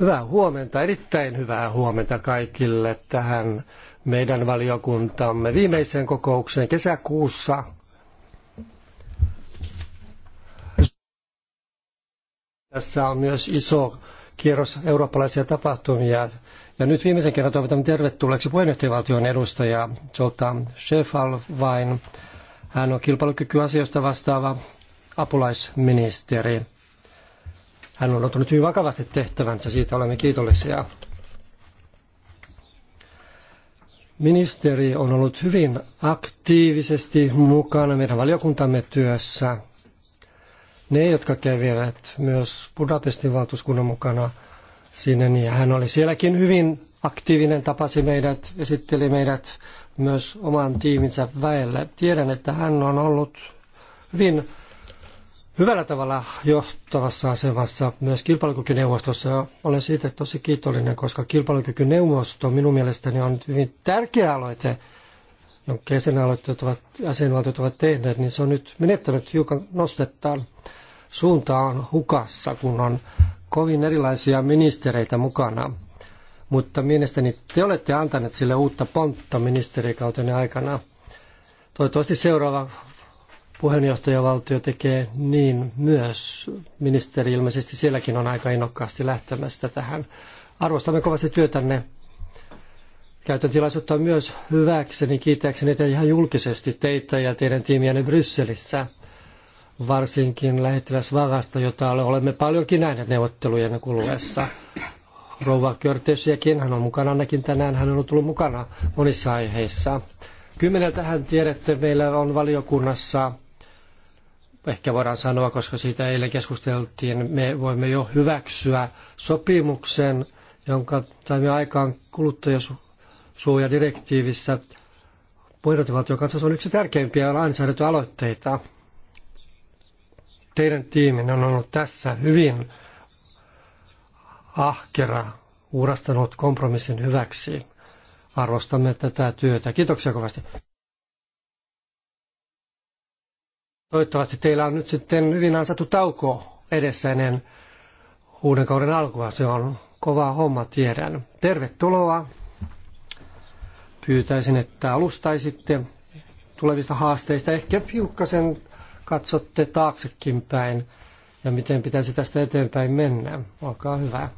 Hyvää huomenta, erittäin hyvää huomenta kaikille tähän meidän valiokuntamme viimeiseen kokoukseen kesäkuussa. Tässä on myös iso kierros eurooppalaisia tapahtumia. Ja nyt viimeisen kerran toivotamme tervetulleeksi puheenjohtajavaltion edustaja Jota Shefalvain. Hän on kilpailukykyasioista vastaava apulaisministeri. Hän on ottanut hyvin vakavasti tehtävänsä, siitä olemme kiitollisia. Ministeri on ollut hyvin aktiivisesti mukana meidän valiokuntamme työssä. Ne, jotka kävivät myös Budapestin valtuuskunnan mukana sinne, niin hän oli sielläkin hyvin aktiivinen, tapasi meidät, esitteli meidät myös oman tiiminsä väelle. Tiedän, että hän on ollut hyvin hyvällä tavalla johtavassa asemassa myös kilpailukykyneuvostossa. Olen siitä tosi kiitollinen, koska kilpailukykyneuvosto minun mielestäni on hyvin tärkeä aloite, jonka jäsenvaltiot ovat, ovat tehneet, niin se on nyt menettänyt hiukan nostettaan. Suunta on hukassa, kun on kovin erilaisia ministereitä mukana. Mutta mielestäni te olette antaneet sille uutta pontta ministerikautenne aikana. Toivottavasti seuraava puheenjohtajavaltio tekee niin myös. Ministeri ilmeisesti sielläkin on aika innokkaasti lähtemästä tähän. Arvostamme kovasti työtänne. Käytän tilaisuutta myös hyväkseni, kiittääkseni teitä ihan julkisesti teitä ja teidän tiimiänne Brysselissä, varsinkin lähettiläs Vagasta, jota olemme paljonkin nähneet neuvottelujen kuluessa. Rouva Körtesiäkin, hän on mukana ainakin tänään, hän on ollut tullut mukana monissa aiheissa. Kymmeneltähän tiedätte, meillä on valiokunnassa ehkä voidaan sanoa, koska siitä eilen keskusteltiin, me voimme jo hyväksyä sopimuksen, jonka saimme aikaan kuluttajasuojadirektiivissä. Puheenjohtajavaltion kanssa on yksi tärkeimpiä lainsäädäntöaloitteita. Teidän tiimin on ollut tässä hyvin ahkera, uurastanut kompromissin hyväksi. Arvostamme tätä työtä. Kiitoksia kovasti. Toivottavasti teillä on nyt sitten hyvin ansattu tauko edessä ennen uuden kauden alkua. Se on kova homma, tiedän. Tervetuloa. Pyytäisin, että alustaisitte tulevista haasteista. Ehkä hiukkasen katsotte taaksekin päin ja miten pitäisi tästä eteenpäin mennä. Olkaa hyvä.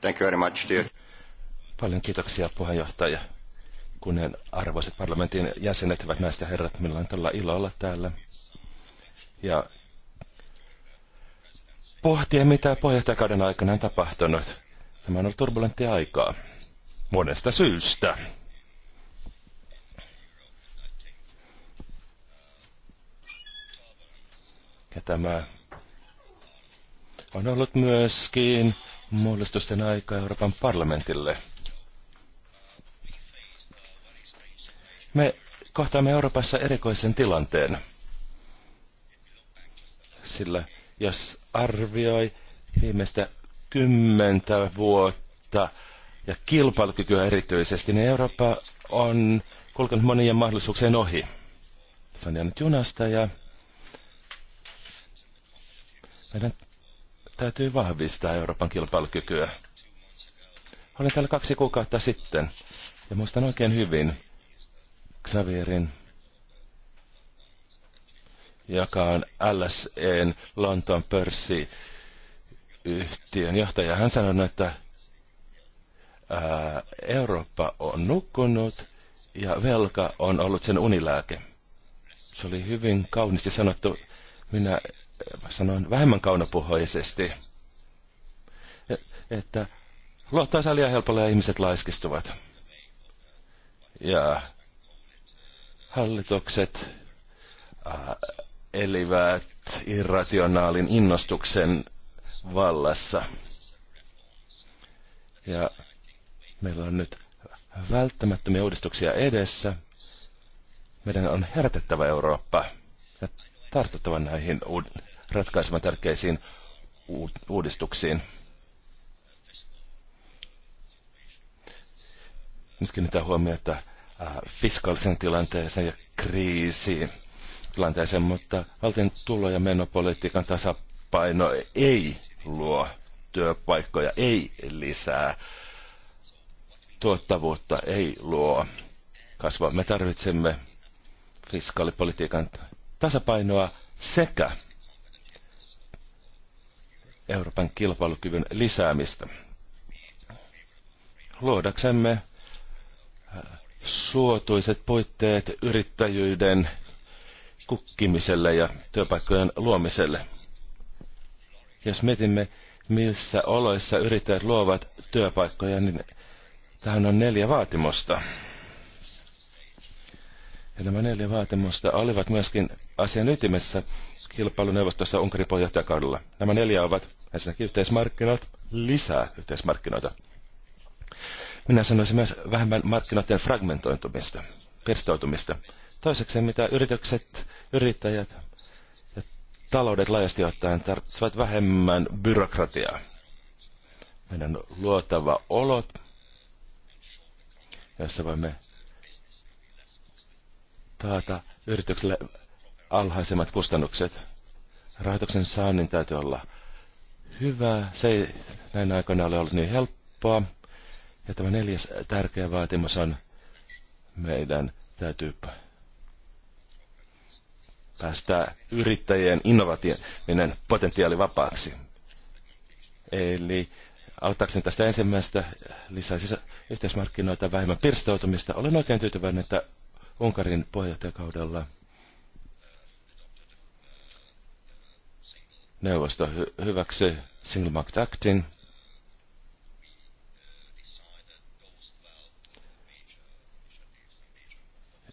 Thank you very much, dear. Paljon kiitoksia puheenjohtaja arvoiset parlamentin jäsenet, hyvät naiset ja herrat, minulla on tällä ilo olla täällä. Ja pohtia, mitä puheenjohtajakauden aikana on tapahtunut. Tämä on ollut turbulenttia aikaa. Monesta syystä. Ja tämä on ollut myöskin muodostusten aika Euroopan parlamentille – Me kohtaamme Euroopassa erikoisen tilanteen. Sillä jos arvioi viimeistä kymmentä vuotta ja kilpailukykyä erityisesti, niin Eurooppa on kulkenut monien mahdollisuuksien ohi. Se on jäänyt junasta ja meidän täytyy vahvistaa Euroopan kilpailukykyä. Olin täällä kaksi kuukautta sitten ja muistan oikein hyvin, Xavierin, joka on LSEn Lontoon pörssi yhtiön johtaja. Hän sanoi, että ää, Eurooppa on nukkunut ja velka on ollut sen unilääke. Se oli hyvin kauniisti sanottu. Minä sanoin vähemmän kaunopuhoisesti, että luottaa salia helpolla ja ihmiset laiskistuvat. Ja Hallitukset äh, elivät irrationaalin innostuksen vallassa. Ja meillä on nyt välttämättömiä uudistuksia edessä. Meidän on herätettävä Eurooppa ja tartuttava näihin uud- ratkaisemaan tärkeisiin uudistuksiin. Nyt kiinnitän huomiota Äh, fiskaalisen tilanteeseen ja kriisiin tilanteeseen, mutta valtion tulo- ja menopolitiikan tasapaino ei luo työpaikkoja, ei lisää tuottavuutta, ei luo kasvaa. Me tarvitsemme fiskaalipolitiikan tasapainoa sekä Euroopan kilpailukyvyn lisäämistä. Luodaksemme äh, suotuiset puitteet yrittäjyyden kukkimiselle ja työpaikkojen luomiselle. Jos mietimme, missä oloissa yrittäjät luovat työpaikkoja, niin tähän on neljä vaatimusta. Ja nämä neljä vaatimusta olivat myöskin asian ytimessä kilpailuneuvostossa Unkarin puheenjohtajakaudella. Nämä neljä ovat ensinnäkin yhteismarkkinat, lisää yhteismarkkinoita. Minä sanoisin myös vähemmän markkinoiden fragmentoitumista, pirstoitumista. Toiseksi, mitä yritykset, yrittäjät ja taloudet laajasti ottaen tarvitsevat vähemmän byrokratiaa. Meidän luotava olot, jossa voimme taata yritykselle alhaisemmat kustannukset. Rahoituksen saannin täytyy olla hyvä. Se ei näin aikoina ole ollut niin helppoa. Ja tämä neljäs tärkeä vaatimus on, meidän täytyy päästä yrittäjien innovatiivinen potentiaali vapaaksi. Eli auttaakseni tästä ensimmäistä lisää sisä- yhteismarkkinoita vähemmän pirstautumista. Olen oikein tyytyväinen, että Unkarin puheenjohtajakaudella neuvosto hyväksyi Single Market Actin,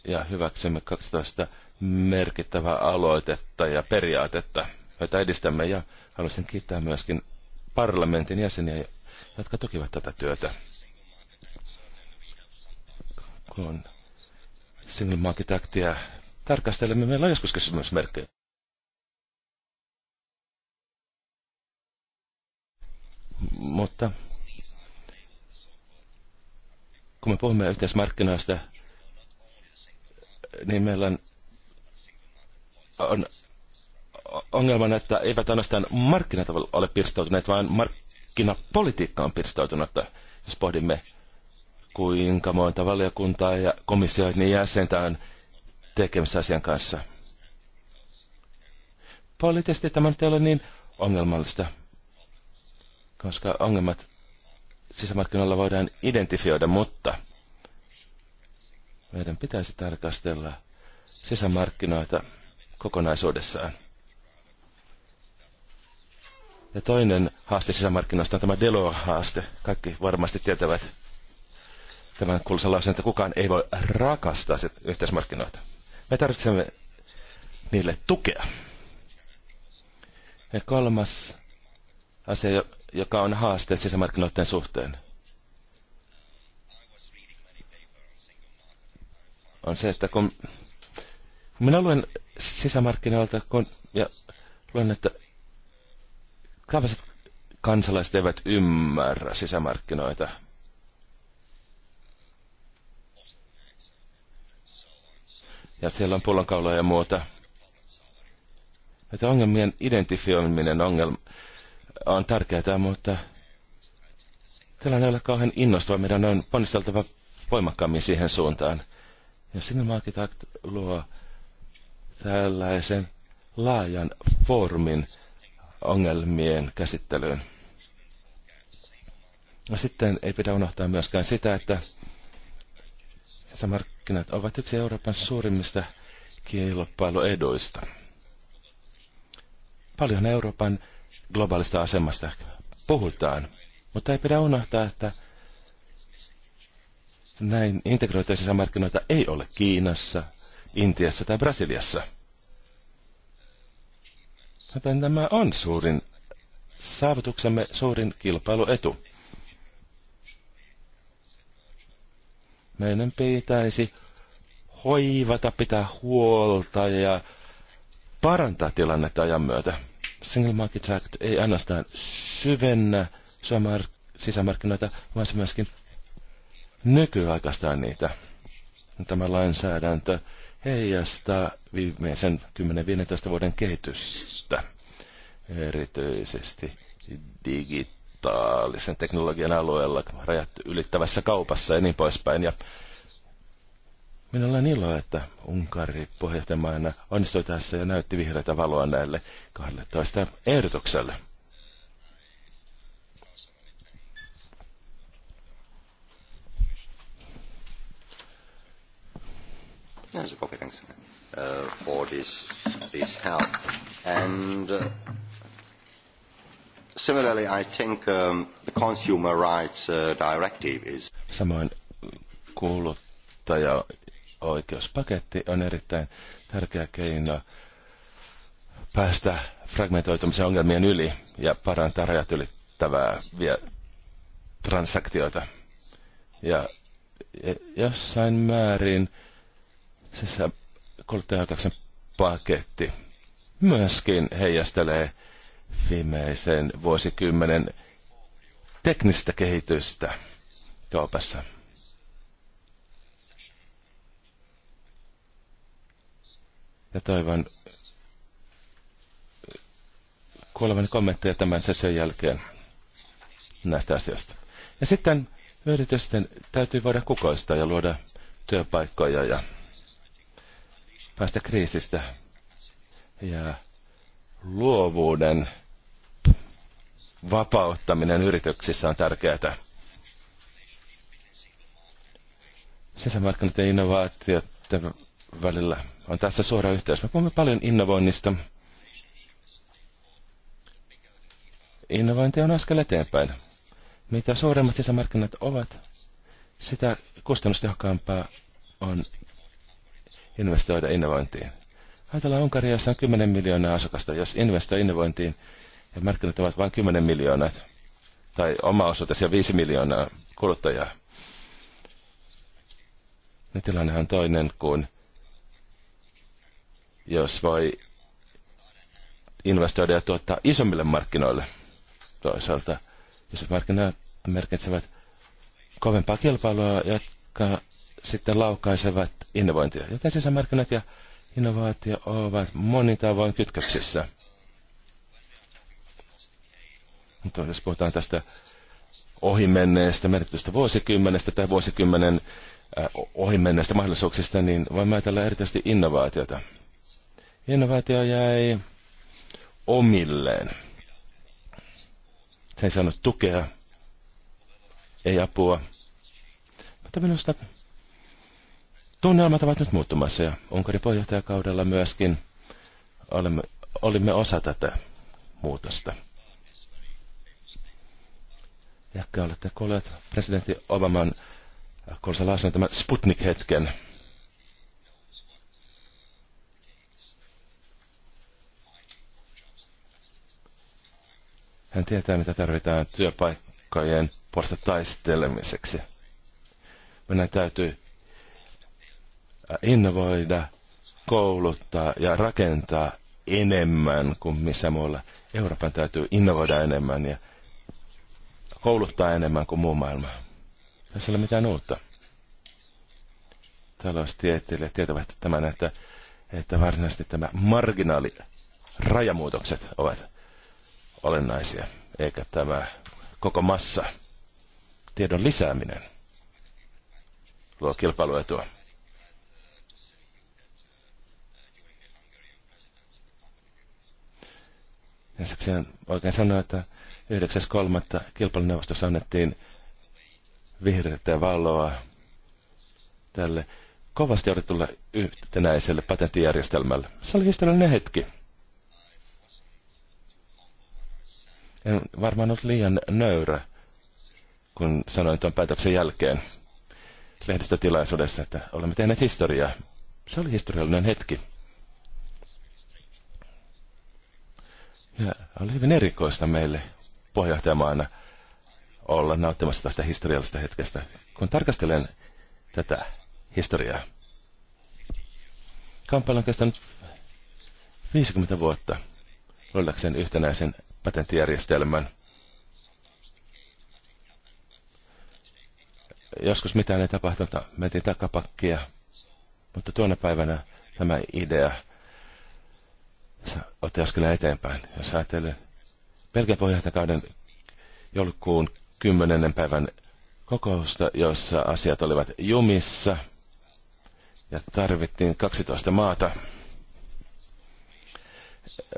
ja hyväksymme 12 merkittävää aloitetta ja periaatetta, joita edistämme. Ja haluaisin kiittää myöskin parlamentin jäseniä, jotka tukivat tätä työtä. Kun Single Market Actia tarkastelemme, meillä on joskus kysymysmerkkejä. Mutta kun me puhumme yhteismarkkinoista, niin meillä on, on ongelmana, että eivät ainoastaan markkinat ole pirstoutuneet, vaan markkinapolitiikka on pirstoutunut, jos pohdimme kuinka monta valiokuntaa ja komissioiden niin jäsentä on tekemässä asian kanssa. Poliittisesti tämä ei ole niin ongelmallista, koska ongelmat sisämarkkinoilla voidaan identifioida, mutta – meidän pitäisi tarkastella sisämarkkinoita kokonaisuudessaan. Ja toinen haaste sisämarkkinoista on tämä Delo-haaste. Kaikki varmasti tietävät tämän kuuluisan että kukaan ei voi rakastaa yhteismarkkinoita. Me tarvitsemme niille tukea. Ja kolmas asia, joka on haaste sisämarkkinoiden suhteen – on se, että kun minä luen sisämarkkinoilta kun, ja luen, että tavalliset kansalaiset eivät ymmärrä sisämarkkinoita. Ja siellä on pullonkauloja ja muuta. Että ongelmien identifioiminen ongelma on tärkeää, mutta tällainen ei ole kauhean innostava. Meidän on ponnisteltava voimakkaammin siihen suuntaan. Ja Single Market Act luo tällaisen laajan foorumin ongelmien käsittelyyn. Ja sitten ei pidä unohtaa myöskään sitä, että markkinat ovat yksi Euroopan suurimmista kilpailueduista. Paljon Euroopan globaalista asemasta puhutaan, mutta ei pidä unohtaa, että näin integroituja sisämarkkinoita ei ole Kiinassa, Intiassa tai Brasiliassa. Joten tämä on suurin saavutuksemme suurin kilpailuetu. Meidän pitäisi hoivata, pitää huolta ja parantaa tilannetta ajan myötä. Single Market Act ei ainoastaan syvennä sisämarkkinoita, vaan se myöskin nykyaikaistaa niitä. Tämä lainsäädäntö heijastaa viimeisen 10-15 vuoden kehitystä, erityisesti digitaalisen teknologian alueella, rajat ylittävässä kaupassa ja niin poispäin. Ja Minulla on ilo, että Unkari puheenjohtajamaana onnistui tässä ja näytti vihreätä valoa näille 12 ehdotukselle. Nancy Kopirengsen, uh, for this, this help. And uh, similarly, I think um, the Consumer Rights uh, Directive is... Samoin kuluttaja-oikeuspaketti on erittäin tärkeä keino päästä fragmentoitumisen ongelmien yli ja parantaa rajat ylittävää vie transaktioita. Ja e, jossain määrin kuluttajaoikeuksien paketti myöskin heijastelee viimeisen vuosikymmenen teknistä kehitystä kaupassa. Ja toivon kuolevan kommentteja tämän session jälkeen näistä asioista. Ja sitten yritysten täytyy voida kukoistaa ja luoda työpaikkoja ja päästä kriisistä. Ja luovuuden vapauttaminen yrityksissä on tärkeää. Sisämarkkinat ja innovaatiot välillä on tässä suora yhteys. Me puhumme paljon innovoinnista. Innovointi on askel eteenpäin. Mitä suuremmat sisämarkkinat ovat, sitä kustannustehokkaampaa on investoida innovointiin. Ajatellaan Unkaria, jossa on 10 miljoonaa asukasta. Jos investoi innovointiin ja markkinat ovat vain 10 miljoonaa, tai oma osuutesi ja 5 miljoonaa kuluttajaa, niin tilanne on toinen kuin jos voi investoida ja tuottaa isommille markkinoille toisaalta. Jos markkinat merkitsevät kovempaa kilpailua, jotka sitten laukaisevat innovointia. Ja sisämarkkinat ja innovaatio ovat monin tavoin kytköksissä. Mutta jos puhutaan tästä ohimenneestä merkitystä vuosikymmenestä tai vuosikymmenen ohimenneestä mahdollisuuksista, niin voimme ajatella erityisesti innovaatiota. Innovaatio jäi omilleen. Se ei saanut tukea, ei apua. Mutta minusta Tunnelmat ovat nyt muuttumassa ja Unkarin puheenjohtajakaudella myöskin olimme, olimme osa tätä muutosta. Ehkä olette kuulleet presidentti Obaman äh, konsulaisen tämän Sputnik-hetken. Hän tietää, mitä tarvitaan työpaikkojen puolesta taistelemiseksi. Meidän täytyy innovoida, kouluttaa ja rakentaa enemmän kuin missä muualla. Euroopan täytyy innovoida enemmän ja kouluttaa enemmän kuin muu maailma. Tässä ei ole mitään uutta. Taloustieteilijät tietävät tämän, että, että varsinaisesti tämä marginaali rajamuutokset ovat olennaisia, eikä tämä koko massa tiedon lisääminen luo kilpailuetua. Ja siksi oikein sanoa, että 9.3. kilpailuneuvostossa annettiin vihreitä valoa tälle kovasti odotulle yhtenäiselle patenttijärjestelmälle. Se oli historiallinen hetki. En varmaan ollut liian nöyrä, kun sanoin tuon päätöksen jälkeen lehdistötilaisuudessa, että olemme tehneet historiaa. Se oli historiallinen hetki. Ja oli hyvin erikoista meille puheenjohtajamaana olla nauttimassa tästä historiallisesta hetkestä. Kun tarkastelen tätä historiaa, kamppailla on kestänyt 50 vuotta luodakseen yhtenäisen patenttijärjestelmän. Joskus mitään ei tapahtunut, mentiin takapakkia, mutta tuona päivänä tämä idea otti askeleen eteenpäin. Jos ajattelee pelkän pohjahtakauden joulukuun kymmenennen päivän kokousta, jossa asiat olivat jumissa ja tarvittiin 12 maata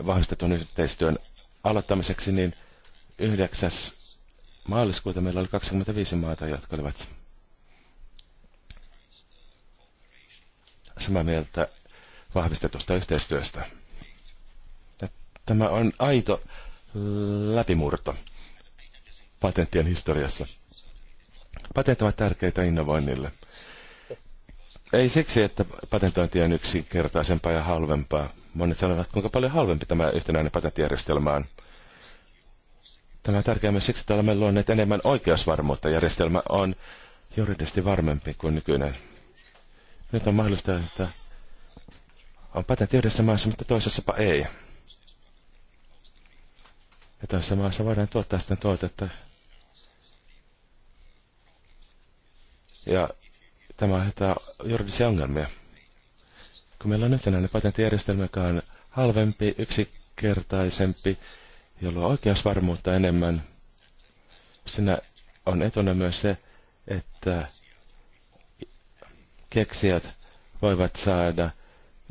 vahvistetun yhteistyön aloittamiseksi, niin 9. maaliskuuta meillä oli 25 maata, jotka olivat samaa mieltä vahvistetusta yhteistyöstä. Tämä on aito läpimurto patenttien historiassa. Patentit ovat tärkeitä innovoinnille. Ei siksi, että patentointi on yksinkertaisempaa ja halvempaa. Monet sanovat, kuinka paljon halvempi tämä yhtenäinen patenttijärjestelmä on. Tämä on tärkeää myös siksi, että olemme luoneet enemmän oikeusvarmuutta. Järjestelmä on juridisesti varmempi kuin nykyinen. Nyt on mahdollista, että on patentti yhdessä maassa, mutta toisessapa ei. Ja tässä maassa voidaan tuottaa sitä tuotetta. Ja tämä aiheuttaa juridisia ongelmia. Kun meillä on yhtenäinen patenttijärjestelmä, joka on halvempi, yksinkertaisempi, jolloin oikeusvarmuutta enemmän, siinä on etona myös se, että keksijät voivat saada –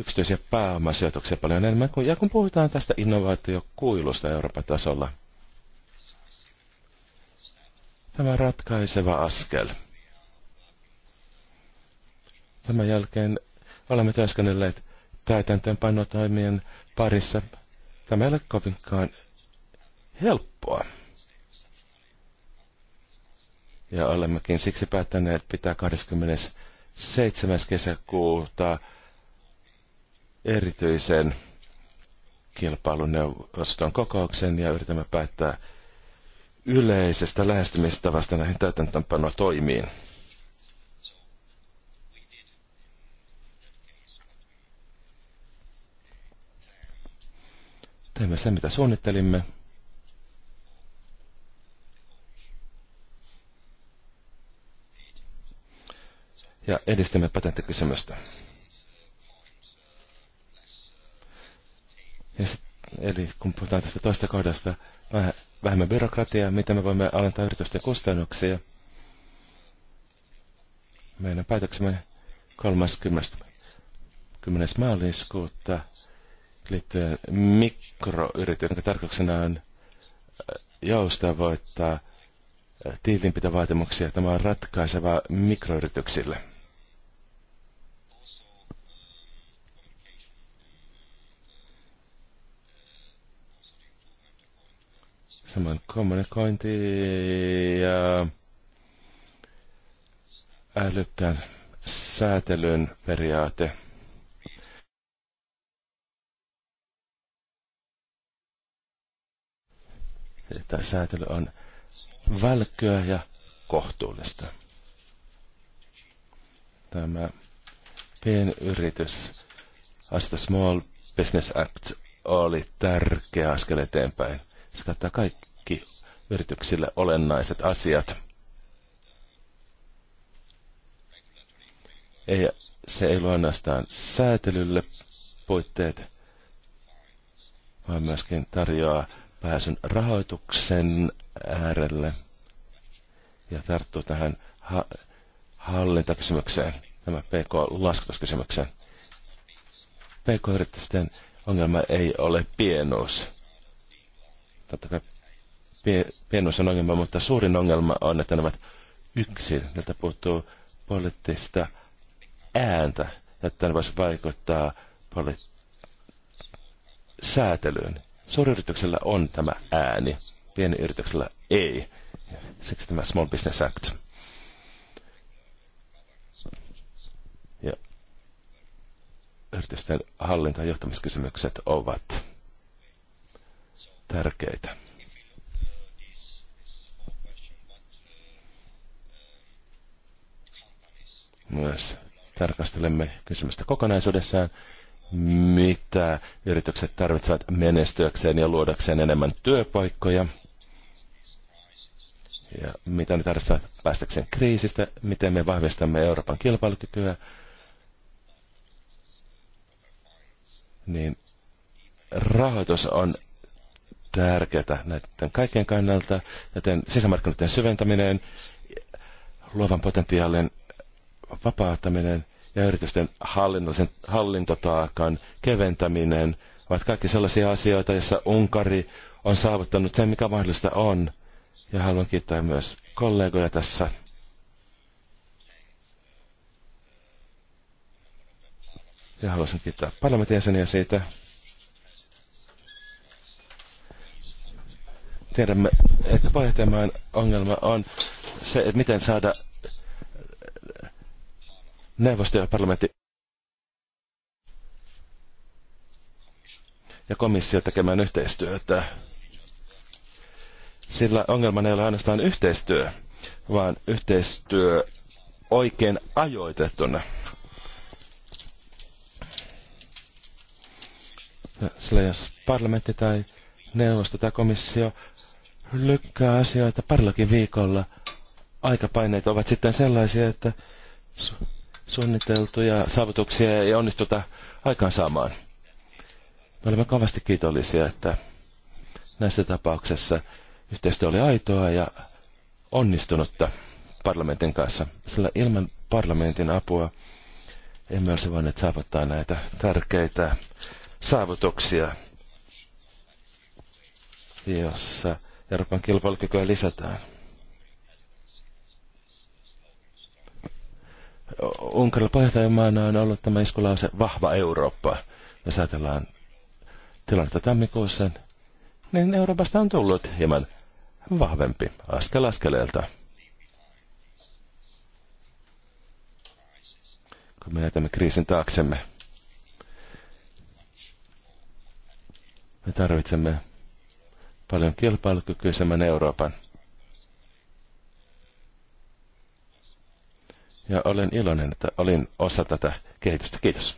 yksityisiä pääomasijoituksia paljon enemmän. ja kun puhutaan tästä innovaatiokuilusta Euroopan tasolla, tämä ratkaiseva askel. Tämän jälkeen olemme työskennelleet täytäntöönpanotoimien parissa. Tämä ei ole kovinkaan helppoa. Ja olemmekin siksi päättäneet pitää 27. kesäkuuta erityisen kilpailuneuvoston kokouksen ja yritämme päättää yleisestä lähestymistavasta näihin toimiin. Teemme sen, mitä suunnittelimme. Ja edistämme patenttikysymystä. Ja sit, eli kun puhutaan tästä toista kohdasta, vähemmän byrokratiaa, mitä me voimme alentaa yritysten kustannuksia. Meidän päätöksemme 30. 10. maaliskuuta liittyen mikroyrityksiin, jonka tarkoituksena on äh, joustavoittaa tiilinpitovaatimuksia. Tämä on ratkaiseva mikroyrityksille. Samoin kommunikointi ja älykkään säätelyn periaate. tämä säätely on välkkyä ja kohtuullista. Tämä pienyritys, as the Small Business Act, oli tärkeä askel eteenpäin. Se kattaa kaikki kaikki yrityksille olennaiset asiat. Ei, se ei luo ainoastaan säätelylle puitteet, vaan myöskin tarjoaa pääsyn rahoituksen äärelle ja tarttuu tähän ha- hallintakysymykseen, tämä PK-laskutuskysymykseen. PK-yritysten ongelma ei ole pienuus. Totta kai pienuus on ongelma, mutta suurin ongelma on, että nämä ovat yksin. Niiltä puuttuu poliittista ääntä, että ne voisi vaikuttaa poli- säätelyyn. Suuryrityksellä on tämä ääni, pienyrityksellä ei. Siksi tämä Small Business Act. Ja yritysten hallinta- ja johtamiskysymykset ovat tärkeitä. myös tarkastelemme kysymystä kokonaisuudessaan, mitä yritykset tarvitsevat menestyäkseen ja luodakseen enemmän työpaikkoja, ja mitä ne tarvitsevat päästäkseen kriisistä, miten me vahvistamme Euroopan kilpailukykyä, niin rahoitus on tärkeää näiden kaikkien kannalta, joten sisämarkkinoiden syventäminen, luovan potentiaalin vapauttaminen ja yritysten hallinnollisen hallintotaakan keventäminen ovat kaikki sellaisia asioita, joissa Unkari on saavuttanut sen, mikä mahdollista on. Ja haluan kiittää myös kollegoja tässä. Ja haluaisin kiittää parlamentin jäseniä siitä. Tiedämme, että pohjohtajamaan ongelma on se, että miten saada neuvosto ja parlamentti ja komissio tekemään yhteistyötä. Sillä ongelmana ei ole ainoastaan yhteistyö, vaan yhteistyö oikein ajoitettuna. Sillä jos parlamentti tai neuvosto tai komissio lykkää asioita parillakin viikolla, aikapaineet ovat sitten sellaisia, että suunniteltuja saavutuksia ei onnistuta aikaansaamaan. Me olemme kovasti kiitollisia, että näissä tapauksissa yhteistyö oli aitoa ja onnistunutta parlamentin kanssa, sillä ilman parlamentin apua emme olisi voineet saavuttaa näitä tärkeitä saavutuksia, jossa Euroopan kilpailukykyä lisätään. Unkarilla puheenjohtajamaana on ollut tämä iskulause vahva Eurooppa. Jos ajatellaan tilannetta tammikuussa, niin Euroopasta on tullut hieman vahvempi askel askeleelta. Kun me jätämme kriisin taaksemme, me tarvitsemme paljon kilpailukykyisemmän Euroopan. ja olen iloinen, että olin osa tätä kehitystä. Kiitos.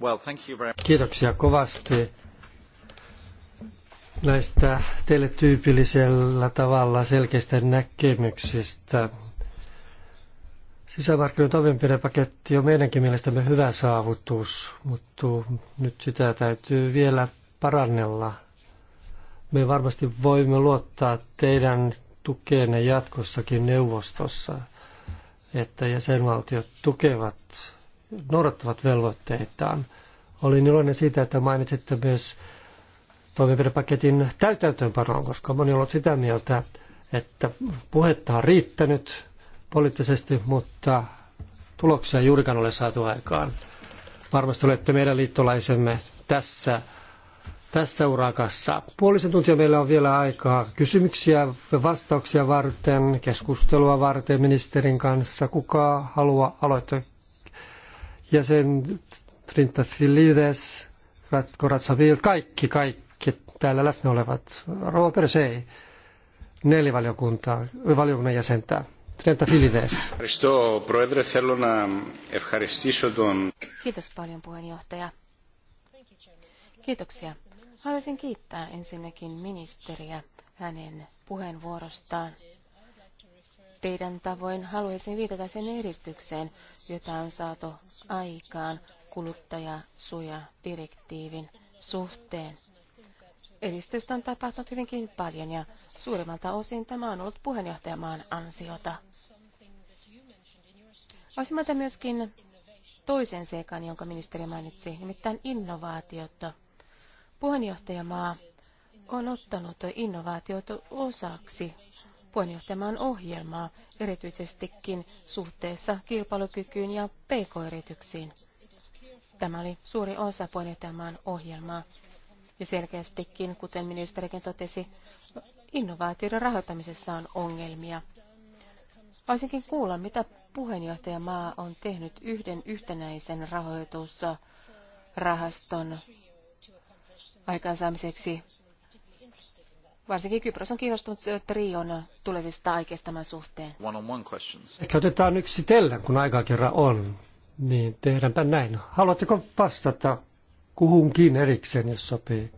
Well, thank you very Kiitoksia kovasti näistä teille tyypillisellä tavalla selkeistä näkemyksistä. Sisämarkkinoiden toimenpidepaketti on meidänkin mielestämme hyvä saavutus, mutta nyt sitä täytyy vielä parannella me varmasti voimme luottaa teidän tukeenne jatkossakin neuvostossa, että jäsenvaltiot tukevat, noudattavat velvoitteitaan. Olin iloinen siitä, että mainitsitte myös toimenpidepaketin täytäntöönpanoon, koska moni on ollut sitä mieltä, että puhetta on riittänyt poliittisesti, mutta tuloksia juurikaan ole saatu aikaan. Varmasti olette meidän liittolaisemme tässä tässä urakassa. Puolisen tuntia meillä on vielä aikaa kysymyksiä ja vastauksia varten, keskustelua varten ministerin kanssa. Kuka haluaa aloittaa? Jäsen Trinta Filides, Ratko kaikki, kaikki täällä läsnä olevat. Rova Persei, neljä valiokuntaa, valiokunnan jäsentää. Trinta Filides. Kiitos paljon puheenjohtaja. Kiitoksia. Haluaisin kiittää ensinnäkin ministeriä hänen puheenvuorostaan. Teidän tavoin haluaisin viitata sen edistykseen, jota on saatu aikaan kuluttajasuja-direktiivin suhteen. Edistystä on tapahtunut hyvinkin paljon ja suurimmalta osin tämä on ollut puheenjohtajamaan ansiota. Olisin myöskin toisen seikan, jonka ministeri mainitsi, nimittäin innovaatiota. Puheenjohtajamaa on ottanut innovaatiot osaksi puheenjohtajamaan ohjelmaa, erityisestikin suhteessa kilpailukykyyn ja pk-yrityksiin. Tämä oli suuri osa puheenjohtajamaan ohjelmaa. Ja selkeästikin, kuten ministerikin totesi, innovaatioiden rahoittamisessa on ongelmia. Olisinkin kuulla, mitä puheenjohtajamaa on tehnyt yhden yhtenäisen rahoitusrahaston aikaansaamiseksi. Varsinkin Kypros on kiinnostunut trion tulevista aikeista tämän suhteen. Ehkä otetaan tellen, kun aika kerran on. Niin tehdäänpä näin. Haluatteko vastata kuhunkin erikseen, jos sopii?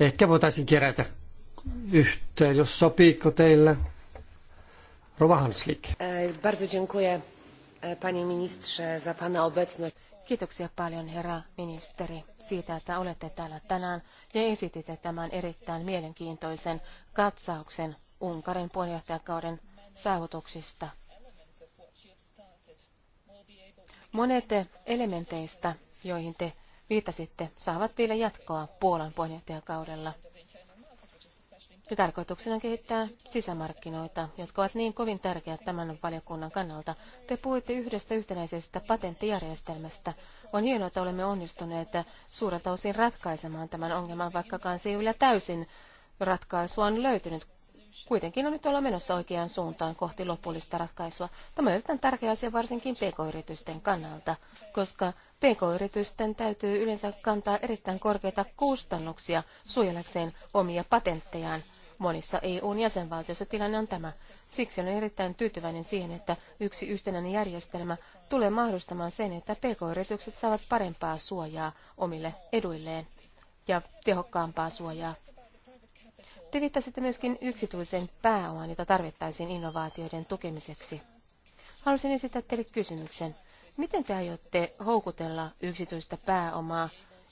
Ehkä voitaisiin kerätä yhteen, jos sopiiko teille. Rova Hanslik. Bardzo dziękuję, panie ministrze, za pana obecność. Kiitoksia paljon, herra ministeri, siitä, että olette täällä tänään ja esititte tämän erittäin mielenkiintoisen katsauksen Unkarin puheenjohtajakauden saavutuksista. Monet elementeistä, joihin te viitasitte, saavat vielä jatkoa Puolan puheenjohtajakaudella. Ja tarkoituksena on kehittää sisämarkkinoita, jotka ovat niin kovin tärkeät tämän valiokunnan kannalta. Te puhuitte yhdestä yhtenäisestä patenttijärjestelmästä. On hienoa, että olemme onnistuneet suurelta osin ratkaisemaan tämän ongelman, vaikkakaan se ei vielä täysin ratkaisua on löytynyt. Kuitenkin on nyt olla menossa oikeaan suuntaan kohti lopullista ratkaisua. Tämä on erittäin tärkeä asia varsinkin pk-yritysten kannalta, koska PK-yritysten täytyy yleensä kantaa erittäin korkeita kustannuksia suojellakseen omia patenttejaan. Monissa EUn jäsenvaltioissa tilanne on tämä. Siksi olen erittäin tyytyväinen siihen, että yksi yhtenäinen järjestelmä tulee mahdollistamaan sen, että pk-yritykset saavat parempaa suojaa omille eduilleen ja tehokkaampaa suojaa. Te viittasitte myöskin yksityisen pääomaan, jota tarvittaisiin innovaatioiden tukemiseksi. Haluaisin esittää teille kysymyksen. Miten te aiotte houkutella yksityistä pääomaa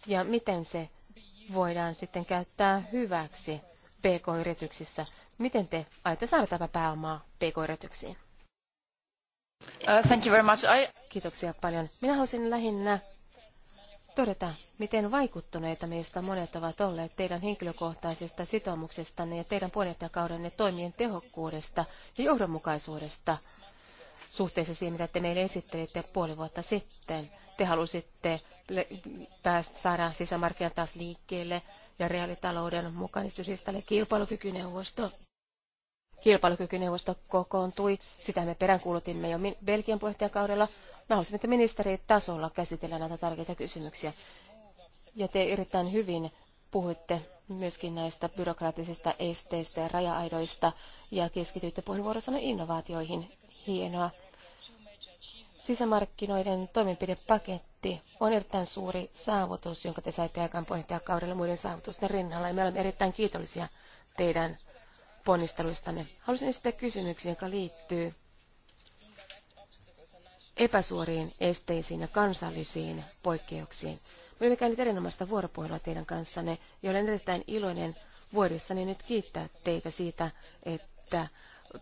ja miten se voidaan sitten käyttää hyväksi PK-yrityksissä. Miten te aiotte saada tämä pääomaa PK-yrityksiin? Uh, thank you very much. I... Kiitoksia paljon. Minä haluaisin lähinnä todeta, miten vaikuttuneita meistä monet ovat olleet teidän henkilökohtaisesta sitoumuksestanne ja teidän puheenjohtajakaudenne toimien tehokkuudesta ja johdonmukaisuudesta suhteessa siihen, mitä te meille esittelitte puoli vuotta sitten. Te halusitte saada sisämarkkinat taas liikkeelle ja reaalitalouden mukaan siis kilpailukykyneuvosto. Kilpailukykyneuvosto kokoontui, sitä me peräänkuulutimme jo Belgian puheenjohtajakaudella. Mä haluaisin, että ministeritasolla käsitellä näitä tärkeitä kysymyksiä. Ja te erittäin hyvin puhuitte myöskin näistä byrokraattisista esteistä ja raja-aidoista ja keskityitte puheenvuorossanne innovaatioihin. Hienoa. Sisämarkkinoiden toimenpidepaketti on erittäin suuri saavutus, jonka te saitte aikaan puheenjohtajakaudella muiden saavutusten rinnalla, ja me olemme erittäin kiitollisia teidän ponnisteluistanne. Haluaisin esittää kysymyksen, joka liittyy epäsuoriin esteisiin ja kansallisiin poikkeuksiin. Me olemme käyneet erinomaista vuoropuhelua teidän kanssanne, ja olen erittäin iloinen vuodessani nyt kiittää teitä siitä, että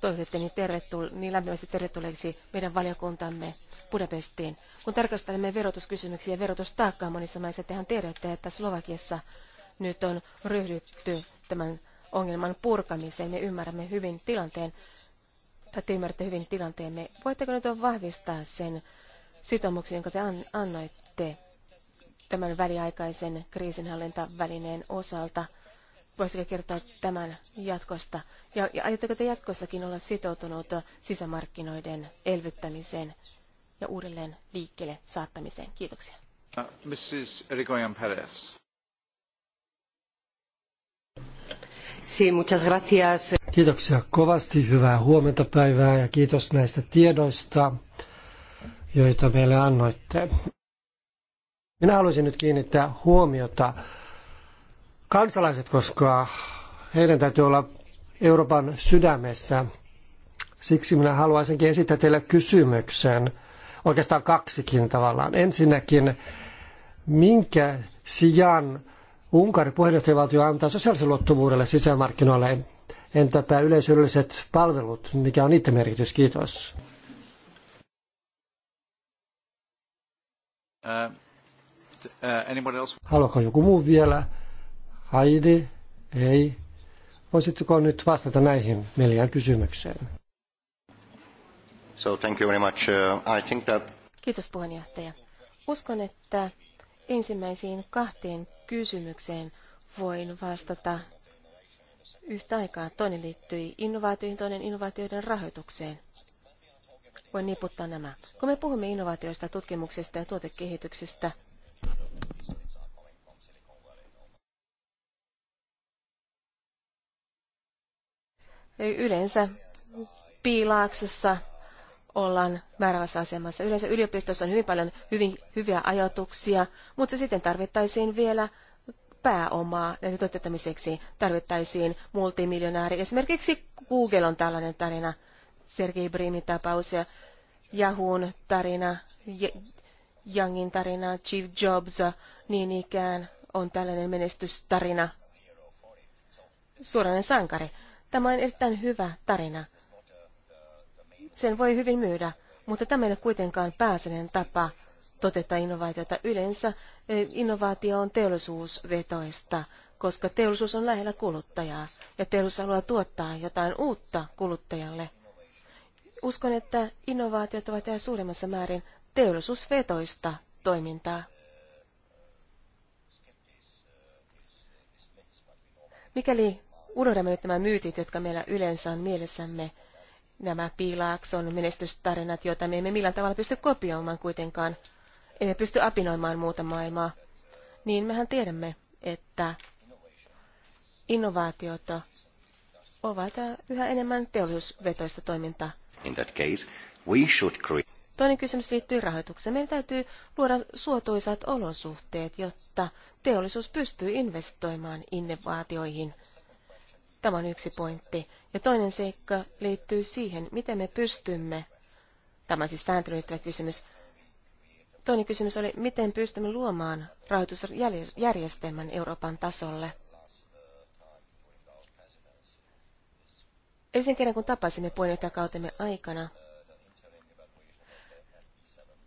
toivotitte niin tervetul- niin lämpimästi tervetulleeksi meidän valiokuntamme Budapestiin. Kun tarkastelemme verotuskysymyksiä ja verotustaakkaa monissa maissa, tehän tiedätte, että Slovakiassa nyt on ryhdytty tämän ongelman purkamiseen. Me ymmärrämme hyvin tilanteen, tai te ymmärrätte hyvin tilanteemme. Voitteko nyt vahvistaa sen sitoumuksen, jonka te annoitte tämän väliaikaisen kriisinhallintavälineen osalta – Voisiko kertoa tämän jatkosta? Ja, ja aiotteko te jatkossakin olla sitoutunut sisämarkkinoiden elvyttämiseen ja uudelleen liikkeelle saattamiseen? Kiitoksia. Uh, Mrs. Rigoyen Perez. Sí, muchas gracias. Kiitoksia kovasti, hyvää huomenta päivää ja kiitos näistä tiedoista, joita meille annoitte. Minä haluaisin nyt kiinnittää huomiota kansalaiset, koska heidän täytyy olla Euroopan sydämessä. Siksi minä haluaisinkin esittää teille kysymyksen, oikeastaan kaksikin tavallaan. Ensinnäkin, minkä sijan Unkarin puheenjohtajavaltio antaa sosiaaliselle luottuvuudelle sisämarkkinoille? Entäpä yleisölliset palvelut, mikä on niiden merkitys? Kiitos. Uh, uh, Haluaako joku muu vielä Heidi, ei. Voisitteko nyt vastata näihin neljään kysymykseen? So thank you very much. Uh, I think that... Kiitos puheenjohtaja. Uskon, että ensimmäisiin kahteen kysymykseen voin vastata yhtä aikaa. Toinen liittyy innovaatioihin, toinen innovaatioiden rahoitukseen. Voin niputtaa nämä. Kun me puhumme innovaatioista, tutkimuksesta ja tuotekehityksestä, Yleensä piilaaksossa ollaan määrävässä asemassa. Yleensä yliopistossa on hyvin paljon hyvin, hyviä ajatuksia, mutta sitten tarvittaisiin vielä pääomaa näiden toteuttamiseksi. Tarvittaisiin multimiljonääri. Esimerkiksi Google on tällainen tarina, Sergei Brimin tapaus ja Yahoon tarina, Youngin tarina, Chief Jobs niin ikään on tällainen menestystarina. Suorainen sankari. Tämä on erittäin hyvä tarina. Sen voi hyvin myydä, mutta tämä ei ole kuitenkaan pääsenen tapa toteuttaa innovaatiota. Yleensä e, innovaatio on teollisuusvetoista, koska teollisuus on lähellä kuluttajaa ja teollisuus haluaa tuottaa jotain uutta kuluttajalle. Uskon, että innovaatiot ovat yhä suuremmassa määrin teollisuusvetoista toimintaa. Mikäli unohdamme nyt nämä myytit, jotka meillä yleensä on mielessämme. Nämä piilaakson menestystarinat, joita me emme millään tavalla pysty kopioimaan kuitenkaan. Emme pysty apinoimaan muuta maailmaa. Niin mehän tiedämme, että innovaatiot ovat yhä enemmän teollisuusvetoista toimintaa. In that case, we should create... Toinen kysymys liittyy rahoitukseen. Meidän täytyy luoda suotuisat olosuhteet, jotta teollisuus pystyy investoimaan innovaatioihin. Tämä on yksi pointti. Ja toinen seikka liittyy siihen, miten me pystymme, tämä on siis sääntelyyn liittyvä kysymys, toinen kysymys oli, miten pystymme luomaan rahoitusjärjestelmän Euroopan tasolle. Ensin kerran, kun tapasimme puheenjohtajakautemme aikana,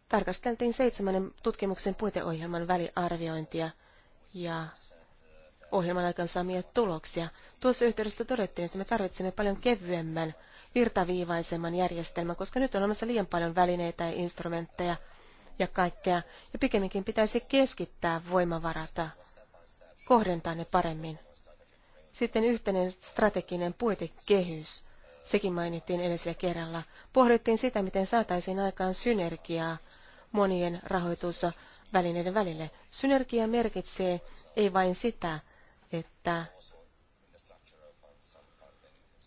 tarkasteltiin seitsemännen tutkimuksen puiteohjelman väliarviointia ja ohjelman saamia tuloksia. Tuossa yhteydessä todettiin, että me tarvitsemme paljon kevyemmän, virtaviivaisemman järjestelmän, koska nyt on olemassa liian paljon välineitä ja instrumentteja ja kaikkea, ja pikemminkin pitäisi keskittää voimavarata, kohdentaa ne paremmin. Sitten yhteinen strateginen puitekehys, sekin mainittiin edellisellä kerralla. Pohdittiin sitä, miten saataisiin aikaan synergiaa monien rahoitusvälineiden välille. Synergia merkitsee ei vain sitä, että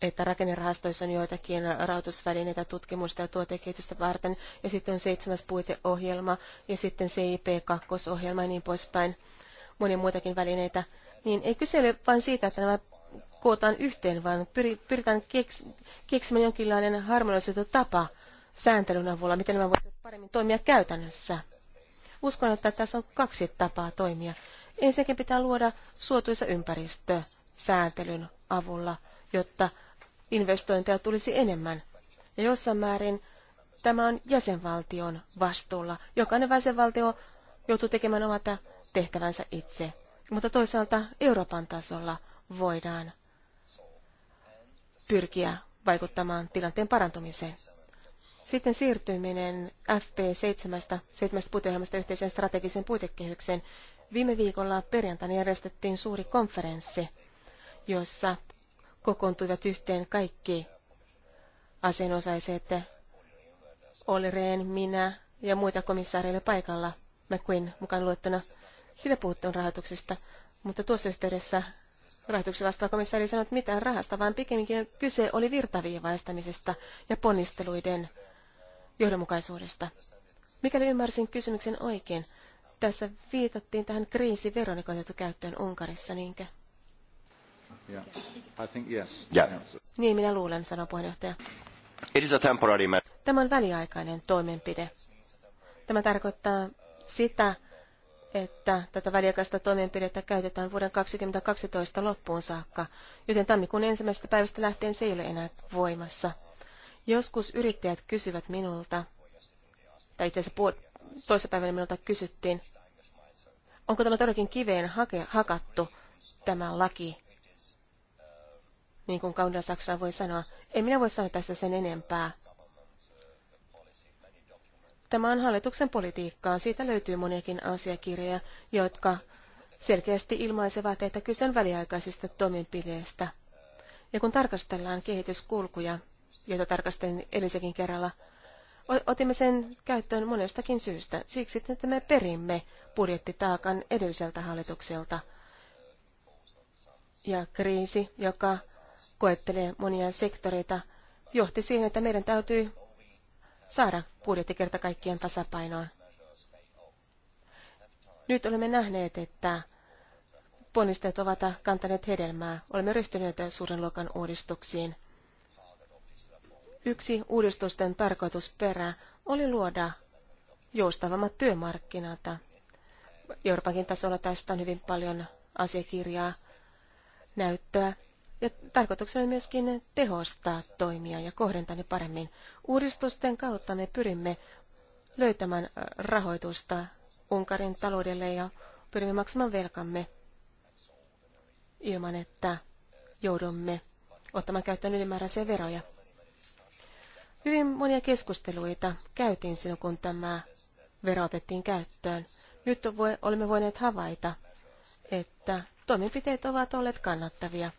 että rakennerahastoissa on joitakin rahoitusvälineitä tutkimusta ja tuotekehitystä varten, ja sitten on seitsemäs puiteohjelma, ja sitten CIP-kakkosohjelma ja niin poispäin, monia muitakin välineitä, niin ei kyse ole vain siitä, että nämä kootaan yhteen, vaan pyritään keks, keksimään jonkinlainen harmonisoitu tapa sääntelyn avulla, miten nämä voisivat paremmin toimia käytännössä. Uskon, että tässä on kaksi tapaa toimia. Ensinnäkin pitää luoda suotuisa ympäristö sääntelyn avulla, jotta investointeja tulisi enemmän. Ja jossain määrin tämä on jäsenvaltion vastuulla. Jokainen jäsenvaltio joutuu tekemään omata tehtävänsä itse. Mutta toisaalta Euroopan tasolla voidaan pyrkiä vaikuttamaan tilanteen parantumiseen. Sitten siirtyminen FP7 puiteohjelmasta yhteiseen strategiseen puitekehykseen Viime viikolla perjantaina järjestettiin suuri konferenssi, jossa kokoontuivat yhteen kaikki asianosaiset. Olli Rehn, minä ja muita komissaareille paikalla, McQueen mukaan luettuna. Sinne puhuttiin rahoituksesta, mutta tuossa yhteydessä rahoituksen vastaava komissaari sanoi, että mitään rahasta, vaan pikemminkin kyse oli virtaviivaistamisesta ja ponnisteluiden johdonmukaisuudesta. Mikäli ymmärsin kysymyksen oikein, tässä viitattiin tähän kriisiveroon, joka on otettu käyttöön Unkarissa, niinkö? Yeah. I think yes. yeah. Niin minä luulen, sanoi puheenjohtaja. It is a temporary matter. Tämä on väliaikainen toimenpide. Tämä tarkoittaa sitä, että tätä väliaikaista toimenpidettä käytetään vuoden 2012 loppuun saakka, joten tammikuun ensimmäisestä päivästä lähtien se ei ole enää voimassa. Joskus yrittäjät kysyvät minulta, tai itse asiassa päivänä minulta kysyttiin, onko tämä todellakin kiveen hake, hakattu, tämä laki, niin kuin kaunilla Saksalla voi sanoa. en minä voi sanoa tässä sen enempää. Tämä on hallituksen politiikkaa. Siitä löytyy moniakin asiakirjoja, jotka selkeästi ilmaisevat, että kyse on väliaikaisista toimenpiteistä. Ja kun tarkastellaan kehityskulkuja, joita tarkastelin elisekin kerralla, Otimme sen käyttöön monestakin syystä. Siksi, että me perimme budjettitaakan edelliseltä hallitukselta. Ja kriisi, joka koettelee monia sektoreita, johti siihen, että meidän täytyy saada budjetti kerta kaikkien tasapainoon. Nyt olemme nähneet, että ponnisteet ovat kantaneet hedelmää. Olemme ryhtyneet suuren luokan uudistuksiin. Yksi uudistusten tarkoitusperä oli luoda joustavammat työmarkkinat. Euroopankin tasolla tästä on hyvin paljon asiakirjaa, näyttöä. Ja tarkoituksena on myöskin tehostaa toimia ja kohdentaa ne paremmin. Uudistusten kautta me pyrimme löytämään rahoitusta Unkarin taloudelle ja pyrimme maksamaan velkamme ilman, että joudumme ottamaan käyttöön ylimääräisiä veroja. Hyvin monia keskusteluita käytiin silloin, kun tämä vero otettiin käyttöön. Nyt voi, olemme voineet havaita, että toimenpiteet ovat olleet kannattavia.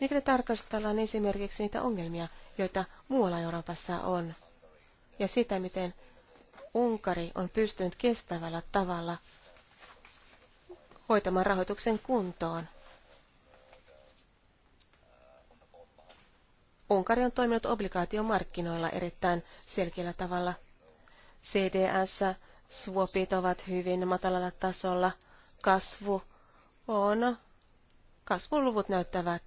Mikäli tarkastellaan esimerkiksi niitä ongelmia, joita muualla Euroopassa on, ja sitä, miten Unkari on pystynyt kestävällä tavalla hoitamaan rahoituksen kuntoon – Unkari on toiminut obligaatiomarkkinoilla erittäin selkeällä tavalla. CDS, swapit ovat hyvin matalalla tasolla, kasvu on, kasvuluvut näyttävät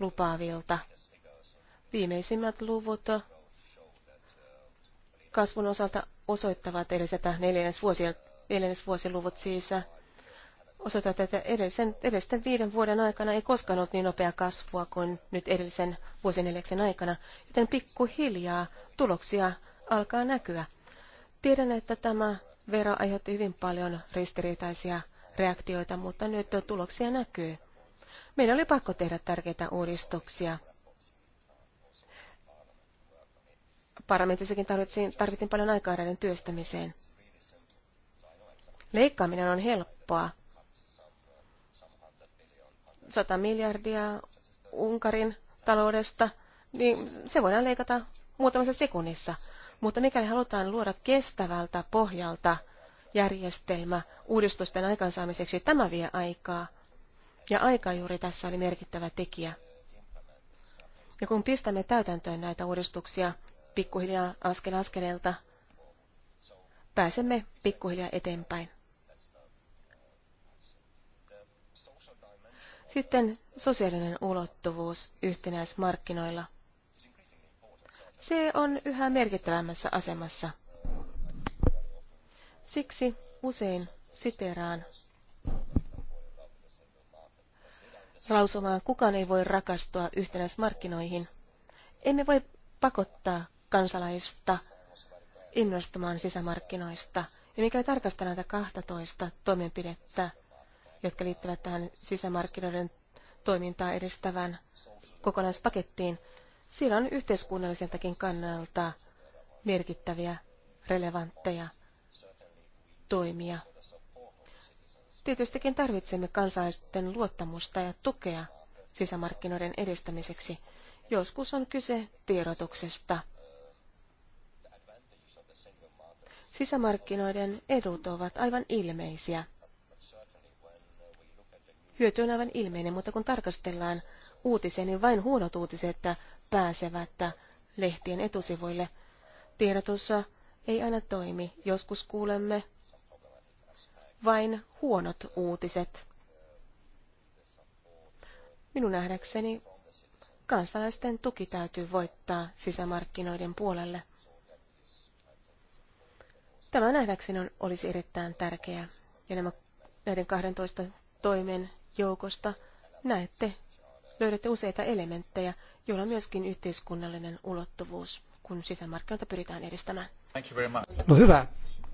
lupaavilta. Viimeisimmät luvut kasvun osalta osoittavat edelliseltä neljännesvuosiluvut siis osoittavat, että edellisen, edellisten viiden vuoden aikana ei koskaan ollut niin nopea kasvua kuin nyt edellisen vuosineljäksen aikana, joten pikkuhiljaa tuloksia alkaa näkyä. Tiedän, että tämä vero aiheutti hyvin paljon ristiriitaisia reaktioita, mutta nyt tuloksia näkyy. Meidän oli pakko tehdä tärkeitä uudistuksia. Parlamentissakin tarvittiin, tarvittiin paljon aikaa näiden työstämiseen. Leikkaaminen on helppoa, 100 miljardia Unkarin taloudesta, niin se voidaan leikata muutamassa sekunnissa. Mutta mikäli halutaan luoda kestävältä pohjalta järjestelmä uudistusten aikaansaamiseksi, tämä vie aikaa. Ja aika juuri tässä oli merkittävä tekijä. Ja kun pistämme täytäntöön näitä uudistuksia pikkuhiljaa askel askeleelta, pääsemme pikkuhiljaa eteenpäin. Sitten sosiaalinen ulottuvuus yhtenäismarkkinoilla. Se on yhä merkittävämmässä asemassa. Siksi usein siteraan lausumaan, kukaan ei voi rakastua yhtenäismarkkinoihin. Emme voi pakottaa kansalaista innostumaan sisämarkkinoista. Ja mikä tarkastellaan tätä 12 toimenpidettä, jotka liittyvät tähän sisämarkkinoiden toimintaa edistävään kokonaispakettiin. Siinä on yhteiskunnalliseltakin kannalta merkittäviä, relevantteja toimia. Tietystikin tarvitsemme kansalaisten luottamusta ja tukea sisämarkkinoiden edistämiseksi. Joskus on kyse tiedotuksesta. Sisämarkkinoiden edut ovat aivan ilmeisiä. Hyöty on aivan ilmeinen, mutta kun tarkastellaan uutisia, niin vain huonot uutiset pääsevät lehtien etusivuille. Tiedotus ei aina toimi. Joskus kuulemme vain huonot uutiset. Minun nähdäkseni kansalaisten tuki täytyy voittaa sisämarkkinoiden puolelle. Tämä nähdäkseni on, olisi erittäin tärkeää. Ja nämä, näiden 12 toimen joukosta näette, löydätte useita elementtejä, joilla on myöskin yhteiskunnallinen ulottuvuus, kun sisämarkkinoita pyritään edistämään. No hyvä.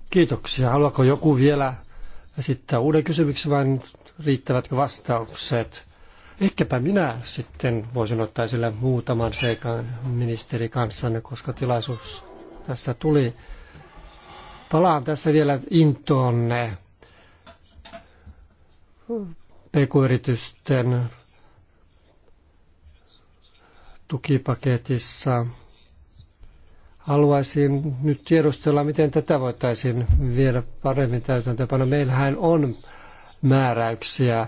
Kiitoksia. Haluaako joku vielä esittää uuden kysymyksen vai riittävätkö vastaukset? Ehkäpä minä sitten voisin ottaa sille muutaman seikan ministeri kanssanne, koska tilaisuus tässä tuli. Palaan tässä vielä intoonne pk-yritysten tukipaketissa. Haluaisin nyt tiedustella, miten tätä voitaisiin viedä paremmin täytäntöönpano. Meillähän on määräyksiä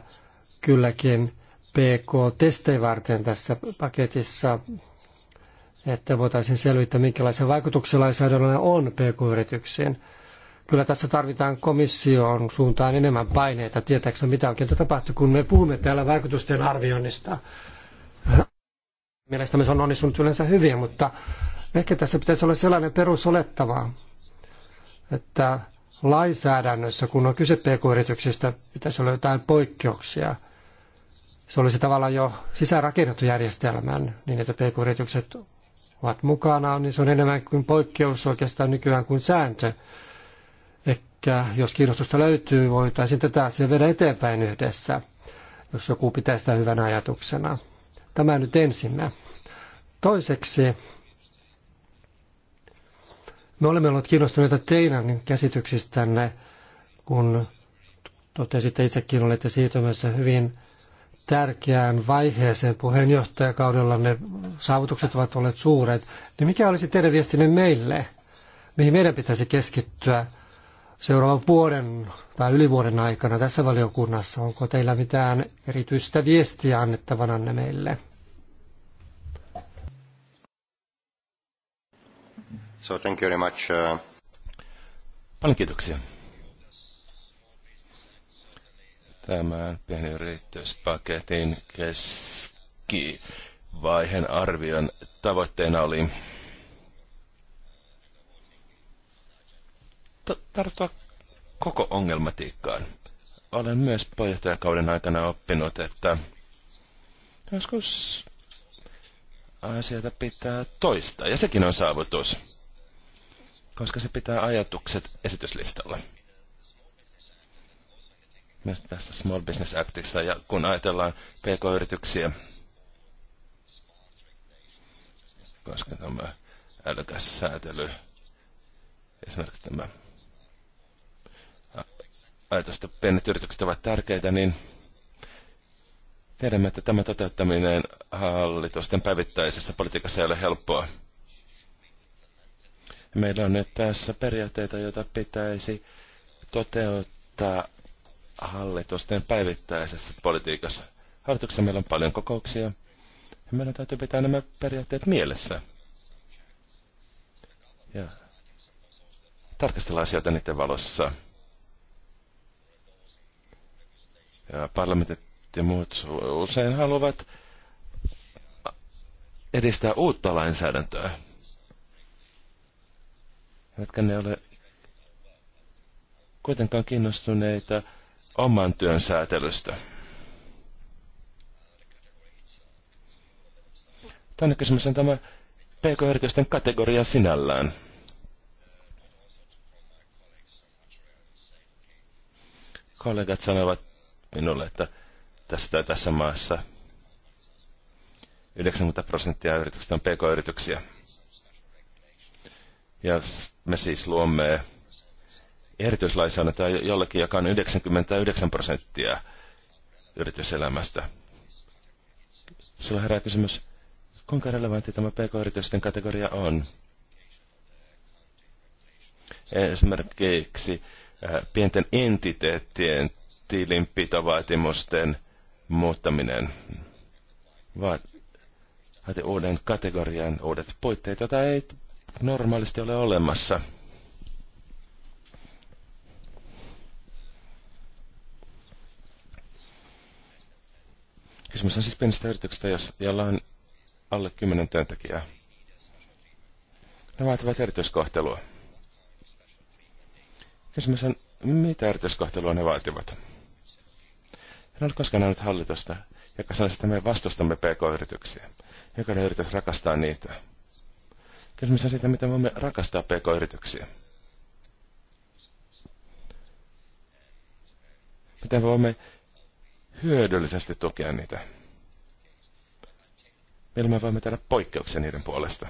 kylläkin PK-testejä varten tässä paketissa, että voitaisiin selvittää, minkälaisia vaikutuksia lainsäädännöllä on PK-yrityksiin. Kyllä tässä tarvitaan komission suuntaan enemmän paineita tietääkseni mitä oikein tapahtuu, kun me puhumme täällä vaikutusten arvioinnista. Mielestäni se on onnistunut yleensä hyvin, mutta ehkä tässä pitäisi olla sellainen perusolettava, että lainsäädännössä, kun on kyse pk-yrityksistä, pitäisi olla jotain poikkeuksia. Se olisi tavallaan jo sisäänrakennettu järjestelmän, niin että pk-yritykset ovat mukana, niin se on enemmän kuin poikkeus oikeastaan nykyään kuin sääntö. Ehkä jos kiinnostusta löytyy, voitaisiin tätä asiaa viedä eteenpäin yhdessä, jos joku pitää sitä hyvänä ajatuksena. Tämä nyt ensinnä. Toiseksi, me olemme olleet kiinnostuneita teidän käsityksistänne, kun totesitte itsekin olette siirtymässä hyvin tärkeään vaiheeseen puheenjohtajakaudella. Ne saavutukset ovat olleet suuret. Niin mikä olisi teidän viestinne meille? Mihin meidän pitäisi keskittyä? seuraavan vuoden tai yli vuoden aikana tässä valiokunnassa? Onko teillä mitään erityistä viestiä annettavananne meille? So thank you very much. Uh, Paljon kiitoksia. Tämän pienen yrityspaketin keskivaiheen arvion tavoitteena oli tarttua koko ongelmatiikkaan. Olen myös puheenjohtajakauden aikana oppinut, että joskus asioita pitää toistaa, ja sekin on saavutus, koska se pitää ajatukset esityslistalla. Myös tässä Small Business Actissa, ja kun ajatellaan PK-yrityksiä, koska tämä älykäs säätely, esimerkiksi tämä ajatusta pienet yritykset ovat tärkeitä, niin tiedämme, että tämä toteuttaminen hallitusten päivittäisessä politiikassa ei ole helppoa. Meillä on nyt tässä periaatteita, joita pitäisi toteuttaa hallitusten päivittäisessä politiikassa. Hallituksessa meillä on paljon kokouksia, meidän täytyy pitää nämä periaatteet mielessä. Ja tarkastella asioita niiden valossa. parlamentit ja muut usein haluavat edistää uutta lainsäädäntöä, jotka ne ole kuitenkaan kiinnostuneita oman työn säätelystä. Tänne kysymys on tämä PK-yritysten kategoria sinällään. Kollegat sanovat minulle, että tässä tässä maassa 90 prosenttia yrityksistä on pk-yrityksiä. Ja me siis luomme erityislainsäädäntöä jollekin, joka on 99 prosenttia yrityselämästä. Sulla herää kysymys, kuinka relevantti tämä pk-yritysten kategoria on? Esimerkiksi äh, pienten entiteettien tilinpitovaatimusten muuttaminen, vaan uuden kategorian uudet puitteet, joita ei normaalisti ole olemassa. Kysymys on siis pienestä yrityksestä, jos, jolla on alle 10 työntekijää. Ne vaativat erityiskohtelua. Kysymys on, mitä erityiskohtelua ne vaativat? En ole koskaan nähnyt hallitusta, joka sanoisi, että me vastustamme pk-yrityksiä. Jokainen yritys rakastaa niitä. Kysymys on siitä, miten voimme rakastaa pk-yrityksiä. Miten voimme hyödyllisesti tukea niitä. Millä me voimme tehdä poikkeuksia niiden puolesta.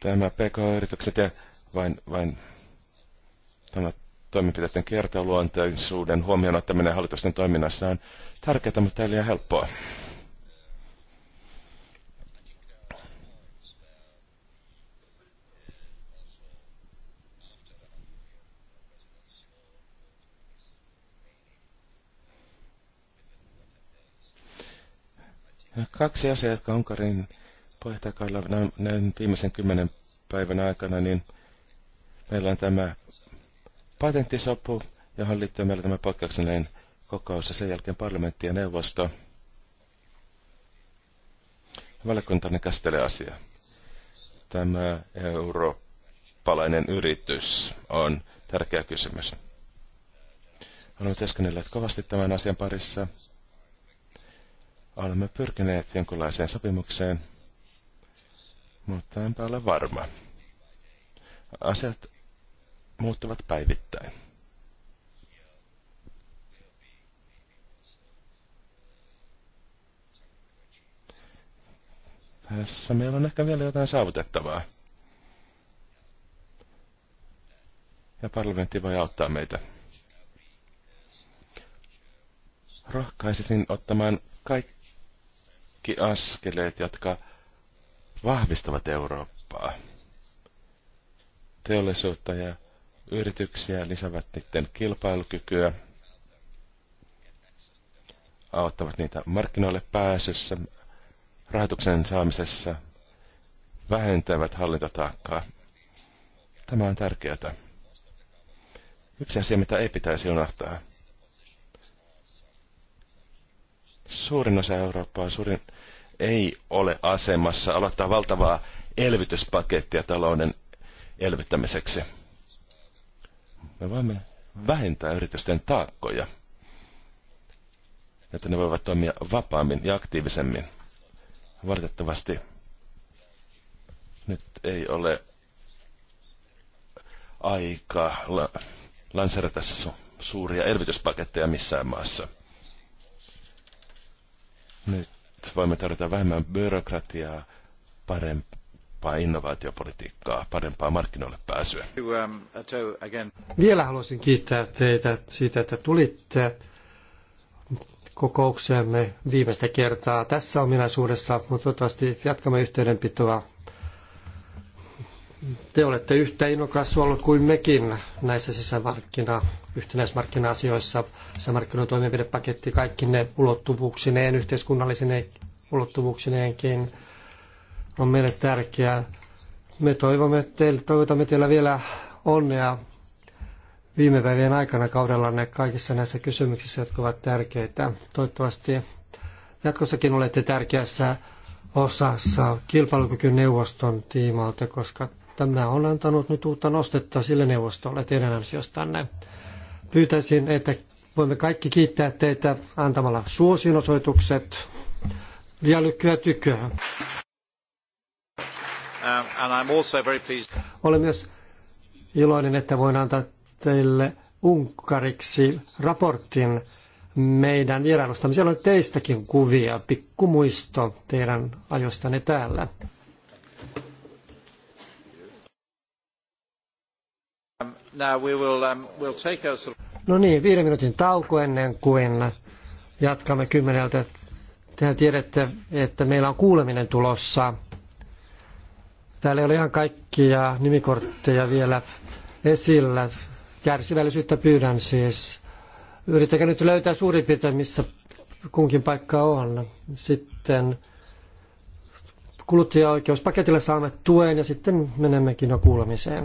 Tämä PK-yritykset ja vain, vain tämä toimenpiteiden kertaluonteisuuden huomioon ottaminen hallitusten toiminnassa on tärkeää, mutta ei liian helppoa. Kaksi asiaa, jotka Unkarin puheenjohtajakaudella näin viimeisen kymmenen päivän aikana, niin – Meillä on tämä patenttisopu, johon liittyy meillä tämä poikkeuksellinen kokous ja sen jälkeen parlamentti ja neuvosto. ne käsittelee asiaa. Tämä eurooppalainen yritys on tärkeä kysymys. Olemme työskennelleet kovasti tämän asian parissa. Olemme pyrkineet jonkinlaiseen sopimukseen, mutta enpä ole varma. Asiat muuttuvat päivittäin. Tässä meillä on ehkä vielä jotain saavutettavaa. Ja parlamentti voi auttaa meitä. Rohkaisisin ottamaan kaikki askeleet, jotka vahvistavat Eurooppaa, teollisuutta ja yrityksiä, lisäävät niiden kilpailukykyä, auttavat niitä markkinoille pääsyssä, rahoituksen saamisessa, vähentävät hallintotaakkaa. Tämä on tärkeää. Yksi asia, mitä ei pitäisi unohtaa. Suurin osa Eurooppaa suurin ei ole asemassa aloittaa valtavaa elvytyspakettia talouden elvyttämiseksi. Me voimme vähentää yritysten taakkoja, että ne voivat toimia vapaammin ja aktiivisemmin. Valitettavasti nyt ei ole aika lanserata suuria elvytyspaketteja missään maassa. Nyt voimme tarjota vähemmän byrokratiaa, parempaa parempaa innovaatiopolitiikkaa, parempaa markkinoille pääsyä. Um, uh, Vielä haluaisin kiittää teitä siitä, että tulitte kokoukseemme viimeistä kertaa tässä ominaisuudessa, mutta toivottavasti jatkamme yhteydenpitoa. Te olette yhtä innokas ollut kuin mekin näissä sisämarkkina, yhtenäismarkkina-asioissa, sisämarkkinoiden kaikki ne ulottuvuuksineen, yhteiskunnallisineen ulottuvuuksineenkin – on meille tärkeää. Me toivomme teille, toivotamme teillä vielä onnea viime päivien aikana kaudellanne kaikissa näissä kysymyksissä, jotka ovat tärkeitä. Toivottavasti jatkossakin olette tärkeässä osassa kilpailukykyneuvoston tiimalta, koska tämä on antanut nyt uutta nostetta sille neuvostolle teidän ansiostanne. Pyytäisin, että voimme kaikki kiittää teitä antamalla suosionosoitukset ja lykkyä tyköön. Um, and I'm also very pleased. Olen myös iloinen, että voin antaa teille unkariksi raportin meidän vierailustamme. Siellä on teistäkin kuvia, pikkumuisto teidän ajostanne täällä. Um, um, no niin, viiden minuutin tauko ennen kuin jatkamme kymmeneltä. Tehän tiedätte, että meillä on kuuleminen tulossa Täällä ei ole ihan kaikkia nimikortteja vielä esillä. Kärsivällisyyttä pyydän siis. Yritäkää nyt löytää suurin piirtein, missä kunkin paikka on. Sitten kuluttajaoikeuspaketilla saamme tuen ja sitten menemmekin jo kuulemiseen.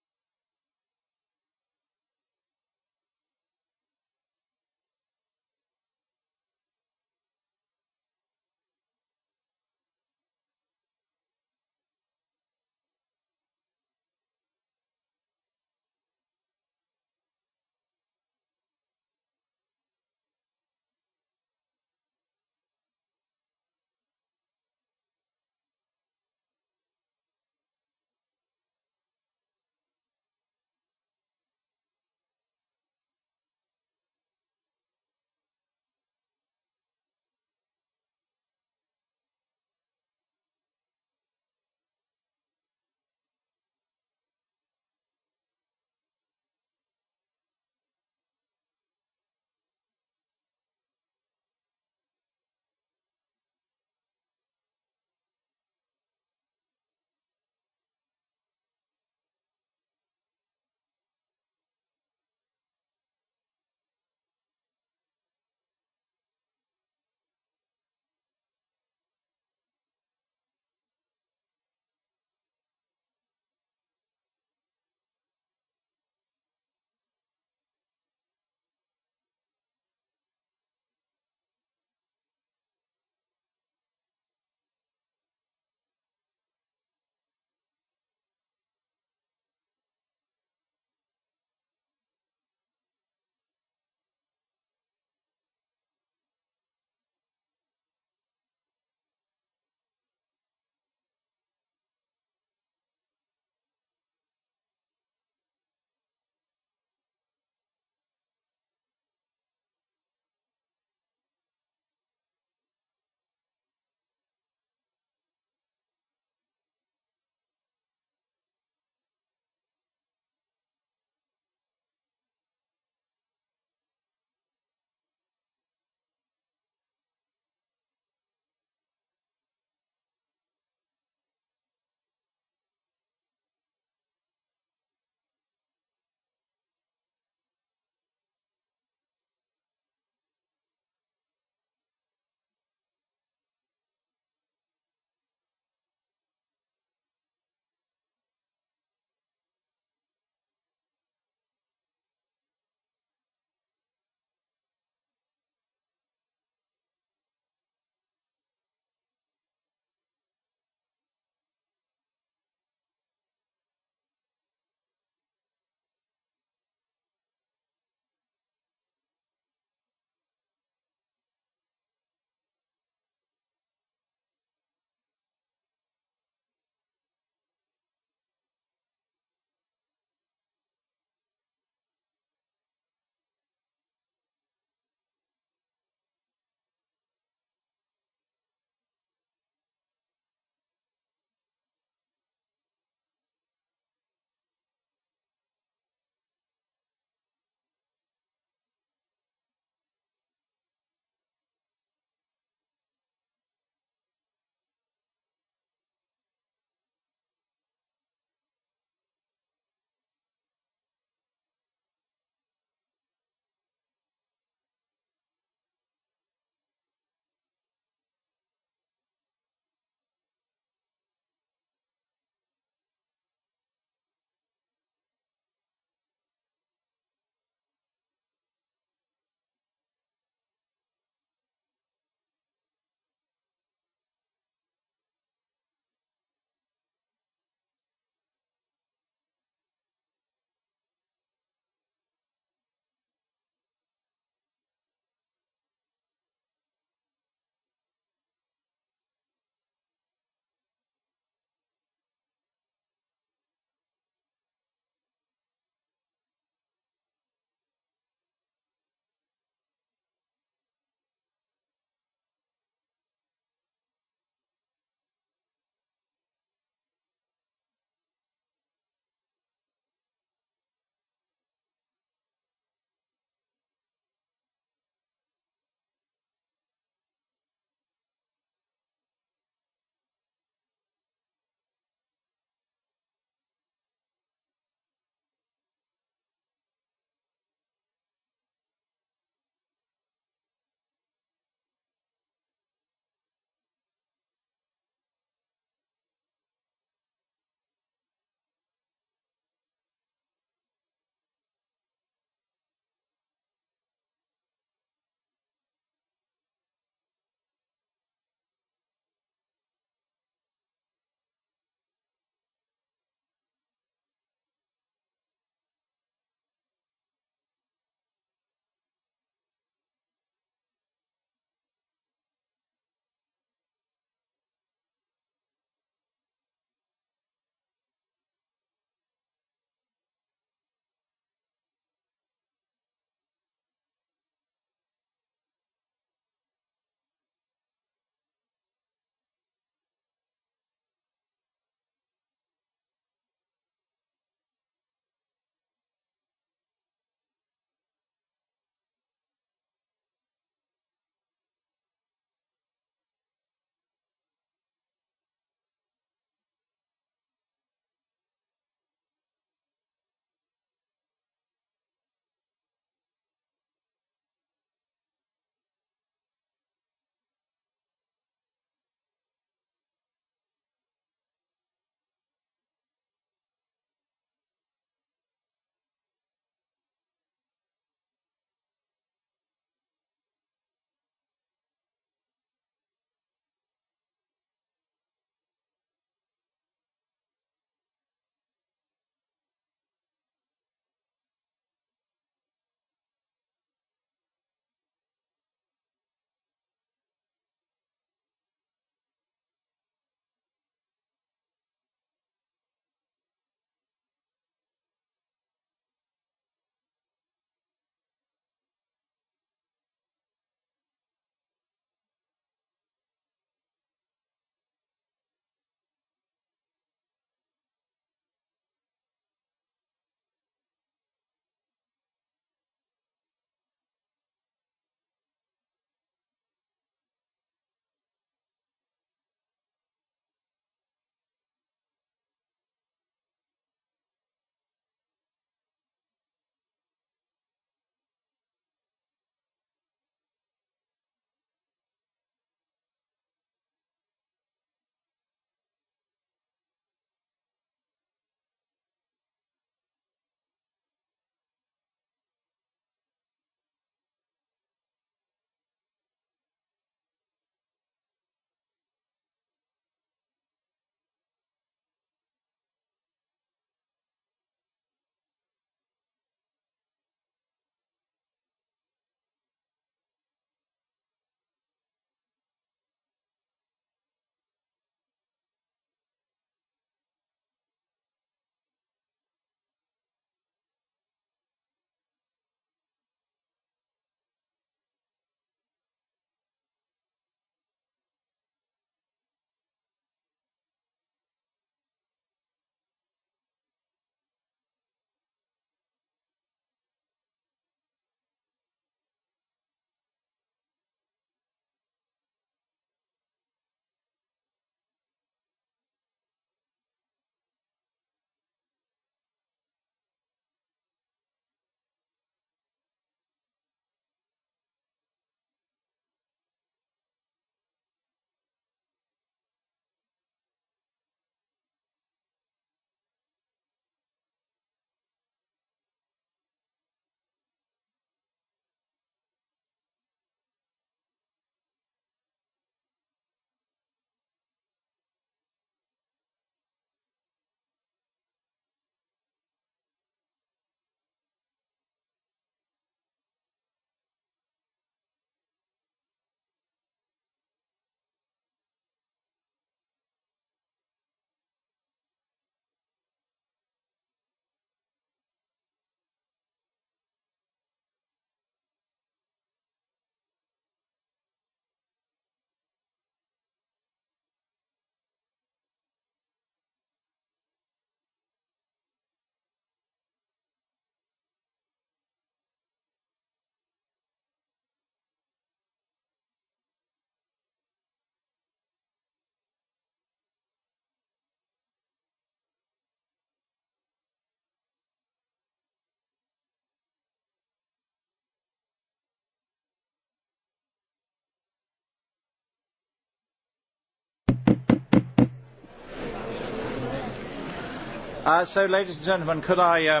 Uh,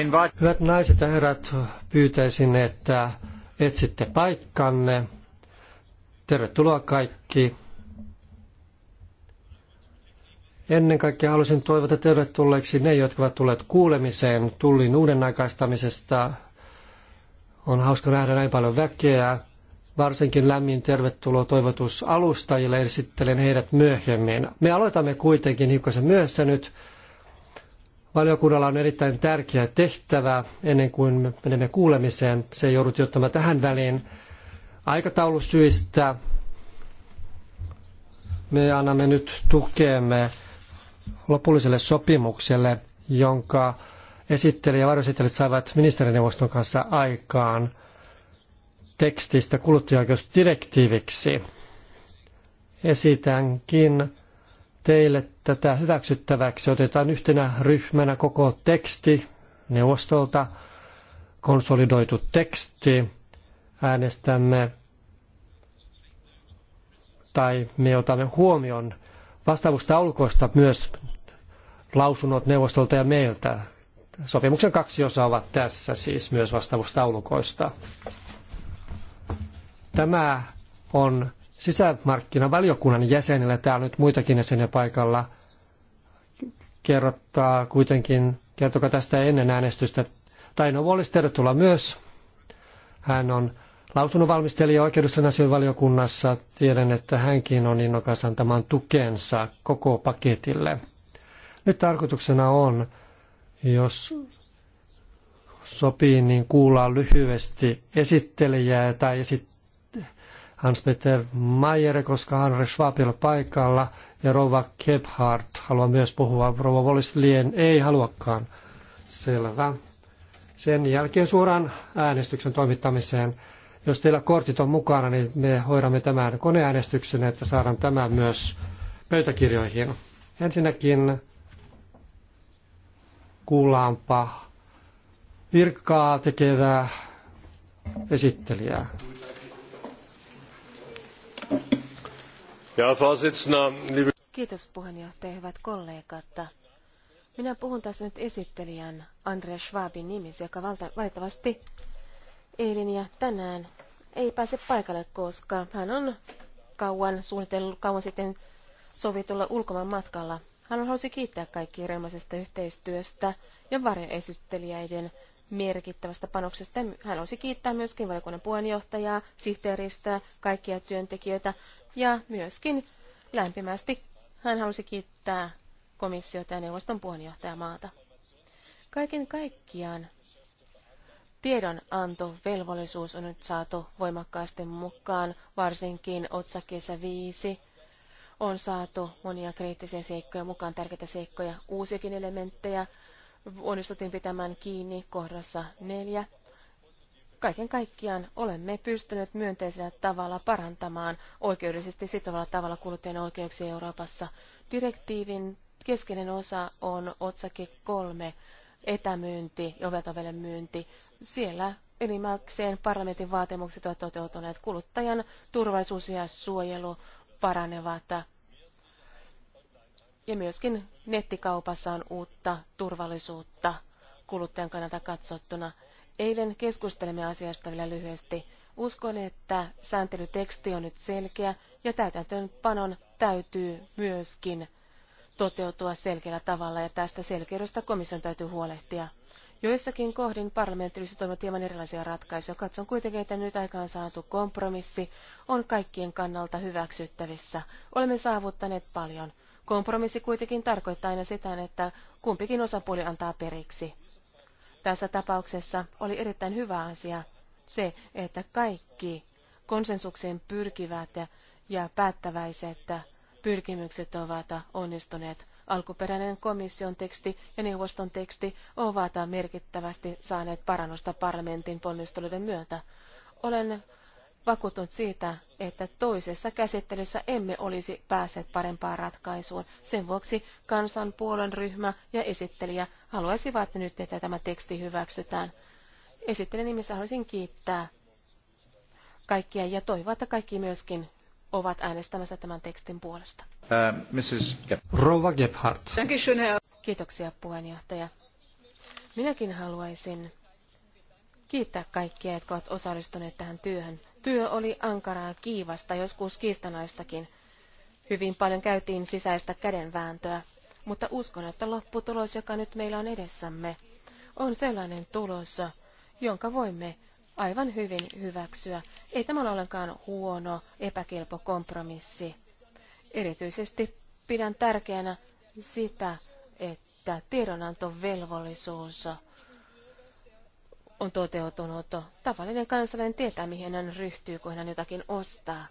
um, Hyvät naiset ja herrat, pyytäisin, että etsitte paikkanne. Tervetuloa kaikki. Ennen kaikkea haluaisin toivota tervetulleeksi ne, jotka ovat tulleet kuulemiseen tullin uuden aikaistamisesta. On hauska nähdä näin paljon väkeä varsinkin lämmin tervetuloa toivotus alustajille, esittelen heidät myöhemmin. Me aloitamme kuitenkin hiukkasen myöhässä nyt. Valiokunnalla on erittäin tärkeä tehtävä ennen kuin me menemme kuulemiseen. Se joudut ottamaan tähän väliin aikataulusyistä. Me annamme nyt tukeemme lopulliselle sopimukselle, jonka esittelijä ja varjoesittelijät saivat ministerineuvoston kanssa aikaan – tekstistä kuluttajaoikeusdirektiiviksi. Esitänkin teille tätä hyväksyttäväksi. Otetaan yhtenä ryhmänä koko teksti neuvostolta, konsolidoitu teksti. Äänestämme tai me otamme huomioon vastaavuustaulukoista myös lausunnot neuvostolta ja meiltä. Sopimuksen kaksi osaa ovat tässä siis myös vastaavuustaulukoista. Tämä on sisämarkkinavaliokunnan jäsenillä, täällä on nyt muitakin jäseniä paikalla, kerrottaa kuitenkin, kertokaa tästä ennen äänestystä. Taino Wallis, tervetuloa myös. Hän on lausunnonvalmistelija oikeudessa asioiden valiokunnassa. Tiedän, että hänkin on innokas antamaan tukensa koko paketille. Nyt tarkoituksena on, jos sopii, niin kuullaan lyhyesti esittelijää tai esit- Hans-Peter Mayer, koska Andre Schwab ei ole paikalla, ja Rova Gebhardt haluaa myös puhua. Rova Wollislien ei haluakaan. Selvä. Sen jälkeen suoraan äänestyksen toimittamiseen. Jos teillä kortit on mukana, niin me hoidamme tämän koneäänestyksen, että saadaan tämä myös pöytäkirjoihin. Ensinnäkin kuullaanpa virkkaa tekevää esittelijää. Kiitos puheenjohtaja, hyvät kollegat. Minä puhun tässä nyt esittelijän Andreas Schwabin nimissä, joka valitettavasti eilen ja tänään ei pääse paikalle, koska hän on kauan suunnitellut kauan sitten sovitulla ulkomaan matkalla. Hän halusi kiittää kaikkia erilaisesta yhteistyöstä ja varjoesittelijöiden merkittävästä panoksesta. Hän halusi kiittää myöskin valiokunnan puheenjohtajaa, sihteeristä, kaikkia työntekijöitä ja myöskin lämpimästi hän halusi kiittää komissiota ja neuvoston puheenjohtajamaata. Kaiken kaikkiaan velvollisuus on nyt saatu voimakkaasti mukaan, varsinkin otsakkeessa viisi on saatu monia kriittisiä seikkoja mukaan, tärkeitä seikkoja, uusiakin elementtejä. Onnistuttiin pitämään kiinni kohdassa neljä kaiken kaikkiaan olemme pystyneet myönteisellä tavalla parantamaan oikeudellisesti sitovalla tavalla kuluttajien oikeuksia Euroopassa. Direktiivin keskeinen osa on otsake kolme, etämyynti ja oveltavelle myynti. Siellä enimmäkseen parlamentin vaatimukset ovat toteutuneet. Kuluttajan turvallisuus ja suojelu paranevat. Ja myöskin nettikaupassa on uutta turvallisuutta kuluttajan kannalta katsottuna. Eilen keskustelimme asiasta vielä lyhyesti. Uskon, että sääntelyteksti on nyt selkeä ja täytäntöönpanon täytyy myöskin toteutua selkeällä tavalla ja tästä selkeydestä komission täytyy huolehtia. Joissakin kohdin parlamenttilisissa toimivat hieman erilaisia ratkaisuja. Katson kuitenkin, että nyt aikaan saatu kompromissi on kaikkien kannalta hyväksyttävissä. Olemme saavuttaneet paljon. Kompromissi kuitenkin tarkoittaa aina sitä, että kumpikin osapuoli antaa periksi. Tässä tapauksessa oli erittäin hyvä asia se, että kaikki konsensukseen pyrkivät ja päättäväiset pyrkimykset ovat onnistuneet. Alkuperäinen komission teksti ja neuvoston teksti ovat merkittävästi saaneet parannusta parlamentin ponnisteluiden myötä. Olen vakuuttunut siitä, että toisessa käsittelyssä emme olisi päässeet parempaan ratkaisuun. Sen vuoksi kansanpuolen ryhmä ja esittelijä haluaisivat nyt, että tämä teksti hyväksytään. Esittelijän nimissä haluaisin kiittää kaikkia ja toivoa, että kaikki myöskin ovat äänestämässä tämän tekstin puolesta. Uh, äh, Mrs. Rova Gebhardt. Kiitoksia puheenjohtaja. Minäkin haluaisin kiittää kaikkia, jotka ovat osallistuneet tähän työhön. Työ oli ankaraa kiivasta, joskus kiistanaistakin. Hyvin paljon käytiin sisäistä kädenvääntöä, mutta uskon, että lopputulos, joka nyt meillä on edessämme, on sellainen tulos, jonka voimme aivan hyvin hyväksyä. Ei tämä ole ollenkaan huono, epäkelpo kompromissi. Erityisesti pidän tärkeänä sitä, että tiedonantovelvollisuus velvollisuus on toteutunut. Tavallinen kansalainen tietää, mihin hän ryhtyy, kun hän jotakin ostaa.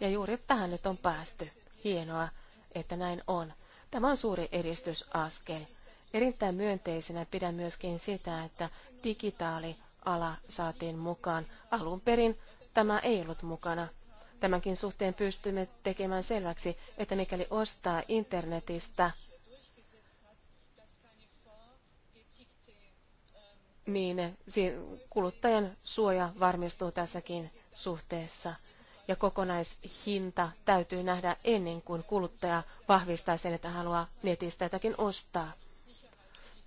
Ja juuri tähän nyt on päästy. Hienoa, että näin on. Tämä on suuri edistysaskel. Erittäin myönteisenä pidän myöskin sitä, että digitaaliala saatiin mukaan. Alun perin tämä ei ollut mukana. Tämänkin suhteen pystymme tekemään selväksi, että mikäli ostaa internetistä, niin kuluttajan suoja varmistuu tässäkin suhteessa. Ja kokonaishinta täytyy nähdä ennen kuin kuluttaja vahvistaa sen, että haluaa netistä jotakin ostaa.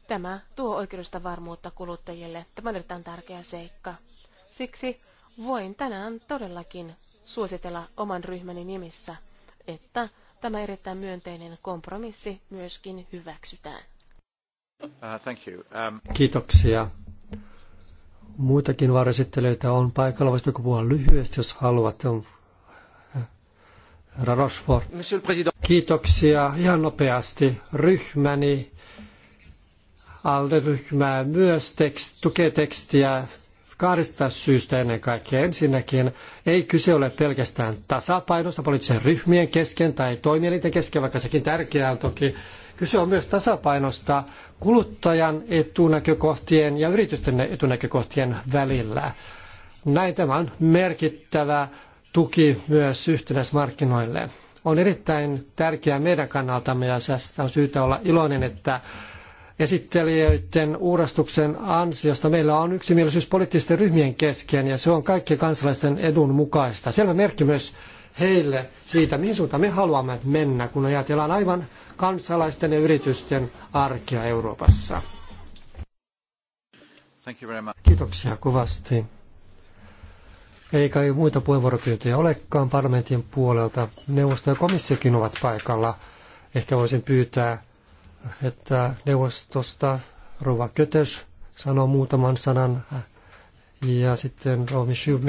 Tämä tuo oikeudesta varmuutta kuluttajille. Tämä on erittäin tärkeä seikka. Siksi voin tänään todellakin suositella oman ryhmäni nimissä, että tämä erittäin myönteinen kompromissi myöskin hyväksytään. Uh, thank you. Um... Kiitoksia. Muitakin varjesittelyitä on paikalla, voisitko puhua lyhyesti, jos haluat. On Kiitoksia ihan nopeasti. Ryhmäni, ALDE-ryhmää myös tekst, tukee tekstiä kahdesta syystä ennen kaikkea. Ensinnäkin ei kyse ole pelkästään tasapainosta poliittisen ryhmien kesken tai toimielinten kesken, vaikka sekin tärkeää on toki. Kyse on myös tasapainosta kuluttajan etunäkökohtien ja yritysten etunäkökohtien välillä. Näin tämä on merkittävä tuki myös yhtenäismarkkinoille. On erittäin tärkeää meidän kannaltamme ja tästä on syytä olla iloinen, että esittelijöiden uurastuksen ansiosta meillä on yksimielisyys poliittisten ryhmien kesken ja se on kaikkien kansalaisten edun mukaista. Selvä merkki myös heille siitä, mihin suuntaan me haluamme mennä, kun ajatellaan aivan kansalaisten ja yritysten arkea Euroopassa. Kiitoksia kovasti. Ei kai muita puheenvuoropyyntöjä olekaan parlamentin puolelta. Neuvosto ja komissiokin ovat paikalla. Ehkä voisin pyytää että neuvostosta Rova Kötös sanoo muutaman sanan ja sitten Romi Schiu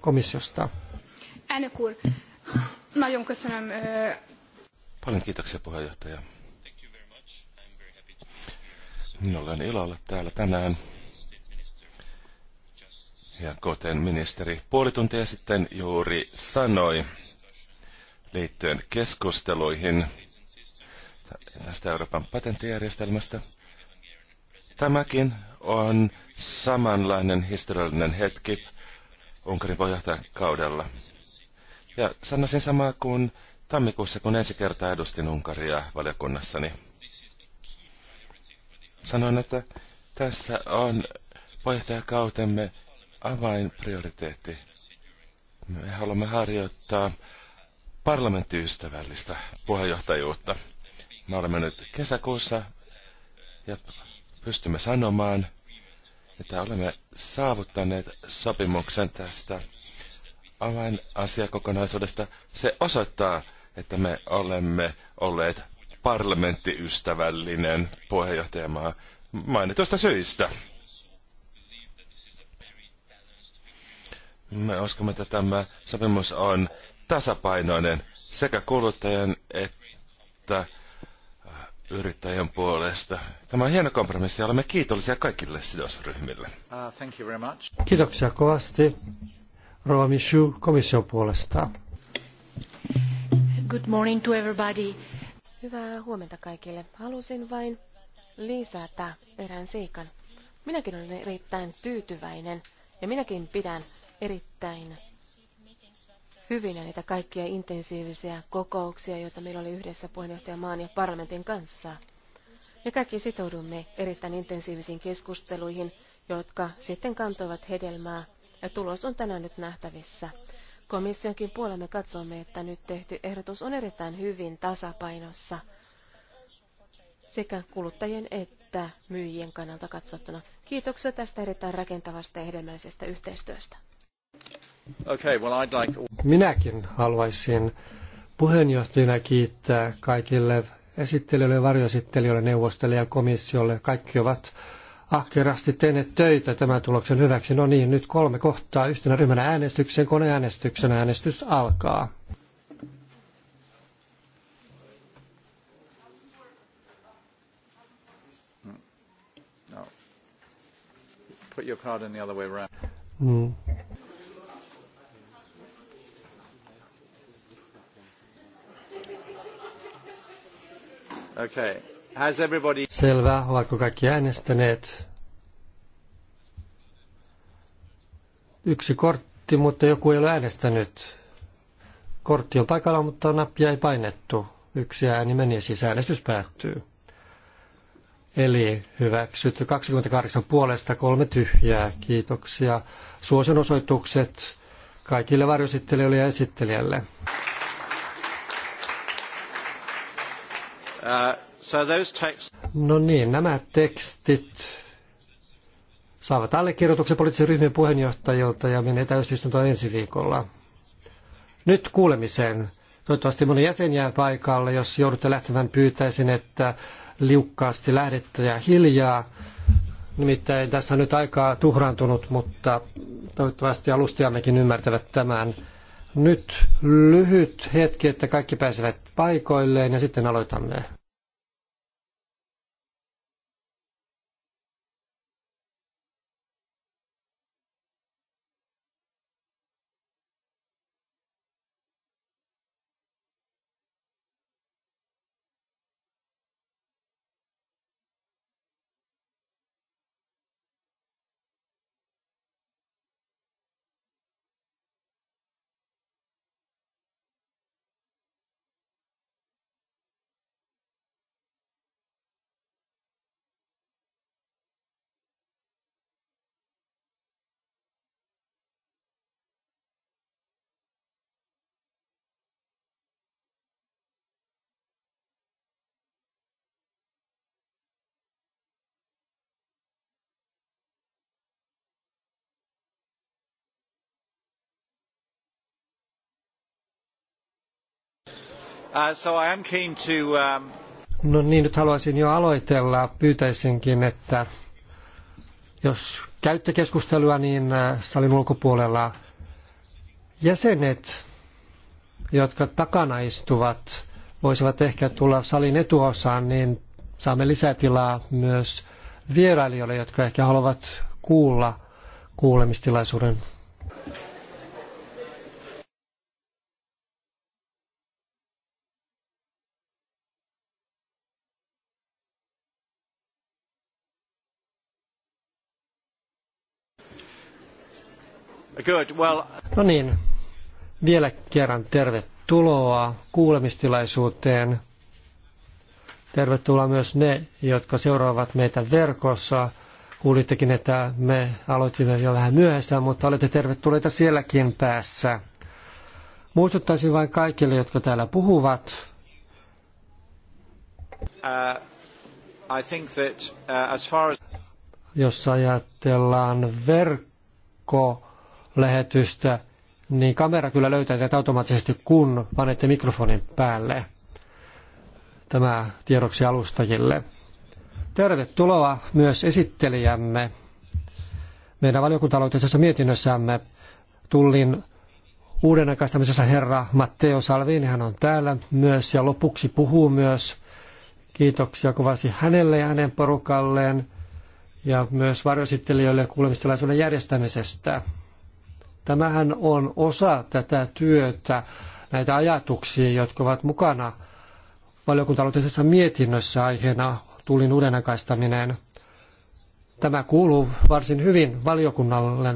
komissiosta. Elnök mä nagyon köszönöm. Paljon kiitoksia puheenjohtaja. Minulla on ilo olla täällä tänään. Ja kuten ministeri puoli tuntia sitten juuri sanoi liittyen keskusteluihin, tästä Euroopan patenttijärjestelmästä. Tämäkin on samanlainen historiallinen hetki Unkarin puheenjohtajakaudella. Ja sanoisin samaa kuin tammikuussa, kun ensi kertaa edustin Unkaria valiokunnassani. Sanoin, että tässä on pohjohtajakautemme avainprioriteetti. Me haluamme harjoittaa parlamenttiystävällistä puheenjohtajuutta. Me olemme nyt kesäkuussa ja pystymme sanomaan, että olemme saavuttaneet sopimuksen tästä avainasiakokonaisuudesta. Se osoittaa, että me olemme olleet parlamenttiystävällinen puheenjohtajamaa mainitusta syistä. Me uskomme, että tämä sopimus on tasapainoinen sekä kuluttajan että yrittäjän puolesta. Tämä on hieno kompromissi ja olemme kiitollisia kaikille sidosryhmille. Uh, thank you very much. Kiitoksia kovasti. Rova Michu komission puolesta. Good morning to everybody. Hyvää huomenta kaikille. Halusin vain lisätä erään seikan. Minäkin olen erittäin tyytyväinen ja minäkin pidän erittäin ja niitä kaikkia intensiivisiä kokouksia, joita meillä oli yhdessä puheenjohtajamaan ja parlamentin kanssa. Me kaikki sitoudumme erittäin intensiivisiin keskusteluihin, jotka sitten kantoivat hedelmää, ja tulos on tänään nyt nähtävissä. Komissionkin puolella me katsomme, että nyt tehty ehdotus on erittäin hyvin tasapainossa sekä kuluttajien että myyjien kannalta katsottuna. Kiitoksia tästä erittäin rakentavasta ja hedelmällisestä yhteistyöstä. Minäkin haluaisin puheenjohtajana kiittää kaikille esittelijöille, varjoesittelijöille, neuvostolle ja komissiolle. Kaikki ovat ahkerasti tehneet töitä tämän tuloksen hyväksi. No niin, nyt kolme kohtaa yhtenä ryhmänä äänestykseen. Koneäänestyksen äänestys alkaa. No. Put your card in the other way around. Mm. Okay. Has everybody... Selvä, ovatko kaikki äänestäneet? Yksi kortti, mutta joku ei ole äänestänyt. Kortti on paikalla, mutta nappia ei painettu. Yksi ääni meni ja siis äänestys päättyy. Eli hyväksytty 28 puolesta, kolme tyhjää. Kiitoksia. osoitukset kaikille varjosittelijoille ja esittelijälle. Uh, so those No niin, nämä tekstit saavat allekirjoituksen poliittisen ryhmien puheenjohtajilta ja menee täysistuntoon ensi viikolla. Nyt kuulemiseen. Toivottavasti moni jäsen jää paikalle. Jos joudutte lähtemään, pyytäisin, että liukkaasti lähdette ja hiljaa. Nimittäin tässä on nyt aikaa tuhraantunut, mutta toivottavasti alustajammekin ymmärtävät tämän nyt lyhyt hetki, että kaikki pääsevät paikoilleen ja sitten aloitamme. Uh, so I am keen to, um... No niin, nyt haluaisin jo aloitella. Pyytäisinkin, että jos käytte keskustelua, niin äh, salin ulkopuolella jäsenet, jotka takana istuvat, voisivat ehkä tulla salin etuosaan, niin saamme lisätilaa myös vierailijoille, jotka ehkä haluavat kuulla kuulemistilaisuuden Good. Well... No niin, vielä kerran tervetuloa kuulemistilaisuuteen. Tervetuloa myös ne, jotka seuraavat meitä verkossa. Kuulittekin, että me aloitimme jo vähän myöhässä, mutta olette tervetulleita sielläkin päässä. Muistuttaisin vain kaikille, jotka täällä puhuvat. Uh, I think that, uh, as far as... Jos ajatellaan verkkoa lähetystä, niin kamera kyllä löytää tätä automaattisesti, kun panette mikrofonin päälle tämä tiedoksi alustajille. Tervetuloa myös esittelijämme. Meidän valiokuntaloitteisessa mietinnössämme tullin uuden aikaistamisessa herra Matteo Salvini, hän on täällä myös ja lopuksi puhuu myös. Kiitoksia kovasti hänelle ja hänen porukalleen ja myös varjoesittelijöille kuulemistilaisuuden järjestämisestä. Tämähän on osa tätä työtä, näitä ajatuksia, jotka ovat mukana valiokunta mietinnössä aiheena tulin uudenaikaistaminen. Tämä kuuluu varsin hyvin valiokunnalle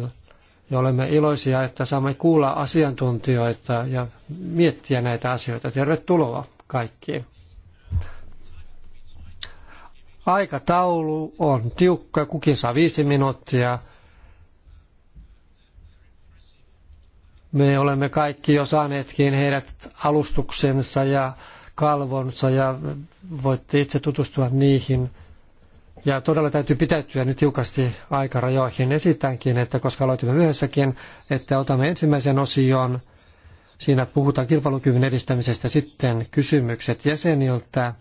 ja olemme iloisia, että saamme kuulla asiantuntijoita ja miettiä näitä asioita. Tervetuloa kaikkiin. Aikataulu on tiukka, kukin saa viisi minuuttia. Me olemme kaikki jo saaneetkin heidät alustuksensa ja kalvonsa ja voitte itse tutustua niihin. Ja todella täytyy pitäytyä nyt tiukasti aikarajoihin. Esitänkin, että koska aloitimme myöhässäkin, että otamme ensimmäisen osion. Siinä puhutaan kilpailukyvyn edistämisestä, sitten kysymykset jäseniltä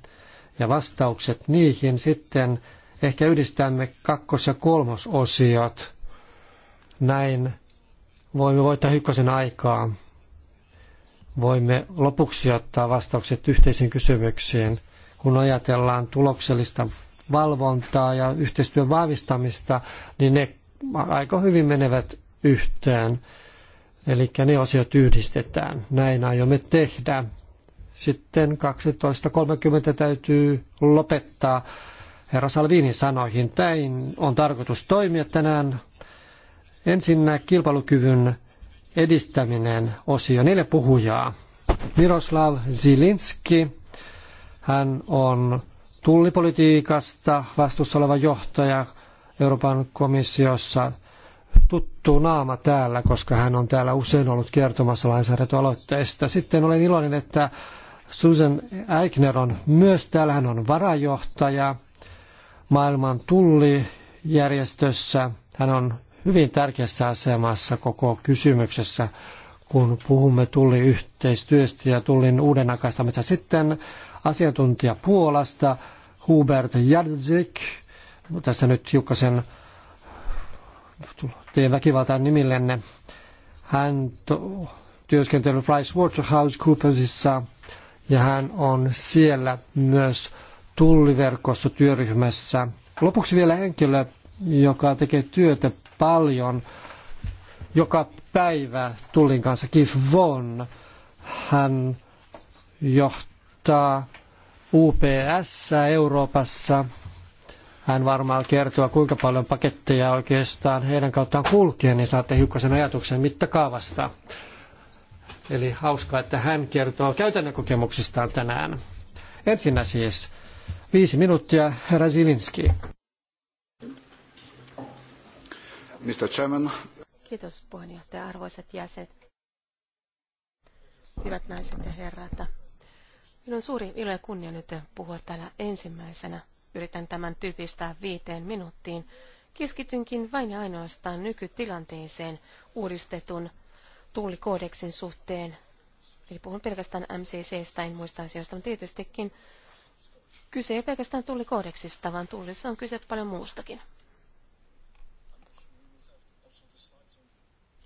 ja vastaukset niihin. Sitten ehkä yhdistämme kakkos- ja kolmososiot. Näin voimme voittaa Hykkosen aikaa. Voimme lopuksi ottaa vastaukset yhteisiin kysymyksiin, kun ajatellaan tuloksellista valvontaa ja yhteistyön vahvistamista, niin ne aika hyvin menevät yhteen. Eli ne osiot yhdistetään. Näin aiomme tehdä. Sitten 12.30 täytyy lopettaa. Herra Salvini sanoihin, näin on tarkoitus toimia tänään Ensinnä kilpailukyvyn edistäminen osio. Neljä puhujaa. Miroslav Zilinski, hän on tullipolitiikasta vastuussa oleva johtaja Euroopan komissiossa. Tuttu naama täällä, koska hän on täällä usein ollut kertomassa lainsäädäntöaloitteista. Sitten olen iloinen, että Susan Eichner on myös täällä, hän on varajohtaja maailman tullijärjestössä. Hän on hyvin tärkeässä asemassa koko kysymyksessä, kun puhumme tulliyhteistyöstä ja tullin uuden aikaistamista. Sitten asiantuntija Puolasta, Hubert Jadzik, tässä nyt hiukkasen teidän väkivaltaan nimillenne. Hän Price Waterhouse PricewaterhouseCoopersissa ja hän on siellä myös tulliverkostotyöryhmässä. Lopuksi vielä henkilö, joka tekee työtä paljon joka päivä Tullin kanssa. Keith Vaughan, hän johtaa UPS Euroopassa. Hän varmaan kertoo, kuinka paljon paketteja oikeastaan heidän kauttaan kulkee, niin saatte hiukkasen ajatuksen mittakaavasta. Eli hauskaa, että hän kertoo käytännön kokemuksistaan tänään. Ensinnä siis viisi minuuttia, herra Zilinski. Mr. Chairman. Kiitos puheenjohtaja, arvoisat jäsenet. Hyvät naiset ja herrat. Minun on suuri ilo ja kunnia nyt puhua täällä ensimmäisenä. Yritän tämän tyypistää viiteen minuuttiin. Keskitynkin vain ja ainoastaan nykytilanteeseen uudistetun tullikoodeksin suhteen. Eli puhun pelkästään MCCstä, en muista asioista, mutta tietystikin kyse ei pelkästään tullikoodeksista, vaan tullissa on kyse paljon muustakin.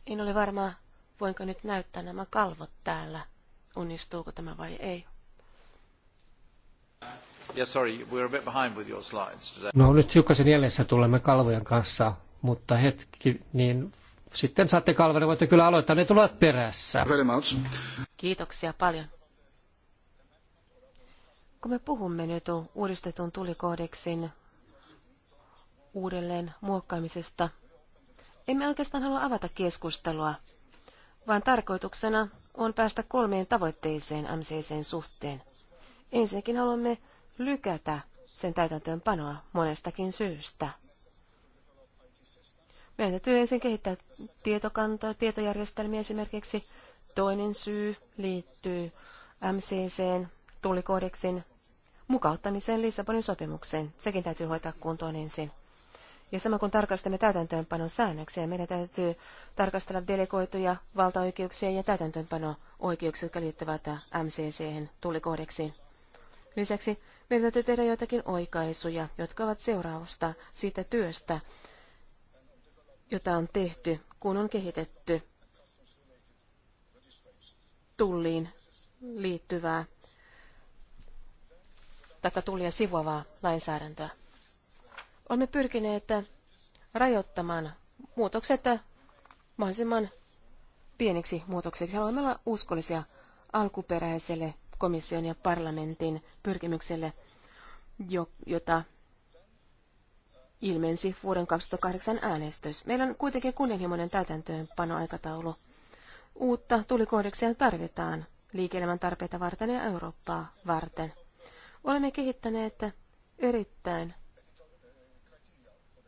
En ole varma, voinko nyt näyttää nämä kalvot täällä. Onnistuuko tämä vai ei? Yeah, sorry, we're a bit behind with your slides today. No nyt hiukkasen jäljessä tulemme kalvojen kanssa, mutta hetki, niin sitten saatte kalvon, voitte kyllä aloittaa, ne tulevat perässä. Very much. Kiitoksia paljon. Kun me puhumme nyt uudistetun tulikoodeksin uudelleen muokkaamisesta, emme oikeastaan halua avata keskustelua, vaan tarkoituksena on päästä kolmeen tavoitteeseen MCCn suhteen. Ensinnäkin haluamme lykätä sen täytäntöönpanoa monestakin syystä. Meidän täytyy ensin kehittää tietokanto- tietojärjestelmiä esimerkiksi. Toinen syy liittyy MCCn tullikoodeksin mukauttamiseen Lissabonin sopimukseen. Sekin täytyy hoitaa kuntoon ensin. Ja sama kun tarkastamme täytäntöönpanon säännöksiä, meidän täytyy tarkastella delegoituja valtaoikeuksia ja täytäntöönpano-oikeuksia, jotka liittyvät MCC-hen Lisäksi meidän täytyy tehdä joitakin oikaisuja, jotka ovat seurausta siitä työstä, jota on tehty, kun on kehitetty tulliin liittyvää tai tullia sivuavaa lainsäädäntöä. Olemme pyrkineet rajoittamaan muutokset mahdollisimman pieniksi muutoksiksi Haluamme olla uskollisia alkuperäiselle komission ja parlamentin pyrkimykselle, jota ilmensi vuoden 2008 äänestys. Meillä on kuitenkin kunnianhimoinen täytäntöönpanoaikataulu. Uutta tulikohdeksia tarvitaan liike tarpeita varten ja Eurooppaa varten. Olemme kehittäneet erittäin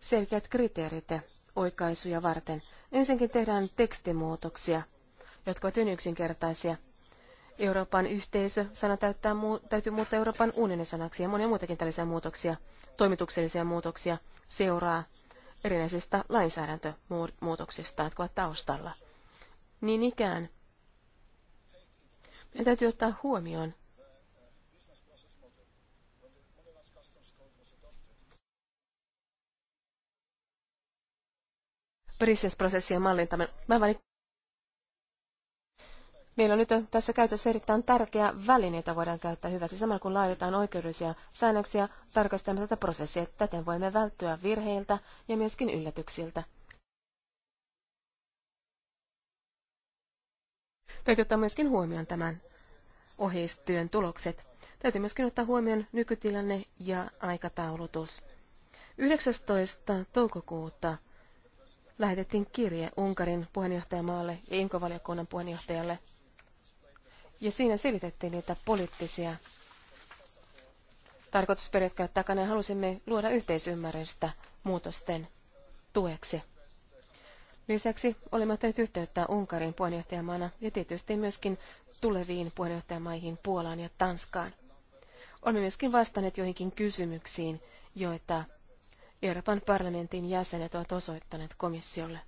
selkeät kriteerit oikaisuja varten. Ensinnäkin tehdään tekstimuutoksia, jotka ovat yksinkertaisia. Euroopan yhteisö, sana täyttää, täytyy muuttaa Euroopan unionin sanaksi ja monia muitakin tällaisia muutoksia, toimituksellisia muutoksia seuraa erinäisistä lainsäädäntömuutoksista, jotka ovat taustalla. Niin ikään meidän täytyy ottaa huomioon prinsessprosessien mallintaminen. Mä vain... Meillä on nyt tässä käytössä erittäin tärkeä väline, jota voidaan käyttää hyväksi. Samalla kun laaditaan oikeudellisia säännöksiä, tarkastamme tätä prosessia. Täten voimme välttyä virheiltä ja myöskin yllätyksiltä. Täytyy ottaa myöskin huomioon tämän ohjeistyön tulokset. Täytyy myöskin ottaa huomioon nykytilanne ja aikataulutus. 19. toukokuuta lähetettiin kirje Unkarin puheenjohtajamaalle ja Inkovaliokunnan puheenjohtajalle. Ja siinä selitettiin niitä poliittisia tarkoitusperiaatteita takana ja halusimme luoda yhteisymmärrystä muutosten tueksi. Lisäksi olimme ottaneet yhteyttä Unkarin puheenjohtajamaana ja tietysti myöskin tuleviin puheenjohtajamaihin Puolaan ja Tanskaan. Olemme myöskin vastanneet joihinkin kysymyksiin, joita Euroopan parlamentin jäsenet ovat osoittaneet komissiolle.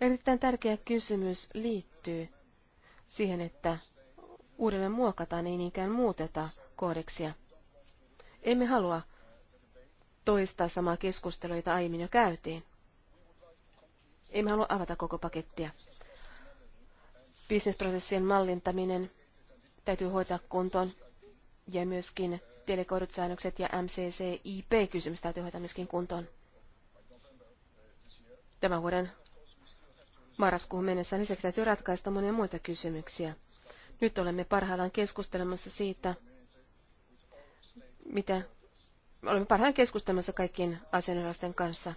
Erittäin tärkeä kysymys liittyy siihen, että uudelleen muokataan, ei niinkään muuteta koodeksia. Emme halua toistaa samaa keskustelua, jota aiemmin jo käytiin. Emme halua avata koko pakettia. Bisnesprosessien mallintaminen täytyy hoitaa kuntoon ja myöskin delegoidut säännökset ja MCCIP-kysymys täytyy hoitaa myöskin kuntoon. Tämän vuoden marraskuun mennessä lisäksi niin täytyy ratkaista monia muita kysymyksiä. Nyt olemme parhaillaan keskustelemassa siitä, mitä olemme parhaillaan keskustelemassa kaikkien asianosaisten kanssa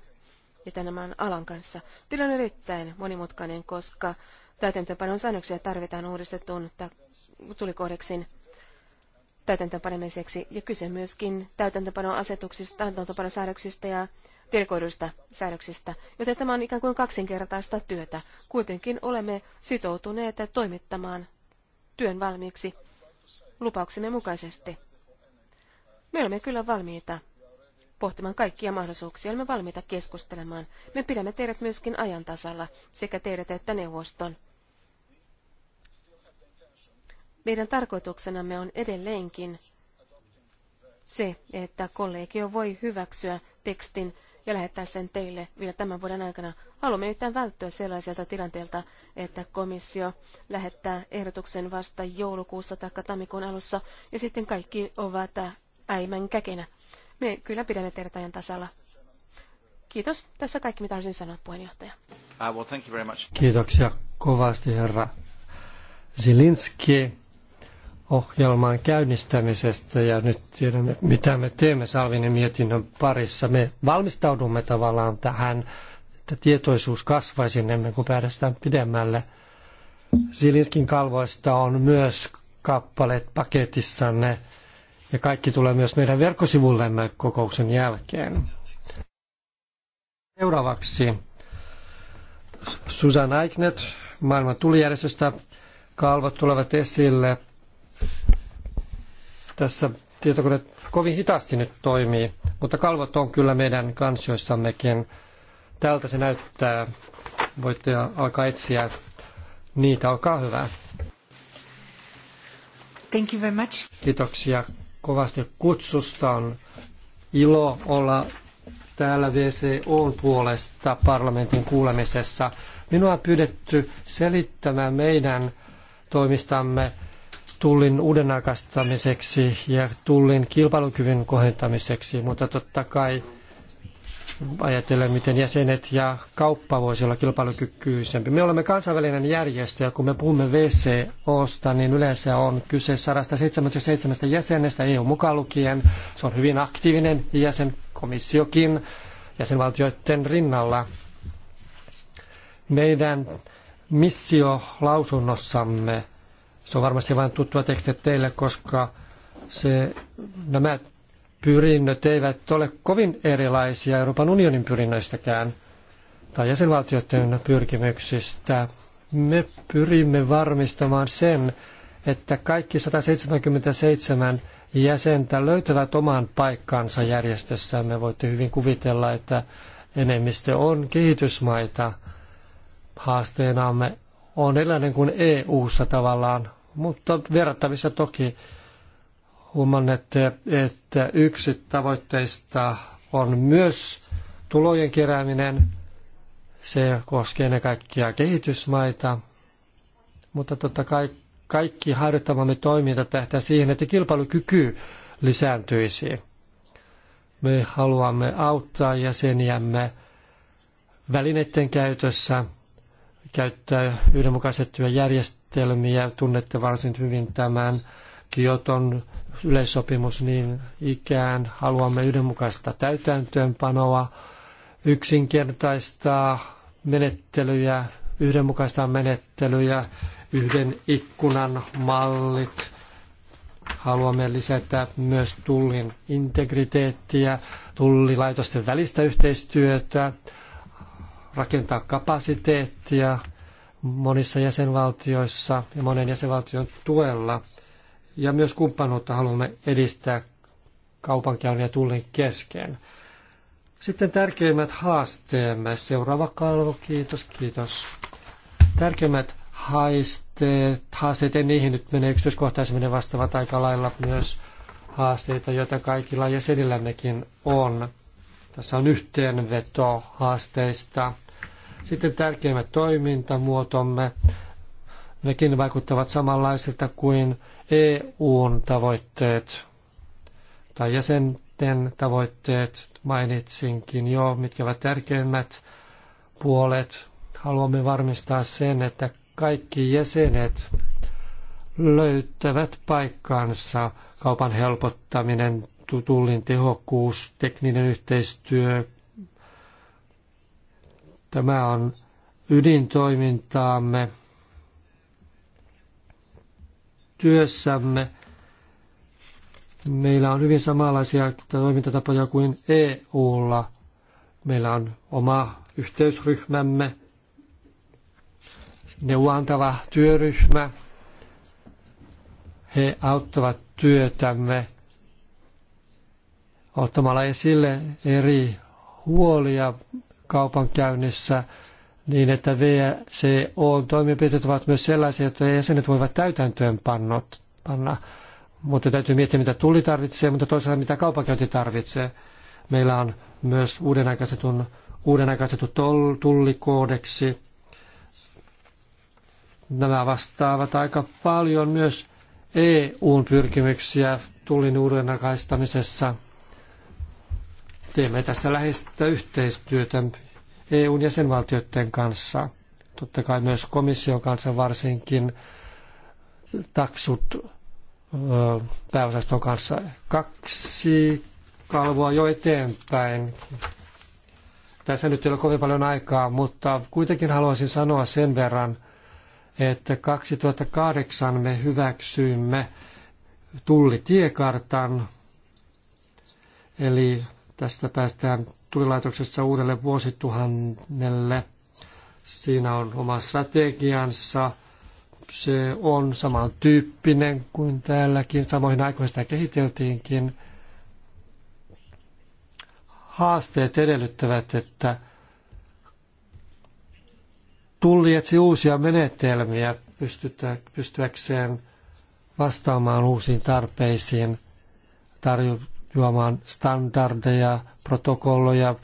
ja tämän alan kanssa. Tilanne on erittäin monimutkainen, koska täytäntöönpanon säännöksiä tarvitaan uudistetun tulikohdeksin täytäntöönpanemiseksi ja kyse myöskin täytäntöönpanon asetuksista, täytäntöönpanon säädöksistä ja tilkoiduista säädöksistä, joten tämä on ikään kuin kaksinkertaista työtä. Kuitenkin olemme sitoutuneet toimittamaan työn valmiiksi lupauksemme mukaisesti. Me olemme kyllä valmiita pohtimaan kaikkia mahdollisuuksia, olemme valmiita keskustelemaan. Me pidämme teidät myöskin ajan tasalla, sekä teidät että neuvoston. Meidän tarkoituksenamme on edelleenkin se, että kollegio voi hyväksyä tekstin ja lähettää sen teille vielä tämän vuoden aikana. Haluamme nimittäin välttyä sellaiselta tilanteelta, että komissio lähettää ehdotuksen vasta joulukuussa tai tammikuun alussa, ja sitten kaikki ovat äimän käkenä. Me kyllä pidämme teidät ajan tasalla. Kiitos. Tässä kaikki, mitä haluaisin sanoa, puheenjohtaja. Uh, well, thank you very much. Kiitoksia kovasti, herra Zilinski ohjelman käynnistämisestä ja nyt tiedämme, mitä me teemme Salvinen mietinnön parissa. Me valmistaudumme tavallaan tähän, että tietoisuus kasvaisi ennen kuin päästään pidemmälle. Silinskin kalvoista on myös kappaleet paketissanne ja kaikki tulee myös meidän verkkosivullemme kokouksen jälkeen. Seuraavaksi Susan Aiknet maailman tulijärjestöstä. Kalvot tulevat esille tässä tietokone kovin hitaasti nyt toimii, mutta kalvot on kyllä meidän kansioissammekin. Tältä se näyttää. Voitte alkaa etsiä niitä. Olkaa hyvä. Thank you very much. Kiitoksia kovasti kutsusta. On ilo olla täällä VCOn puolesta parlamentin kuulemisessa. Minua on pyydetty selittämään meidän toimistamme tullin uudenaikaistamiseksi ja tullin kilpailukyvyn kohentamiseksi, mutta totta kai ajatellen, miten jäsenet ja kauppa voisi olla kilpailukykyisempi. Me olemme kansainvälinen järjestö ja kun me puhumme VCOsta, niin yleensä on kyse 177 jäsenestä EU mukaan lukien. Se on hyvin aktiivinen komissiokin jäsenvaltioiden rinnalla. Meidän missiolausunnossamme lausunnossamme se on varmasti vain tuttua tekstiä teille, koska se, nämä pyrinnöt eivät ole kovin erilaisia Euroopan unionin pyrinnöistäkään tai jäsenvaltioiden pyrkimyksistä. Me pyrimme varmistamaan sen, että kaikki 177 jäsentä löytävät oman paikkansa Me Voitte hyvin kuvitella, että enemmistö on kehitysmaita. Haasteenamme on erilainen kuin EU-ssa tavallaan mutta verrattavissa toki huomannette, että yksi tavoitteista on myös tulojen kerääminen. Se koskee ennen kaikkia kehitysmaita, mutta totta kai kaikki harjoittamamme toiminta tähtää siihen, että kilpailukyky lisääntyisi. Me haluamme auttaa jäseniämme välineiden käytössä – käyttää yhdenmukaistettuja järjestelmiä. Tunnette varsin hyvin tämän Kioton yleissopimus niin ikään. Haluamme yhdenmukaista täytäntöönpanoa, yksinkertaistaa menettelyjä, yhdenmukaistaa menettelyjä, yhden ikkunan mallit. Haluamme lisätä myös tullin integriteettiä, tullilaitosten välistä yhteistyötä, rakentaa kapasiteettia monissa jäsenvaltioissa ja monen jäsenvaltion tuella. Ja myös kumppanuutta haluamme edistää kaupankäynnin ja tullin kesken. Sitten tärkeimmät haasteemme. Seuraava kalvo, kiitos, kiitos. Tärkeimmät haisteet, haasteet, en niihin nyt mene yksityiskohtaisemmin, vastaavat aika lailla myös haasteita, joita kaikilla jäsenillämmekin on. Tässä on yhteenveto haasteista sitten tärkeimmät toimintamuotomme, nekin vaikuttavat samanlaisilta kuin EUn tavoitteet tai jäsenten tavoitteet mainitsinkin jo, mitkä ovat tärkeimmät puolet. Haluamme varmistaa sen, että kaikki jäsenet löytävät paikkansa kaupan helpottaminen, tullin tehokkuus, tekninen yhteistyö, Tämä on ydintoimintaamme työssämme. Meillä on hyvin samanlaisia toimintatapoja kuin EUlla. Meillä on oma yhteysryhmämme, neuvoantava työryhmä. He auttavat työtämme ottamalla esille eri huolia kaupankäynnissä niin, että VCO-toimenpiteet ovat myös sellaisia, että jäsenet voivat täytäntöön pannot, panna. Mutta täytyy miettiä, mitä tulli tarvitsee, mutta toisaalta mitä kaupankäynti tarvitsee. Meillä on myös uuden aikaisetun, uuden tullikoodeksi. Nämä vastaavat aika paljon myös EUn pyrkimyksiä tullin uudenaikaistamisessa – Teemme tässä läheistä yhteistyötä EUn jäsenvaltioiden kanssa, totta kai myös komission kanssa varsinkin taksut pääosaston kanssa. Kaksi kalvoa jo eteenpäin. Tässä nyt ei ole kovin paljon aikaa, mutta kuitenkin haluaisin sanoa sen verran, että 2008 me hyväksyimme tullitiekartan, eli Tästä päästään tulilaitoksessa uudelle vuosituhannelle. Siinä on oma strategiansa. Se on samantyyppinen kuin täälläkin. Samoihin aikoihin sitä kehiteltiinkin. Haasteet edellyttävät, että tulli etsi uusia menetelmiä pystytä, pystyäkseen vastaamaan uusiin tarpeisiin, tarjo, luomaan standardeja, protokolloja,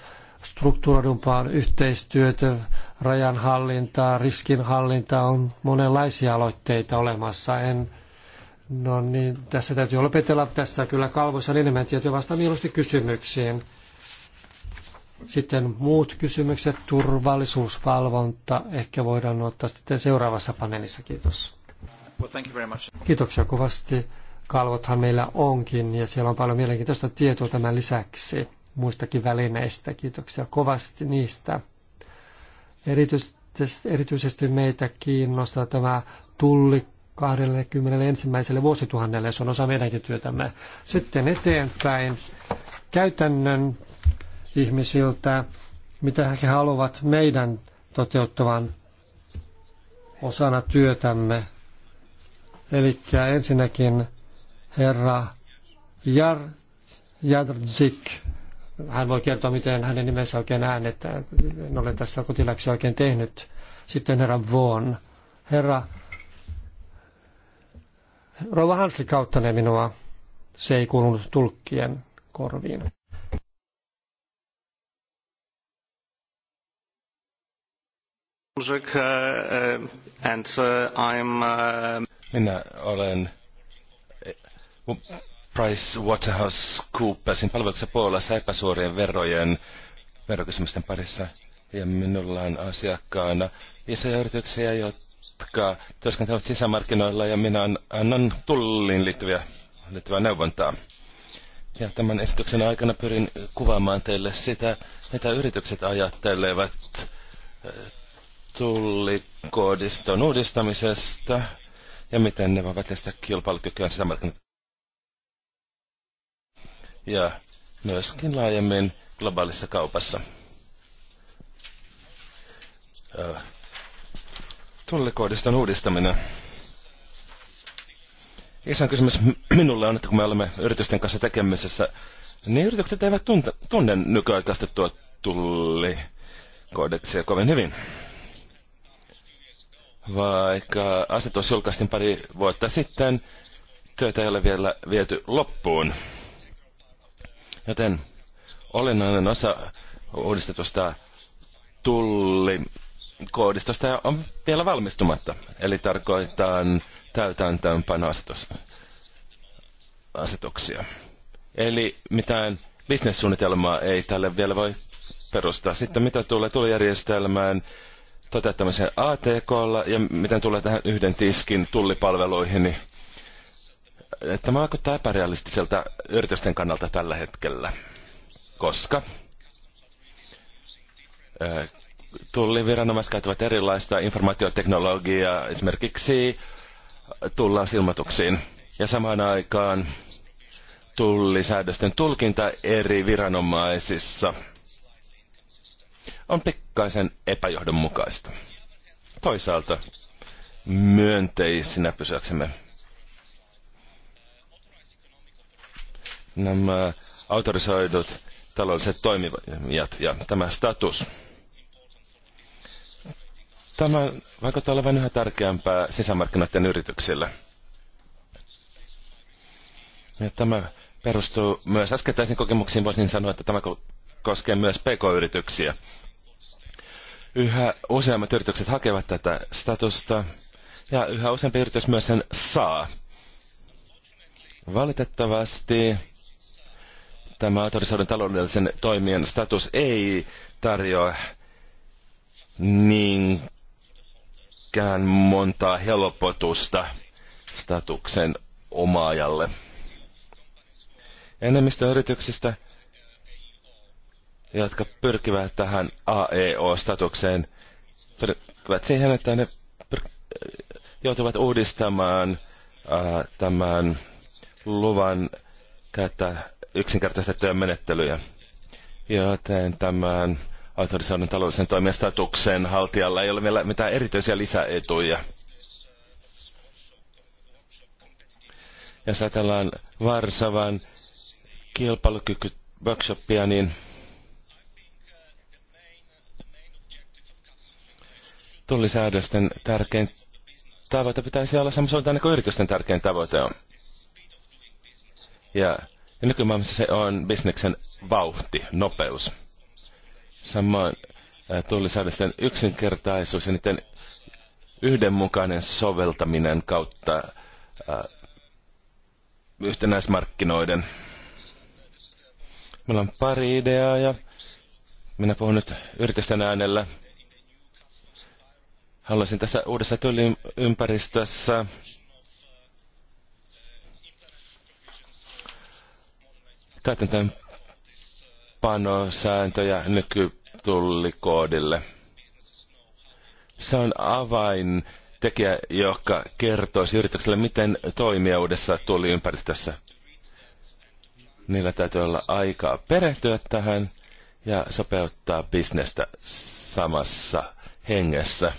strukturoidumpaan yhteistyötä, rajanhallintaa, riskinhallintaa, on monenlaisia aloitteita olemassa. En, no niin, tässä täytyy lopetella tässä kyllä kalvoissa on enemmän tietoja vastaan mieluusti kysymyksiin. Sitten muut kysymykset, turvallisuusvalvonta, ehkä voidaan ottaa sitten seuraavassa paneelissa. Kiitos. Well, Kiitoksia kovasti kalvothan meillä onkin ja siellä on paljon mielenkiintoista tietoa tämän lisäksi muistakin välineistä. Kiitoksia kovasti niistä. Erityisesti meitä kiinnostaa tämä tulli 21. vuosituhannelle. Se on osa meidänkin työtämme. Sitten eteenpäin käytännön ihmisiltä, mitä he haluavat meidän toteuttavan osana työtämme. Eli ensinnäkin herra Jar Jadrzik. Hän voi kertoa, miten hänen nimensä oikein äänetään. En ole tässä kotiläksi oikein tehnyt. Sitten herra Von. Herra Rova Hansli kauttanee minua. Se ei kuulunut tulkkien korviin. Uh, uh, uh, Minä olen Price Waterhouse Coopersin palveluksessa Puolassa epäsuorien verojen verokysymysten parissa. Ja minulla on asiakkaana isoja yrityksiä, jotka työskentelevät sisämarkkinoilla ja minä annan tulliin liittyviä, liittyvää neuvontaa. Ja tämän esityksen aikana pyrin kuvaamaan teille sitä, mitä yritykset ajattelevat eh, tullikoodiston uudistamisesta ja miten ne voivat estää kilpailukykyään sisämarkkinoilla ja myöskin laajemmin globaalissa kaupassa. Tullikoodiston uudistaminen. Isän kysymys minulle on, että kun me olemme yritysten kanssa tekemisessä, niin yritykset eivät tunte, tunne nykyaikaistettua tullikoodeksia kovin hyvin. Vaikka asetus julkaistiin pari vuotta sitten, työtä ei ole vielä viety loppuun. Joten olennainen osa uudistetusta tullikoodistosta on vielä valmistumatta. Eli tarkoittaa täytäntöönpanoasetuksia. Eli mitään bisnessuunnitelmaa ei tälle vielä voi perustaa. Sitten mitä tulee tulijärjestelmään toteuttamiseen ATKlla ja miten tulee tähän yhden tiskin tullipalveluihin, niin tämä vaikuttaa epärealistiselta yritysten kannalta tällä hetkellä, koska viranomaiset käyttävät erilaista informaatioteknologiaa esimerkiksi tullausilmoituksiin. Ja samaan aikaan tullisäädösten tulkinta eri viranomaisissa on pikkaisen epäjohdonmukaista. Toisaalta myönteisinä pysyäksemme nämä autorisoidut taloudelliset toimijat ja tämä status. Tämä vaikuttaa olevan yhä tärkeämpää sisämarkkinoiden yrityksille. Ja tämä perustuu myös äskettäisiin kokemuksiin. Voisin sanoa, että tämä koskee myös pk-yrityksiä. Yhä useammat yritykset hakevat tätä statusta ja yhä useampi yritys myös sen saa. Valitettavasti Tämä autorisoidun taloudellisen toimijan status ei tarjoa niinkään montaa helpotusta statuksen omaajalle. Enemmistö yrityksistä, jotka pyrkivät tähän AEO-statukseen, pyrkivät siihen, että ne joutuvat uudistamaan äh, tämän luvan käyttää yksinkertaistettuja menettelyjä. Joten tämän autorisoinnin taloudellisen toimijastatuksen haltijalla ei ole vielä mitään erityisiä lisäetuja. Jos ajatellaan Varsavan kilpailukyky-workshopia, niin tullisäädösten tärkein tavoite pitäisi olla samassa kuin yritysten tärkein tavoite on. Ja ja nykymaailmassa se on bisneksen vauhti, nopeus. Samoin tullisäädösten yksinkertaisuus ja niiden yhdenmukainen soveltaminen kautta äh, yhtenäismarkkinoiden. Meillä on pari ideaa ja minä puhun nyt yritysten äänellä. Haluaisin tässä uudessa työympäristössä täytäntöön panosääntöjä nykytullikoodille. Se on avain tekijä, joka kertoisi yritykselle, miten toimia uudessa tulliympäristössä. Niillä täytyy olla aikaa perehtyä tähän ja sopeuttaa bisnestä samassa hengessä.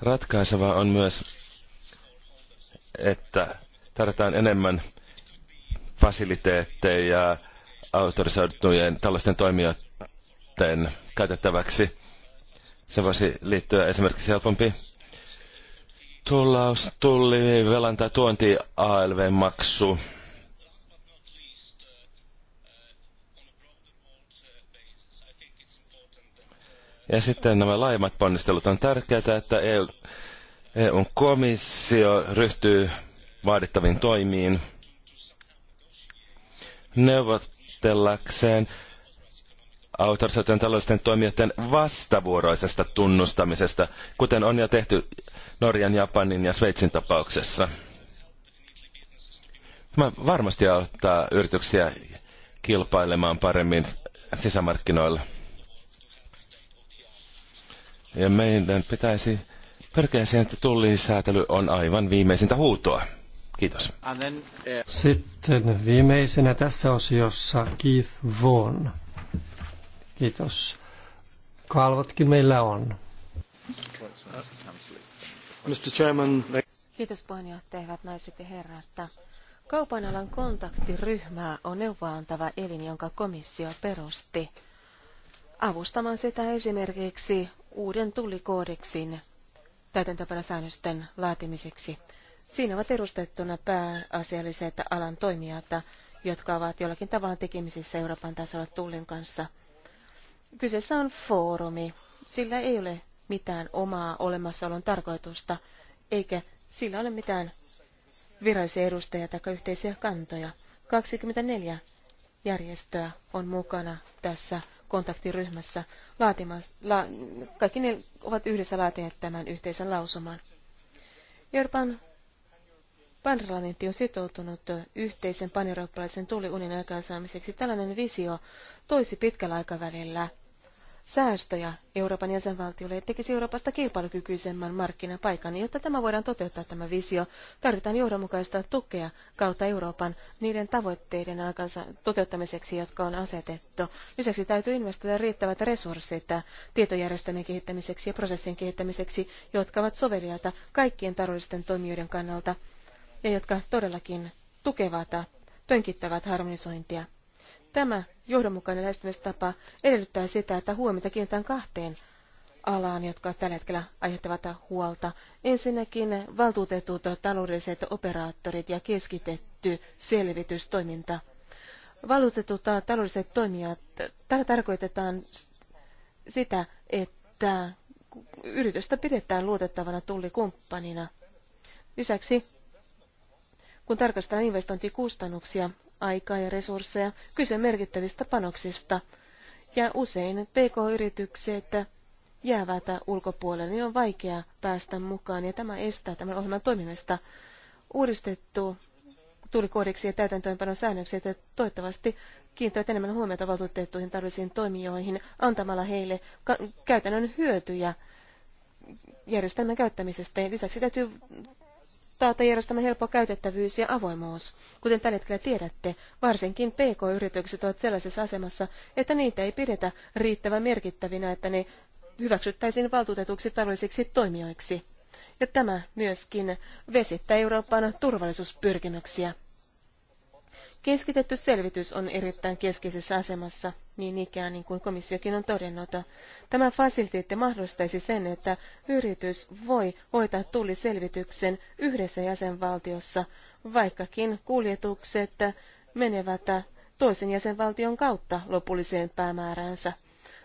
Ratkaisevaa on myös, että tarvitaan enemmän fasiliteetteja autorisoitujen tällaisten toimijoiden käytettäväksi. Se voisi liittyä esimerkiksi helpompi tullaus, tulli, velan tai tuonti ALV-maksu. Ja sitten nämä laajemmat ponnistelut on tärkeää, että EU, EUn komissio ryhtyy vaadittaviin toimiin – neuvotellakseen autorisoitujen taloudellisten toimijoiden vastavuoroisesta tunnustamisesta, kuten on jo tehty Norjan, Japanin ja Sveitsin tapauksessa. Tämä varmasti auttaa yrityksiä kilpailemaan paremmin sisämarkkinoilla. Ja meidän pitäisi pyrkiä siihen, että tullisäätely on aivan viimeisintä huutoa. Kiitos. Eh, Sitten viimeisenä tässä osiossa Keith Vaughan. Kiitos. Kalvotkin meillä on. Mr. Chairman. Kiitos puheenjohtaja, hyvät naiset ja herrat. Kaupan alan kontaktiryhmää on neuvoantava elin, jonka komissio perusti avustamaan sitä esimerkiksi uuden tullikoodeksin täytäntöpäräsäännösten laatimiseksi. Siinä ovat edustettuna pääasialliset alan toimijat, jotka ovat jollakin tavalla tekemisissä Euroopan tasolla Tullin kanssa. Kyseessä on foorumi. Sillä ei ole mitään omaa olemassaolon tarkoitusta, eikä sillä ole mitään virallisia edustajia tai yhteisiä kantoja. 24 järjestöä on mukana tässä kontaktiryhmässä La, kaikki ne ovat yhdessä laatineet tämän yhteisen lausuman. Euroopan Parlamentti on sitoutunut yhteisen paneurooppalaisen tuliunin aikaansaamiseksi. Tällainen visio toisi pitkällä aikavälillä säästöjä Euroopan jäsenvaltioille ja tekisi Euroopasta kilpailukykyisemmän markkinapaikan. Jotta tämä voidaan toteuttaa tämä visio, tarvitaan johdonmukaista tukea kautta Euroopan niiden tavoitteiden aikansa toteuttamiseksi, jotka on asetettu. Lisäksi täytyy investoida riittävät resurssit tietojärjestelmien kehittämiseksi ja prosessien kehittämiseksi, jotka ovat soveliaita kaikkien taloudellisten toimijoiden kannalta ja jotka todellakin tukevat ja pönkittävät harmonisointia. Tämä johdonmukainen lähestymistapa edellyttää sitä, että huomiota kiinnitetään kahteen alaan, jotka tällä hetkellä aiheuttavat huolta. Ensinnäkin valtuutetut taloudelliset operaattorit ja keskitetty selvitystoiminta. Valtuutetut taloudelliset toimijat, tällä tarkoitetaan sitä, että yritystä pidetään luotettavana tullikumppanina. Lisäksi kun tarkastellaan investointikustannuksia, aikaa ja resursseja, kyse merkittävistä panoksista. Ja usein PK-yritykset jäävät ulkopuolelle, niin on vaikea päästä mukaan, ja tämä estää tämän ohjelman toimimista. Uudistettu tuli kohdiksi ja täytäntöönpanon että toivottavasti kiinnittävät enemmän huomiota valtuutettuihin tarvisiin toimijoihin antamalla heille käytännön hyötyjä järjestelmän käyttämisestä. Lisäksi täytyy taata järjestelmän helppo käytettävyys ja avoimuus. Kuten tällä hetkellä tiedätte, varsinkin PK-yritykset ovat sellaisessa asemassa, että niitä ei pidetä riittävän merkittävinä, että ne hyväksyttäisiin valtuutetuksi tavallisiksi toimijoiksi. Ja tämä myöskin vesittää Euroopan turvallisuuspyrkimyksiä. Keskitetty selvitys on erittäin keskeisessä asemassa, niin ikään niin kuin komissiokin on todennut. Tämä fasiliteetti mahdollistaisi sen, että yritys voi hoitaa tulliselvityksen yhdessä jäsenvaltiossa, vaikkakin kuljetukset menevät toisen jäsenvaltion kautta lopulliseen päämääränsä.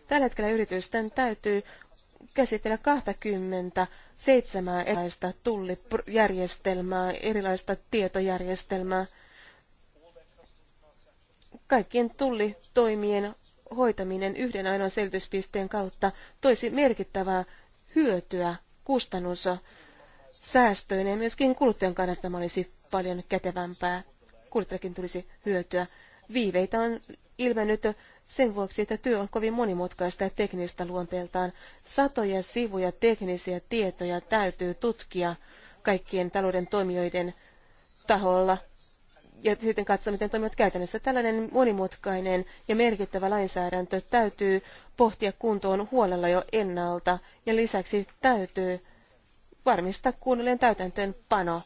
Tällä hetkellä yritysten täytyy käsitellä 27 erilaista tullijärjestelmää, erilaista tietojärjestelmää – Kaikkien tullitoimien hoitaminen yhden ainoan selityspisteen kautta toisi merkittävää hyötyä kustannus säästöön ja myöskin kuluttajan kannalta tämä olisi paljon kätevämpää. Kuluttajakin tulisi hyötyä. Viiveitä on ilmennyt sen vuoksi, että työ on kovin monimutkaista ja teknistä luonteeltaan. Satoja sivuja teknisiä tietoja täytyy tutkia kaikkien talouden toimijoiden taholla ja sitten katsoa, miten toimivat käytännössä. Tällainen monimutkainen ja merkittävä lainsäädäntö täytyy pohtia kuntoon huolella jo ennalta ja lisäksi täytyy varmistaa kunnollinen täytäntöönpano.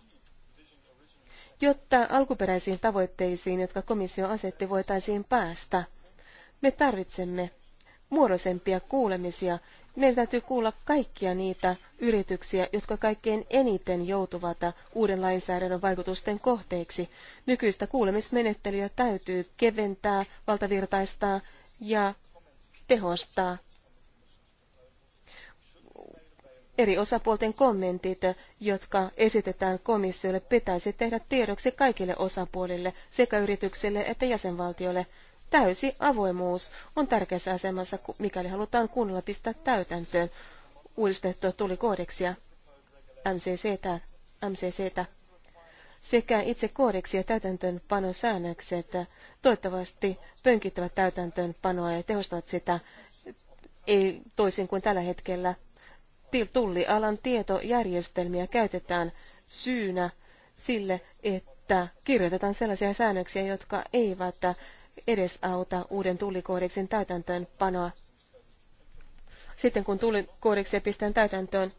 Jotta alkuperäisiin tavoitteisiin, jotka komissio asetti, voitaisiin päästä, me tarvitsemme muodosempia kuulemisia, meidän täytyy kuulla kaikkia niitä yrityksiä, jotka kaikkein eniten joutuvat uuden lainsäädännön vaikutusten kohteeksi. Nykyistä kuulemismenettelyä täytyy keventää, valtavirtaistaa ja tehostaa. Eri osapuolten kommentit, jotka esitetään komissiolle, pitäisi tehdä tiedoksi kaikille osapuolille, sekä yrityksille että jäsenvaltioille. Täysi avoimuus on tärkeässä asemassa, mikäli halutaan kunnolla pistää täytäntöön uudistettua tulikoodeksia MCCtä, MCCtä sekä itse koodeksi ja täytäntöönpanon säännökset toivottavasti pönkittävät täytäntöönpanoa ja tehostavat sitä ei toisin kuin tällä hetkellä. Tullialan tietojärjestelmiä käytetään syynä sille, että kirjoitetaan sellaisia säännöksiä, jotka eivät edesauta uuden tullikoodeksin täytäntöönpanoa. Sitten kun tullikoodeksia pistetään täytäntöön,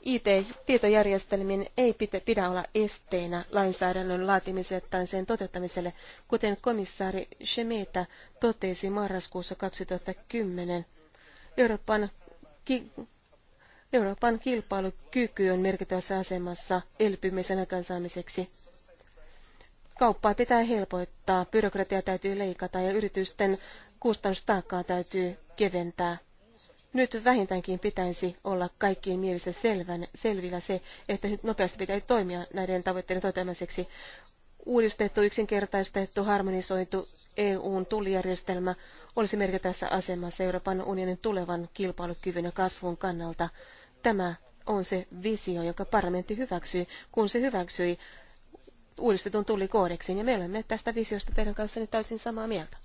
IT-tietojärjestelmien ei pidä olla esteenä lainsäädännön laatimiselle tai sen toteuttamiselle, kuten komissaari Shemeta totesi marraskuussa 2010. Euroopan, ki- Euroopan kilpailukyky on merkittävässä asemassa elpymisen aikaansaamiseksi. Kauppaa pitää helpoittaa, byrokratia täytyy leikata ja yritysten kustannustaakkaa täytyy keventää. Nyt vähintäänkin pitäisi olla kaikkien mielessä selvän, selvillä se, että nyt nopeasti pitää toimia näiden tavoitteiden toteamiseksi. Uudistettu, yksinkertaistettu, harmonisoitu EUn tulijärjestelmä olisi merkittävässä asemassa Euroopan unionin tulevan kilpailukyvyn ja kasvun kannalta. Tämä on se visio, jonka parlamentti hyväksyi, kun se hyväksyi uudistetun tullikoodeksin, ja me olemme tästä visiosta teidän kanssanne täysin samaa mieltä.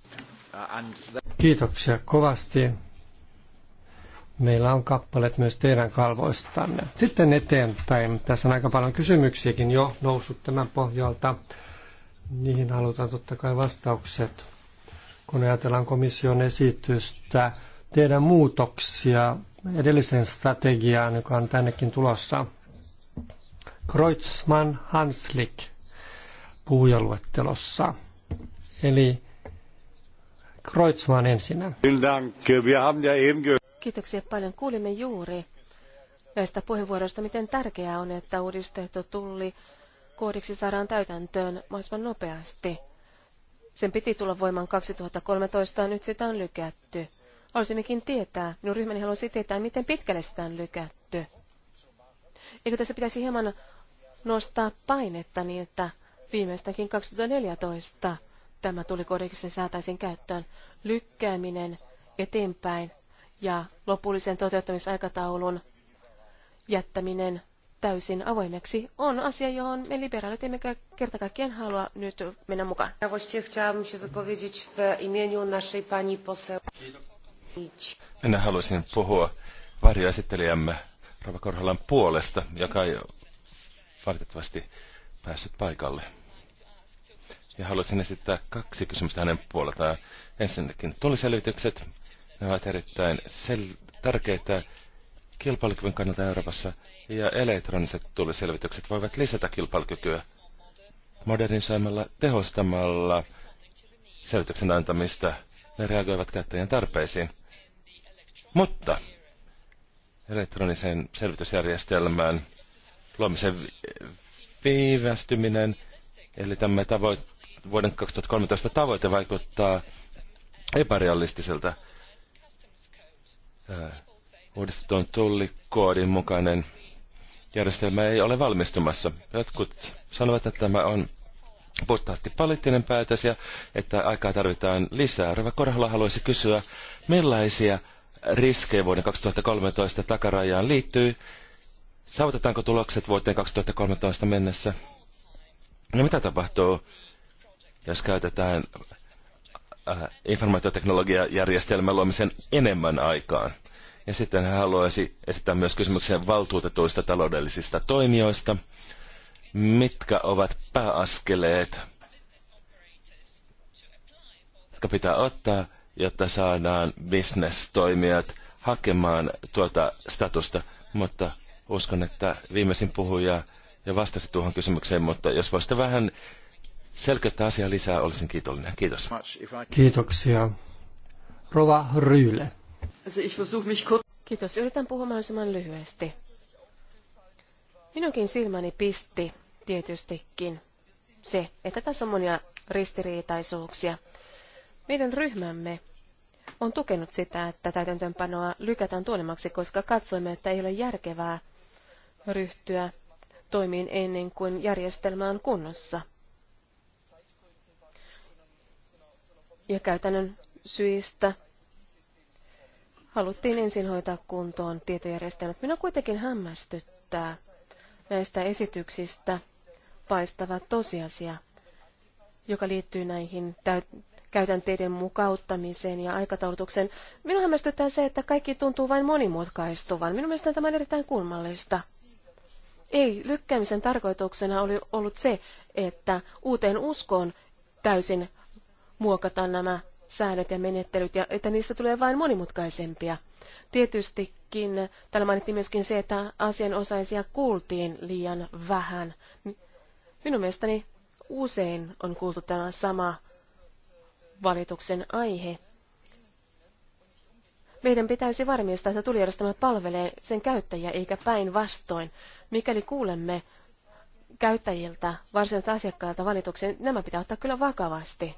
Kiitoksia kovasti. Meillä on kappalet myös teidän kalvoistanne. Sitten eteenpäin. Tässä on aika paljon kysymyksiäkin jo noussut tämän pohjalta. Niihin halutaan totta kai vastaukset. Kun ajatellaan komission esitystä, tehdä muutoksia edellisen strategiaan, joka on tännekin tulossa. Kreutzmann Hanslik puhujaluettelossa. Eli Kreutzmann ensinnä. Kiitoksia paljon. Kuulimme juuri näistä puheenvuoroista, miten tärkeää on, että uudistettu tulli koodiksi saadaan täytäntöön mahdollisimman nopeasti. Sen piti tulla voimaan 2013, nyt sitä on lykätty. Haluaisimmekin tietää, minun ryhmäni haluaisi tietää, miten pitkälle sitä on lykätty. Eikö tässä pitäisi hieman nostaa painetta niin, että Viimeistäkin 2014 tämä tuli kodeksi saataisiin käyttöön lykkääminen eteenpäin ja lopullisen toteuttamisaikataulun jättäminen täysin avoimeksi on asia, johon me liberaalit emme kerta kaikkiaan halua nyt mennä mukaan. Minä haluaisin puhua varjoesittelijämme Rova Korholan puolesta, joka ei valitettavasti päässyt paikalle. Ja haluaisin esittää kaksi kysymystä hänen puoleltaan. Ensinnäkin tuliselvitykset. Ne ovat erittäin sel- tärkeitä kilpailukyvyn kannalta Euroopassa, ja elektroniset tuliselvitykset voivat lisätä kilpailukykyä modernisoimalla, tehostamalla selvityksen antamista. Ne reagoivat käyttäjien tarpeisiin. Mutta elektroniseen selvitysjärjestelmään luomisen viivästyminen, eli tämä tavo- vuoden 2013 tavoite vaikuttaa epärealistiselta. Uudistetun tullikoodin mukainen järjestelmä ei ole valmistumassa. Jotkut sanovat, että tämä on puhtaasti poliittinen päätös ja että aikaa tarvitaan lisää. Rova Korhola haluaisi kysyä, millaisia riskejä vuoden 2013 takarajaan liittyy Saavutetaanko tulokset vuoteen 2013 mennessä? No mitä tapahtuu, jos käytetään äh, informaatioteknologiajärjestelmän luomisen enemmän aikaan? Ja sitten hän haluaisi esittää myös kysymyksen valtuutetuista taloudellisista toimijoista. Mitkä ovat pääaskeleet, jotka pitää ottaa, jotta saadaan bisnestoimijat hakemaan tuota statusta, mutta Uskon, että viimeisin puhuja ja vastasi tuohon kysymykseen, mutta jos voisitte vähän selkeyttää asiaa lisää, olisin kiitollinen. Kiitos. Kiitoksia. Rova Ryyle. Kiitos. Yritän puhua mahdollisimman lyhyesti. Minunkin silmäni pisti tietystikin se, että tässä on monia ristiriitaisuuksia. Meidän ryhmämme on tukenut sitä, että täytäntöönpanoa lykätään tuonemmaksi, koska katsoimme, että ei ole järkevää ryhtyä toimiin ennen kuin järjestelmä on kunnossa. Ja käytännön syistä haluttiin ensin hoitaa kuntoon tietojärjestelmät. Minä kuitenkin hämmästyttää näistä esityksistä paistava tosiasia, joka liittyy näihin käytänteiden mukauttamiseen ja aikataulutukseen. Minun hämmästyttää se, että kaikki tuntuu vain monimutkaistuvan. Minun mielestäni tämä on erittäin kulmallista. Ei, lykkäämisen tarkoituksena oli ollut se, että uuteen uskoon täysin muokata nämä säännöt ja menettelyt, ja että niistä tulee vain monimutkaisempia. Tietystikin täällä mainittiin myöskin se, että asianosaisia kuultiin liian vähän. Minun mielestäni usein on kuultu tämä sama valituksen aihe. Meidän pitäisi varmistaa, että tulijärjestelmä palvelee sen käyttäjiä eikä päinvastoin mikäli kuulemme käyttäjiltä, varsinaisilta asiakkailta valituksen, niin nämä pitää ottaa kyllä vakavasti.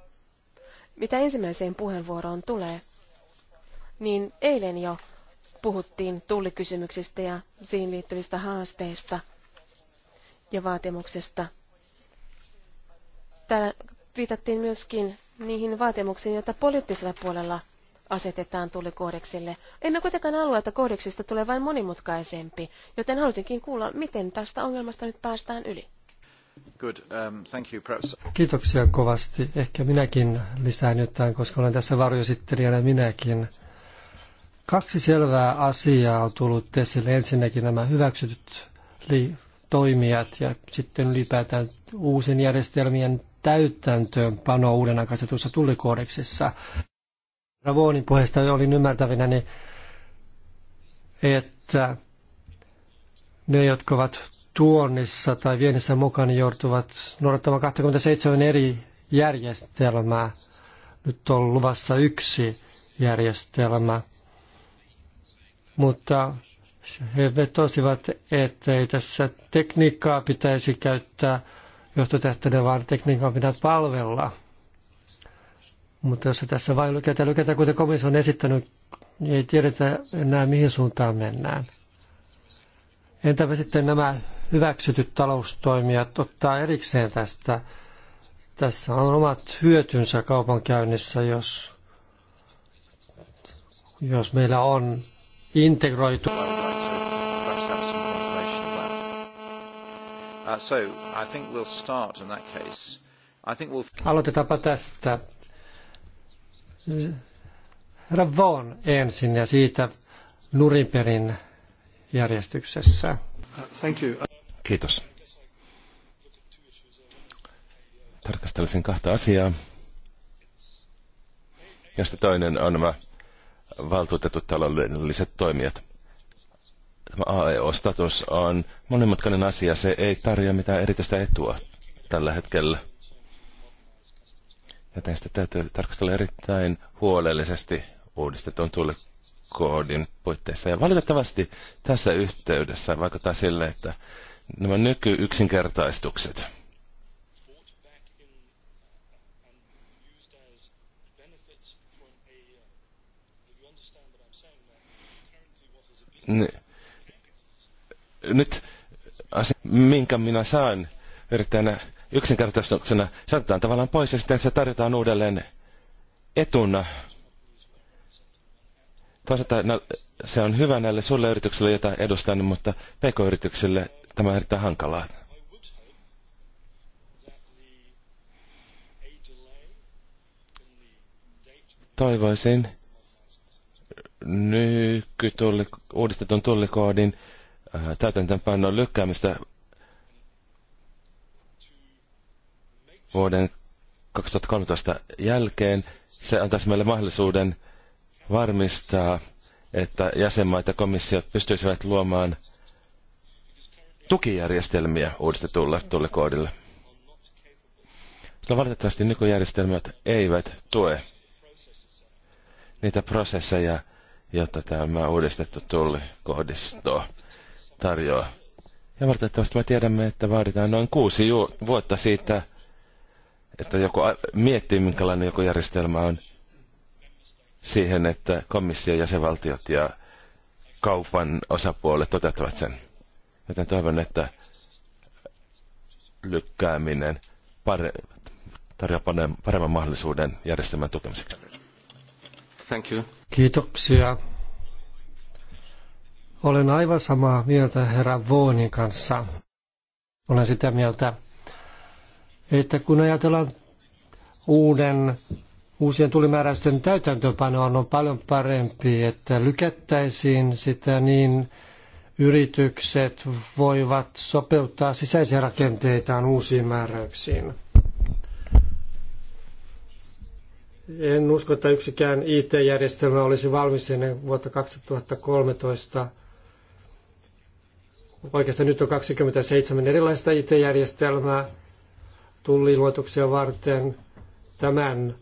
Mitä ensimmäiseen puheenvuoroon tulee, niin eilen jo puhuttiin tullikysymyksistä ja siihen liittyvistä haasteista ja vaatimuksesta. Täällä viitattiin myöskin niihin vaatimuksiin, joita poliittisella puolella asetetaan tullikoodeksille. En kuitenkaan halua, että koodeksista tulee vain monimutkaisempi, joten halusinkin kuulla, miten tästä ongelmasta nyt päästään yli. Good, um, thank you, perhaps. Kiitoksia kovasti. Ehkä minäkin lisään jotain, koska olen tässä varjosittelijänä minäkin. Kaksi selvää asiaa on tullut esille. Ensinnäkin nämä hyväksytyt toimijat ja sitten ylipäätään uusien järjestelmien pano uuden aikaisetussa tullikoodeksissa. Ravonin puheesta olin niin että ne, jotka ovat tuonnissa tai viennissä mukana, joutuvat noudattamaan 27 eri järjestelmää. Nyt on luvassa yksi järjestelmä. Mutta he vetosivat, että ei tässä tekniikkaa pitäisi käyttää johtotähtänä, vaan tekniikkaa pitää palvella. Mutta jos tässä vain lukee, lykätään kuten komissio on esittänyt, niin ei tiedetä enää mihin suuntaan mennään. Entäpä sitten nämä hyväksytyt taloustoimijat ottaa erikseen tästä. Tässä on omat hyötynsä kaupankäynnissä, jos, jos meillä on integroitu. Uh, Aloitetaanpa tästä. Herra Vaughan ensin ja siitä nurinperin järjestyksessä. Thank you. Kiitos. Tarkastelisin kahta asiaa, josta toinen on nämä valtuutetut taloudelliset toimijat. Tämä AEO-status on monimutkainen asia, se ei tarjoa mitään erityistä etua tällä hetkellä joten sitä täytyy tarkastella erittäin huolellisesti uudistetun tullikoodin puitteissa. Ja valitettavasti tässä yhteydessä vaikuttaa sille, että nämä nykyyksinkertaistukset, niin. nyt asia, minkä minä saan yrittäjänä yksinkertaistuksena se otetaan tavallaan pois ja sitten se tarjotaan uudelleen etuna. Toisaalta no, se on hyvä näille sulle yrityksille, joita edustan, mutta pk-yrityksille tämä on erittäin hankalaa. Toivoisin nykytulli, uudistetun tullikoodin äh, täytäntöönpannon lykkäämistä vuoden 2013 jälkeen. Se antaisi meille mahdollisuuden varmistaa, että jäsenmaat ja komissiot pystyisivät luomaan tukijärjestelmiä uudistetulle tullikoodille. Sillä valitettavasti nykyjärjestelmät eivät tue niitä prosesseja, jotta tämä uudistettu tullikoodisto tarjoaa. Ja valitettavasti me tiedämme, että vaaditaan noin kuusi vuotta siitä, että joku miettii, minkälainen joku järjestelmä on siihen, että komissio, jäsenvaltiot ja kaupan osapuolet toteuttavat sen. Joten toivon, että lykkääminen pare- tarjoaa paremman mahdollisuuden järjestelmän tukemiseksi. Thank you. Kiitoksia. Olen aivan samaa mieltä herra Voonin kanssa. Olen sitä mieltä, että kun ajatellaan uuden, uusien tulimääräysten täytäntöpanoa, on paljon parempi, että lykättäisiin sitä niin yritykset voivat sopeuttaa sisäisiä rakenteitaan uusiin määräyksiin. En usko, että yksikään IT-järjestelmä olisi valmis ennen vuotta 2013. Oikeastaan nyt on 27 erilaista IT-järjestelmää, tulliluotuksia varten tämän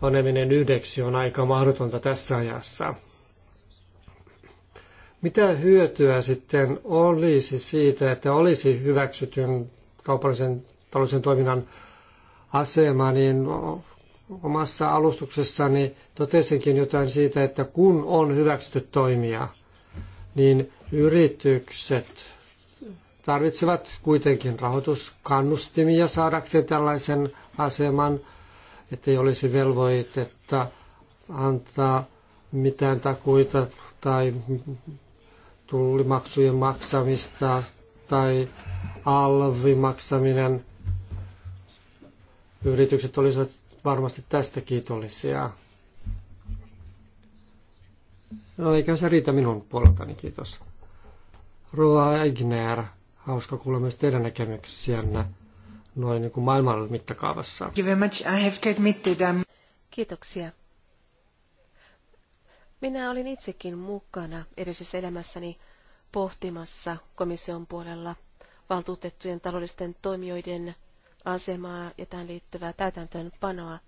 paneminen yhdeksi on aika mahdotonta tässä ajassa. Mitä hyötyä sitten olisi siitä, että olisi hyväksytyn kaupallisen taloudellisen toiminnan asema, niin omassa alustuksessani totesinkin jotain siitä, että kun on hyväksytty toimia, niin yritykset tarvitsevat kuitenkin rahoituskannustimia saadakseen tällaisen aseman, ettei olisi velvoitetta antaa mitään takuita tai tullimaksujen maksamista tai alvimaksaminen. Yritykset olisivat varmasti tästä kiitollisia. No eikä se riitä minun puoleltani, kiitos. Rova Egner hauska kuulla myös teidän näkemyksiänne noin niin kuin maailman mittakaavassa. Kiitoksia. Minä olin itsekin mukana edellisessä elämässäni pohtimassa komission puolella valtuutettujen taloudellisten toimijoiden asemaa ja tähän liittyvää täytäntöönpanoa.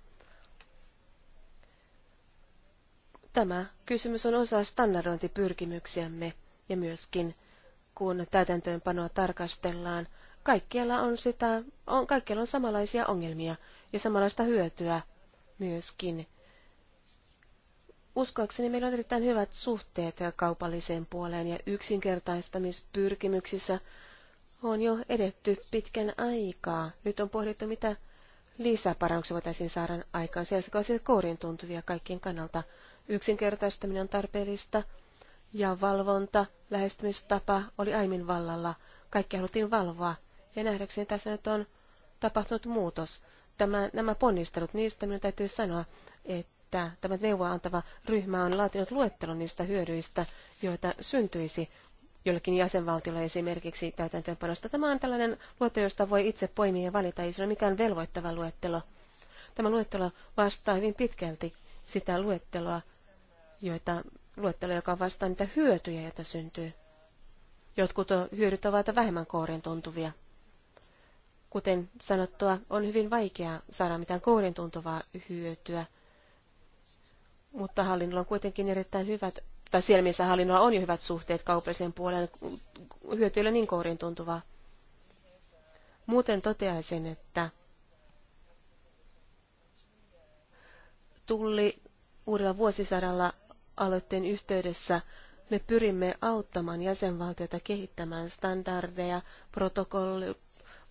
Tämä kysymys on osa standardointipyrkimyksiämme ja myöskin kun täytäntöönpanoa tarkastellaan, kaikkialla on, sitä, on, kaikkialla on samanlaisia ongelmia ja samanlaista hyötyä myöskin. Uskoakseni meillä on erittäin hyvät suhteet kaupalliseen puoleen ja yksinkertaistamispyrkimyksissä on jo edetty pitkän aikaa. Nyt on pohdittu, mitä lisäparannuksia voitaisiin saada aikaan. Siellä olisi kourin tuntuvia kaikkien kannalta. Yksinkertaistaminen on tarpeellista, ja valvonta, lähestymistapa oli aiemmin vallalla. Kaikki haluttiin valvoa. Ja nähdäkseni tässä nyt on tapahtunut muutos. Tämä, nämä ponnistelut, niistä minun täytyy sanoa, että tämä neuvoa antava ryhmä on laatinut luettelon niistä hyödyistä, joita syntyisi jollekin jäsenvaltiolle esimerkiksi täytäntöönpanosta. Tämä on tällainen luettelo, josta voi itse poimia ja valita, ei se ole mikään velvoittava luettelo. Tämä luettelo vastaa hyvin pitkälti sitä luetteloa, joita luettelo, joka vastaa niitä hyötyjä, joita syntyy. Jotkut hyödyt ovat vähemmän kourin tuntuvia. Kuten sanottua, on hyvin vaikea saada mitään kourin tuntuvaa hyötyä, mutta hallinnolla on kuitenkin erittäin hyvät, tai siellä missä hallinnolla on jo hyvät suhteet kaupalliseen puolen, hyötyillä niin kourin tuntuvaa. Muuten toteaisin, että tulli uudella vuosisadalla aloitteen yhteydessä me pyrimme auttamaan jäsenvaltioita kehittämään standardeja,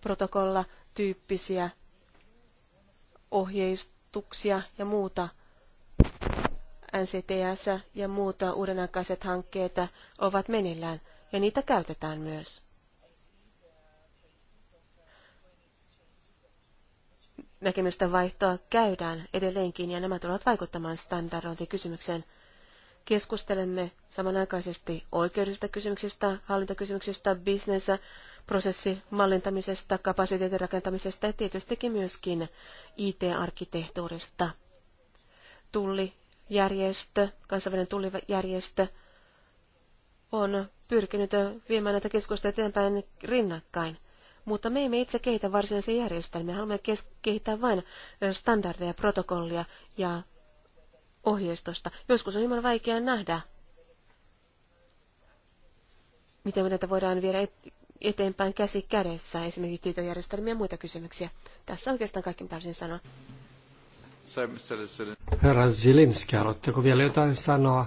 protokolla, tyyppisiä ohjeistuksia ja muuta. NCTS ja muuta uudenaikaiset hankkeet ovat menillään ja niitä käytetään myös. Näkemysten vaihtoa käydään edelleenkin ja nämä tulevat vaikuttamaan standardointikysymykseen keskustelemme samanaikaisesti oikeudellisista kysymyksistä, hallintokysymyksistä, business, prosessimallintamisesta, kapasiteetin rakentamisesta ja tietystikin myöskin IT-arkkitehtuurista. Tullijärjestö, kansainvälinen tullijärjestö, on pyrkinyt viemään näitä keskusteluja eteenpäin rinnakkain. Mutta me emme itse kehitä varsinaisia järjestelmiä, haluamme kehittää vain standardeja, protokollia ja ohjeistosta. Joskus on hieman vaikea nähdä, miten me näitä voidaan viedä eteenpäin käsi kädessä, esimerkiksi tietojärjestelmiä ja muita kysymyksiä. Tässä oikeastaan kaikki, mitä haluaisin sanoa. Herra Zilinski, haluatteko vielä jotain sanoa?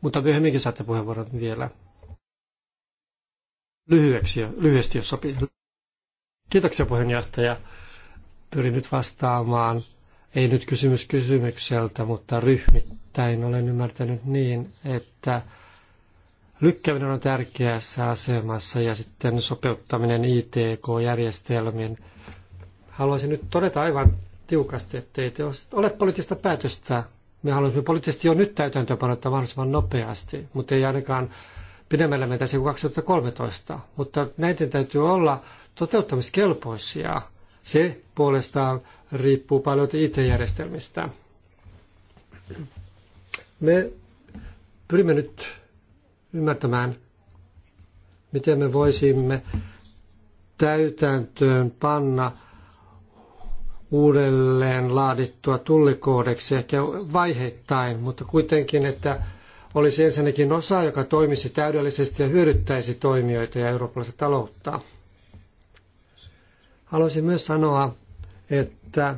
Mutta myöhemminkin saatte puheenvuoron vielä. Lyhyeksi, lyhyesti, jos sopii. Kiitoksia puheenjohtaja. Pyrin nyt vastaamaan ei nyt kysymys kysymykseltä, mutta ryhmittäin olen ymmärtänyt niin, että lykkääminen on tärkeässä asemassa ja sitten sopeuttaminen ITK-järjestelmien. Haluaisin nyt todeta aivan tiukasti, että ei ole poliittista päätöstä. Me haluaisimme poliittisesti jo nyt täytäntöönpanottaa mahdollisimman nopeasti, mutta ei ainakaan pidemmällä mentäisi kuin 2013. Mutta näiden täytyy olla toteuttamiskelpoisia. Se puolestaan riippuu paljon IT-järjestelmistä. Me pyrimme nyt ymmärtämään, miten me voisimme täytäntöön panna uudelleen laadittua tullikoodeksi ehkä vaiheittain, mutta kuitenkin, että olisi ensinnäkin osa, joka toimisi täydellisesti ja hyödyttäisi toimijoita ja eurooppalaista taloutta. Haluaisin myös sanoa, että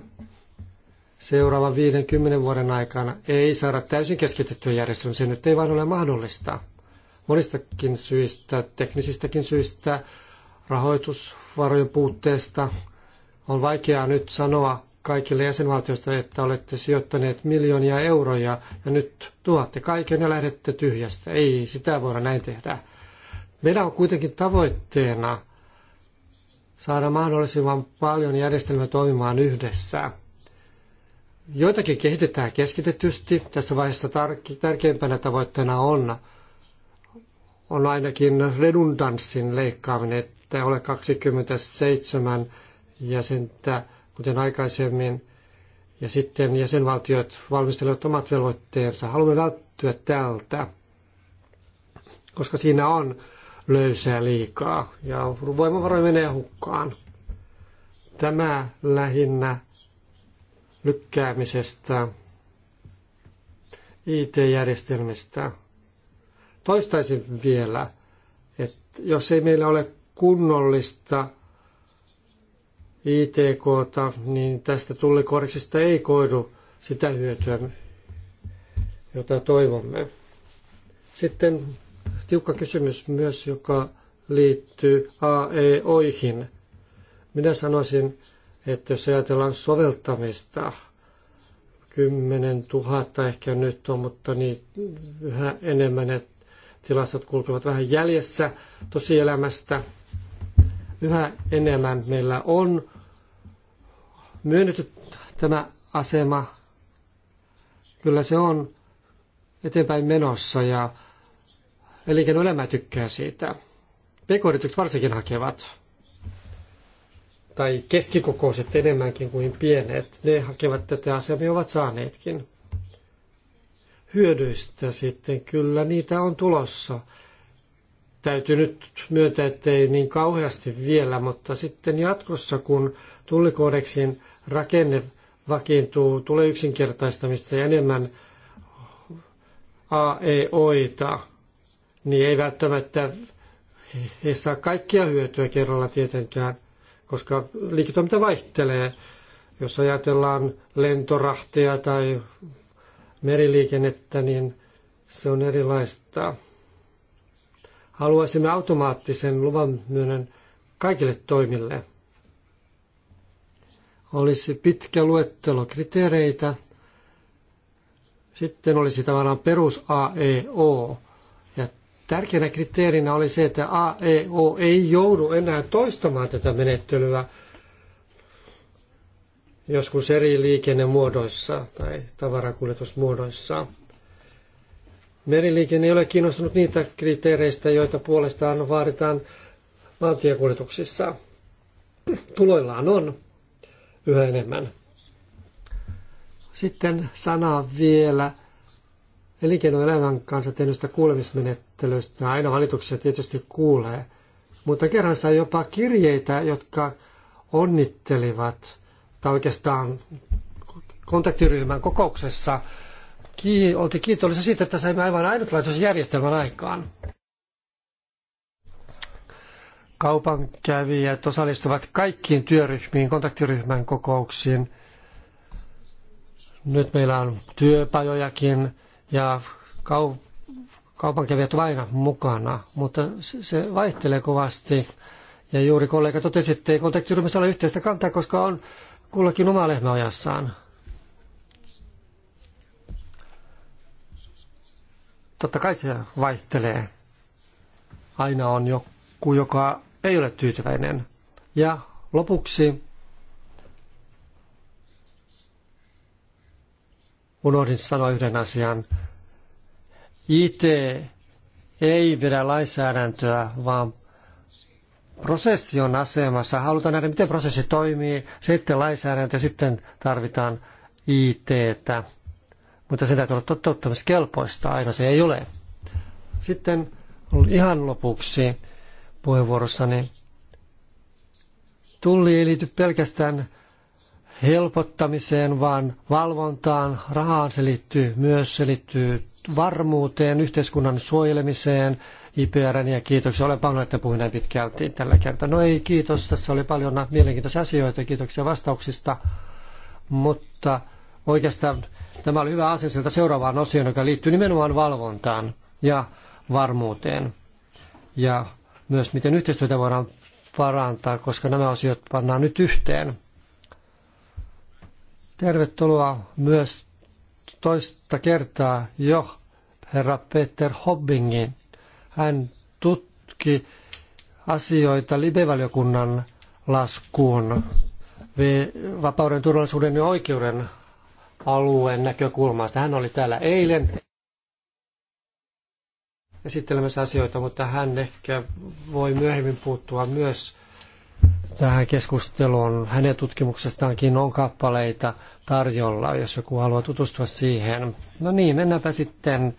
seuraavan 50 vuoden aikana ei saada täysin keskitettyä järjestelmää. Se nyt ei vain ole mahdollista. Monistakin syistä, teknisistäkin syistä, rahoitusvarojen puutteesta on vaikeaa nyt sanoa kaikille jäsenvaltioista, että olette sijoittaneet miljoonia euroja ja nyt tuotte kaiken ja lähdette tyhjästä. Ei sitä voida näin tehdä. Meillä on kuitenkin tavoitteena – saada mahdollisimman paljon järjestelmä toimimaan yhdessä. Joitakin kehitetään keskitetysti. Tässä vaiheessa tärkeimpänä tavoitteena on, on ainakin redundanssin leikkaaminen, että ole 27 jäsentä, kuten aikaisemmin, ja sitten jäsenvaltiot valmistelevat omat velvoitteensa. Haluamme välttyä tältä, koska siinä on löysää liikaa ja voimavaroja menee hukkaan. Tämä lähinnä lykkäämisestä, IT-järjestelmistä. Toistaisin vielä, että jos ei meillä ole kunnollista ITK, niin tästä tullikoriksesta ei koidu sitä hyötyä, jota toivomme. Sitten tiukka kysymys myös, joka liittyy AEOihin. Minä sanoisin, että jos ajatellaan soveltamista, 10 000 ehkä nyt on, mutta niin yhä enemmän ne tilastot kulkevat vähän jäljessä tosielämästä. Yhä enemmän meillä on myönnetty tämä asema. Kyllä se on eteenpäin menossa ja Elinkeinoelämä tykkää siitä. pk varsinkin hakevat, tai keskikokoiset enemmänkin kuin pienet, ne hakevat tätä asemia ovat saaneetkin. Hyödyistä sitten kyllä niitä on tulossa. Täytyy nyt myöntää, että ei niin kauheasti vielä, mutta sitten jatkossa, kun tullikoodeksin rakenne vakiintuu, tulee yksinkertaistamista ja enemmän AEOita niin ei välttämättä ei saa kaikkia hyötyä kerralla tietenkään, koska liiketoiminta vaihtelee. Jos ajatellaan lentorahtia tai meriliikennettä, niin se on erilaista. Haluaisimme automaattisen luvan myönnän kaikille toimille. Olisi pitkä luettelo kriteereitä. Sitten olisi tavallaan perus AEO Tärkeänä kriteerinä oli se, että AEO ei joudu enää toistamaan tätä menettelyä joskus eri liikennemuodoissa tai tavarakuljetusmuodoissa. Meriliikenne ei ole kiinnostunut niitä kriteereistä, joita puolestaan vaaditaan maantiekuljetuksissa. Tuloillaan on yhä enemmän. Sitten sana vielä – elinkeinoelämän kanssa tehdystä kuulemismenettelystä. Aina valituksia tietysti kuulee, mutta kerran sai jopa kirjeitä, jotka onnittelivat, tai oikeastaan kontaktiryhmän kokouksessa ki- oltiin kiitollisia siitä, että saimme aivan ainutlaatuisen järjestelmän aikaan. Kaupankävijät osallistuvat kaikkiin työryhmiin, kontaktiryhmän kokouksiin. Nyt meillä on työpajojakin ja kau, kaupankävijät ovat aina mukana, mutta se vaihtelee kovasti. Ja juuri kollega totesi, että ei kontaktiryhmässä ole yhteistä kantaa, koska on kullakin oma lehmä Totta kai se vaihtelee. Aina on joku, joka ei ole tyytyväinen. Ja lopuksi unohdin sanoa yhden asian. IT ei vedä lainsäädäntöä, vaan prosessi on asemassa. Halutaan nähdä, miten prosessi toimii, sitten lainsäädäntö, sitten tarvitaan ITtä. Mutta se täytyy olla toteuttamiskelpoista, aina se ei ole. Sitten ihan lopuksi puheenvuorossani. Tulli ei liity pelkästään helpottamiseen, vaan valvontaan, rahaan se liittyy myös, se liittyy varmuuteen, yhteiskunnan suojelemiseen, IPRn ja kiitoksia. Olen pahoillani, että puhuin näin pitkälti tällä kertaa. No ei, kiitos. Tässä oli paljon mielenkiintoisia asioita. Kiitoksia vastauksista. Mutta oikeastaan tämä oli hyvä asia sieltä seuraavaan osioon, joka liittyy nimenomaan valvontaan ja varmuuteen. Ja myös miten yhteistyötä voidaan parantaa, koska nämä osiot pannaan nyt yhteen. Tervetuloa myös toista kertaa jo herra Peter Hobbingin. Hän tutki asioita libevaliokunnan laskuun vapauden, turvallisuuden ja oikeuden alueen näkökulmasta. Hän oli täällä eilen esittelemässä asioita, mutta hän ehkä voi myöhemmin puuttua myös tähän keskusteluun. Hänen tutkimuksestaankin on kappaleita – tarjolla, jos joku haluaa tutustua siihen. No niin, mennäänpä sitten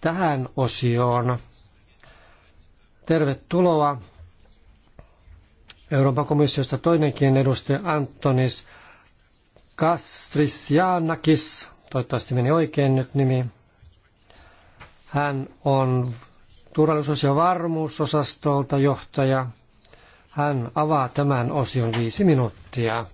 tähän osioon. Tervetuloa Euroopan komissiosta toinenkin edustaja Antonis Kastrisjanakis. Toivottavasti meni oikein nyt nimi. Hän on turvallisuus- ja varmuusosastolta johtaja. Hän avaa tämän osion viisi minuuttia.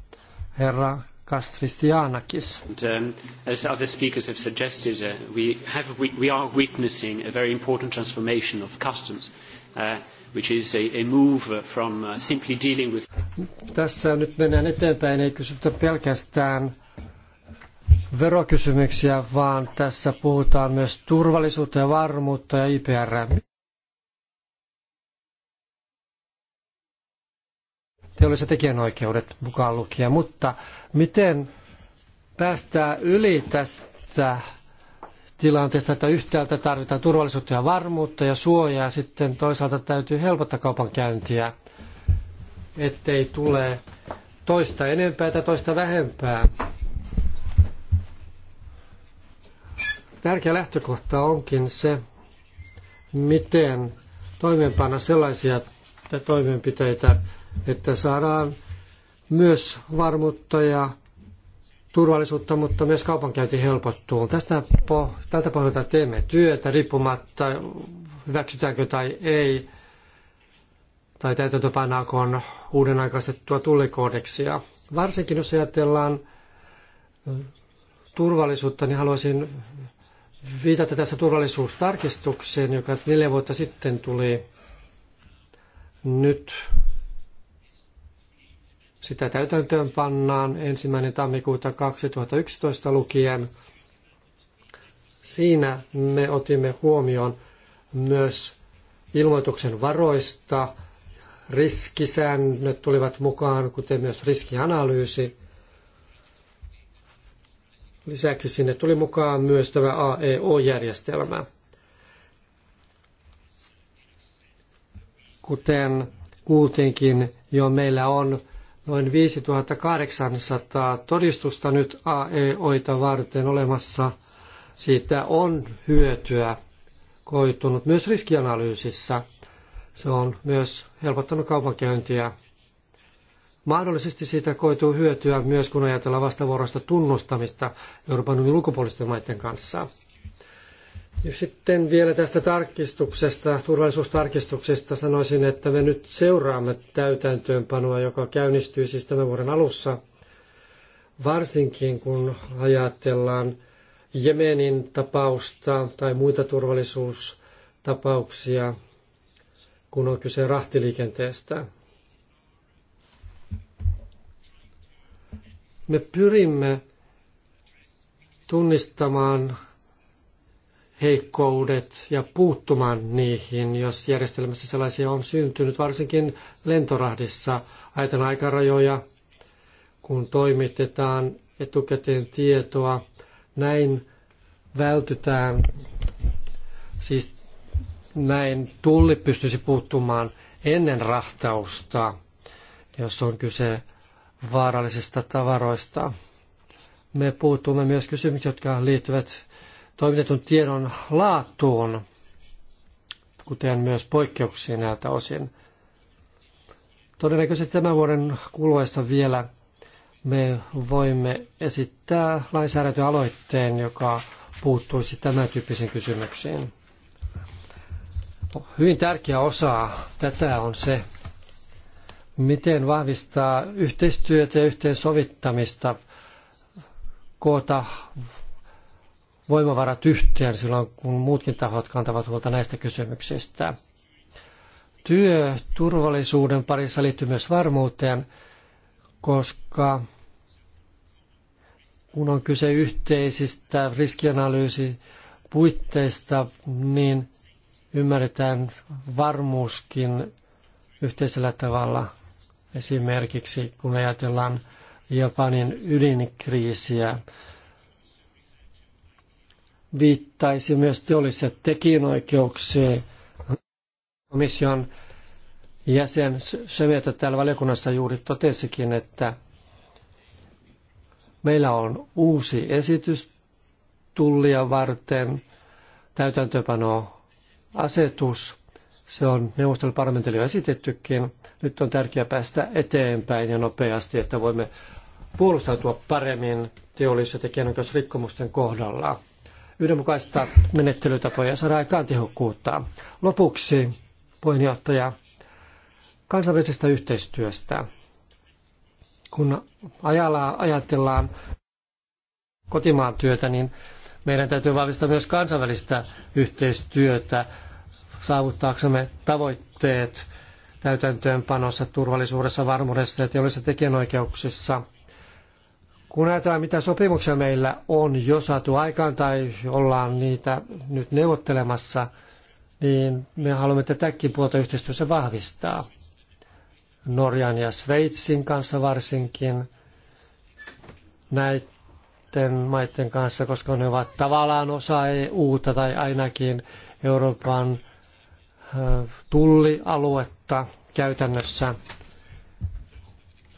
Herra Kastristianakis. And, um, as other speakers have suggested, uh, we, have, we, we are witnessing a very important transformation of customs, uh, which is a, a move uh, from uh, simply dealing with... Tässä nyt mennään eteenpäin, ei kysytä pelkästään verokysymyksiä, vaan tässä puhutaan myös turvallisuutta ja varmuutta ja IPR. Teolliset tekijänoikeudet mukaan lukien, mutta Miten päästään yli tästä tilanteesta, että yhtäältä tarvitaan turvallisuutta ja varmuutta ja suojaa, ja sitten toisaalta täytyy helpottaa kaupankäyntiä, ettei tule toista enempää tai toista vähempää. Tärkeä lähtökohta onkin se, miten toimeenpanna sellaisia toimenpiteitä, että saadaan myös varmuutta ja turvallisuutta, mutta myös kaupankäynti helpottuu. Tästä po, tältä pohjalta teemme työtä riippumatta hyväksytäänkö tai ei, tai täytäntöpanaako on uuden aikaistettua tullikoodeksia. Varsinkin jos ajatellaan turvallisuutta, niin haluaisin viitata tässä turvallisuustarkistukseen, joka neljä vuotta sitten tuli. Nyt sitä täytäntöön pannaan ensimmäinen tammikuuta 2011 lukien. Siinä me otimme huomioon myös ilmoituksen varoista, riskisäännöt tulivat mukaan, kuten myös riskianalyysi. Lisäksi sinne tuli mukaan myös tämä AEO-järjestelmä. Kuten kuultiinkin jo meillä on noin 5800 todistusta nyt AEOita varten olemassa. Siitä on hyötyä koitunut myös riskianalyysissä. Se on myös helpottanut kaupankäyntiä. Mahdollisesti siitä koituu hyötyä myös, kun ajatellaan vastavuoroista tunnustamista Euroopan unionin ulkopuolisten maiden kanssa. Ja sitten vielä tästä tarkistuksesta, turvallisuustarkistuksesta sanoisin, että me nyt seuraamme täytäntöönpanoa, joka käynnistyy siis tämän vuoden alussa, varsinkin kun ajatellaan Jemenin tapausta tai muita turvallisuustapauksia, kun on kyse rahtiliikenteestä. Me pyrimme tunnistamaan heikkoudet ja puuttumaan niihin, jos järjestelmässä sellaisia on syntynyt, varsinkin lentorahdissa. Ajatellaan aikarajoja, kun toimitetaan etukäteen tietoa. Näin vältytään, siis näin tulli pystyisi puuttumaan ennen rahtausta, jos on kyse vaarallisista tavaroista. Me puuttumme myös kysymyksiin, jotka liittyvät toimitetun tiedon laatuun, kuten myös poikkeuksiin näiltä osin. Todennäköisesti tämän vuoden kuluessa vielä me voimme esittää lainsäädäntöaloitteen, joka puuttuisi tämän tyyppisiin kysymyksiin. Hyvin tärkeä osa tätä on se, miten vahvistaa yhteistyötä ja yhteensovittamista, koota voimavarat yhteen silloin, kun muutkin tahot kantavat huolta näistä kysymyksistä. Työ turvallisuuden parissa liittyy myös varmuuteen, koska kun on kyse yhteisistä riskianalyysi puitteista, niin ymmärretään varmuuskin yhteisellä tavalla. Esimerkiksi kun ajatellaan Japanin ydinkriisiä, viittaisi myös teolliseen tekijänoikeuksia. Komission jäsen Semeta täällä valiokunnassa juuri totesikin, että meillä on uusi esitys tullia varten täytäntöpano asetus. Se on neuvoston parlamentille jo esitettykin. Nyt on tärkeää päästä eteenpäin ja nopeasti, että voimme puolustautua paremmin teollis- ja tekijänoikeusrikkomusten kohdalla yhdenmukaista menettelytapoja ja saada aikaan tehokkuutta. Lopuksi, puheenjohtaja, kansainvälisestä yhteistyöstä. Kun ajalla ajatellaan kotimaan työtä, niin meidän täytyy vahvistaa myös kansainvälistä yhteistyötä saavuttaaksemme tavoitteet täytäntöönpanossa, turvallisuudessa, varmuudessa ja teollisissa tekijänoikeuksissa – kun ajatellaan, mitä sopimuksia meillä on jo saatu aikaan tai ollaan niitä nyt neuvottelemassa, niin me haluamme tätäkin puolta yhteistyössä vahvistaa. Norjan ja Sveitsin kanssa varsinkin näiden maiden kanssa, koska ne ovat tavallaan osa EU-ta tai ainakin Euroopan tullialuetta käytännössä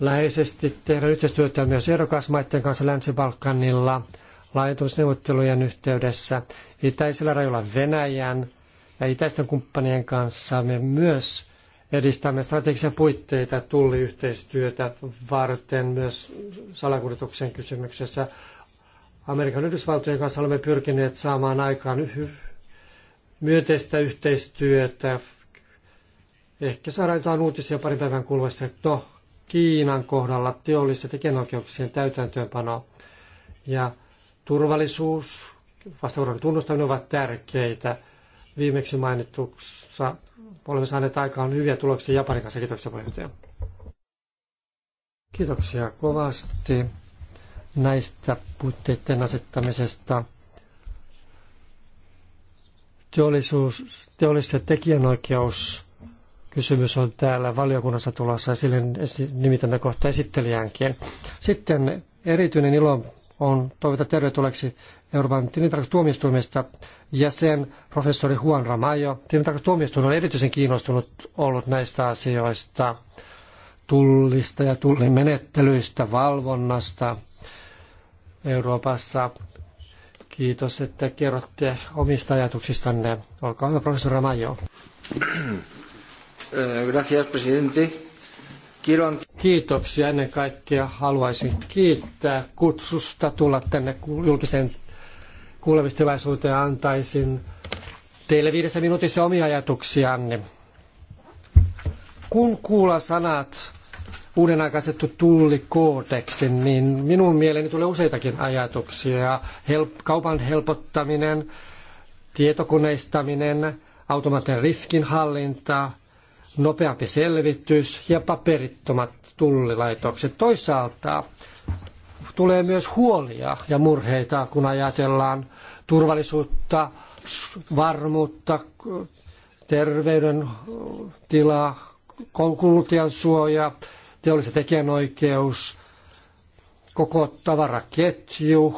läheisesti tehdä yhteistyötä myös ehdokasmaiden kanssa Länsi-Balkanilla laajentumisneuvottelujen yhteydessä itäisellä rajoilla Venäjän ja itäisten kumppanien kanssa me myös edistämme strategisia puitteita tulliyhteistyötä varten myös salakuljetuksen kysymyksessä. Amerikan Yhdysvaltojen kanssa olemme pyrkineet saamaan aikaan myönteistä yhteistyötä. Ehkä saadaan jotain uutisia parin päivän kuluessa. No, Kiinan kohdalla teollisten tekijänoikeuksien täytäntöönpano ja turvallisuus, vastavuoroinen tunnustaminen ovat tärkeitä. Viimeksi mainituksessa olemme saaneet aikaan hyviä tuloksia Japanin kanssa. Kiitoksia puheenjohtaja. Kiitoksia kovasti näistä puitteiden asettamisesta. Teollisuus, teollis- tekijänoikeus kysymys on täällä valiokunnassa tulossa sille nimitämme kohta esittelijänkin. Sitten erityinen ilo on toivota tervetulleeksi Euroopan tilintarkastustuomioistuimesta jäsen professori Juan Ramayo. Tilintarkastustuomioistuin on erityisen kiinnostunut ollut näistä asioista, tullista ja tullimenettelyistä, valvonnasta Euroopassa. Kiitos, että kerrotte omista ajatuksistanne. Olkaa hyvä, professori Ramayo. Eh, gracias, presidente. Kiitoksia ennen kaikkea. Haluaisin kiittää kutsusta tulla tänne julkiseen kuulemistilaisuuteen. Antaisin teille viidessä minuutissa omia ajatuksianne. Kun kuulla sanat uuden aikaisettu tullikoodeksi, niin minun mieleeni tulee useitakin ajatuksia. Help, kaupan helpottaminen, tietokoneistaminen, automaattinen riskinhallinta – nopeampi selvitys ja paperittomat tullilaitokset. Toisaalta tulee myös huolia ja murheita, kun ajatellaan turvallisuutta, varmuutta, terveydentilaa, kuluttajan suoja, teollisen tekijänoikeus, koko tavaraketju,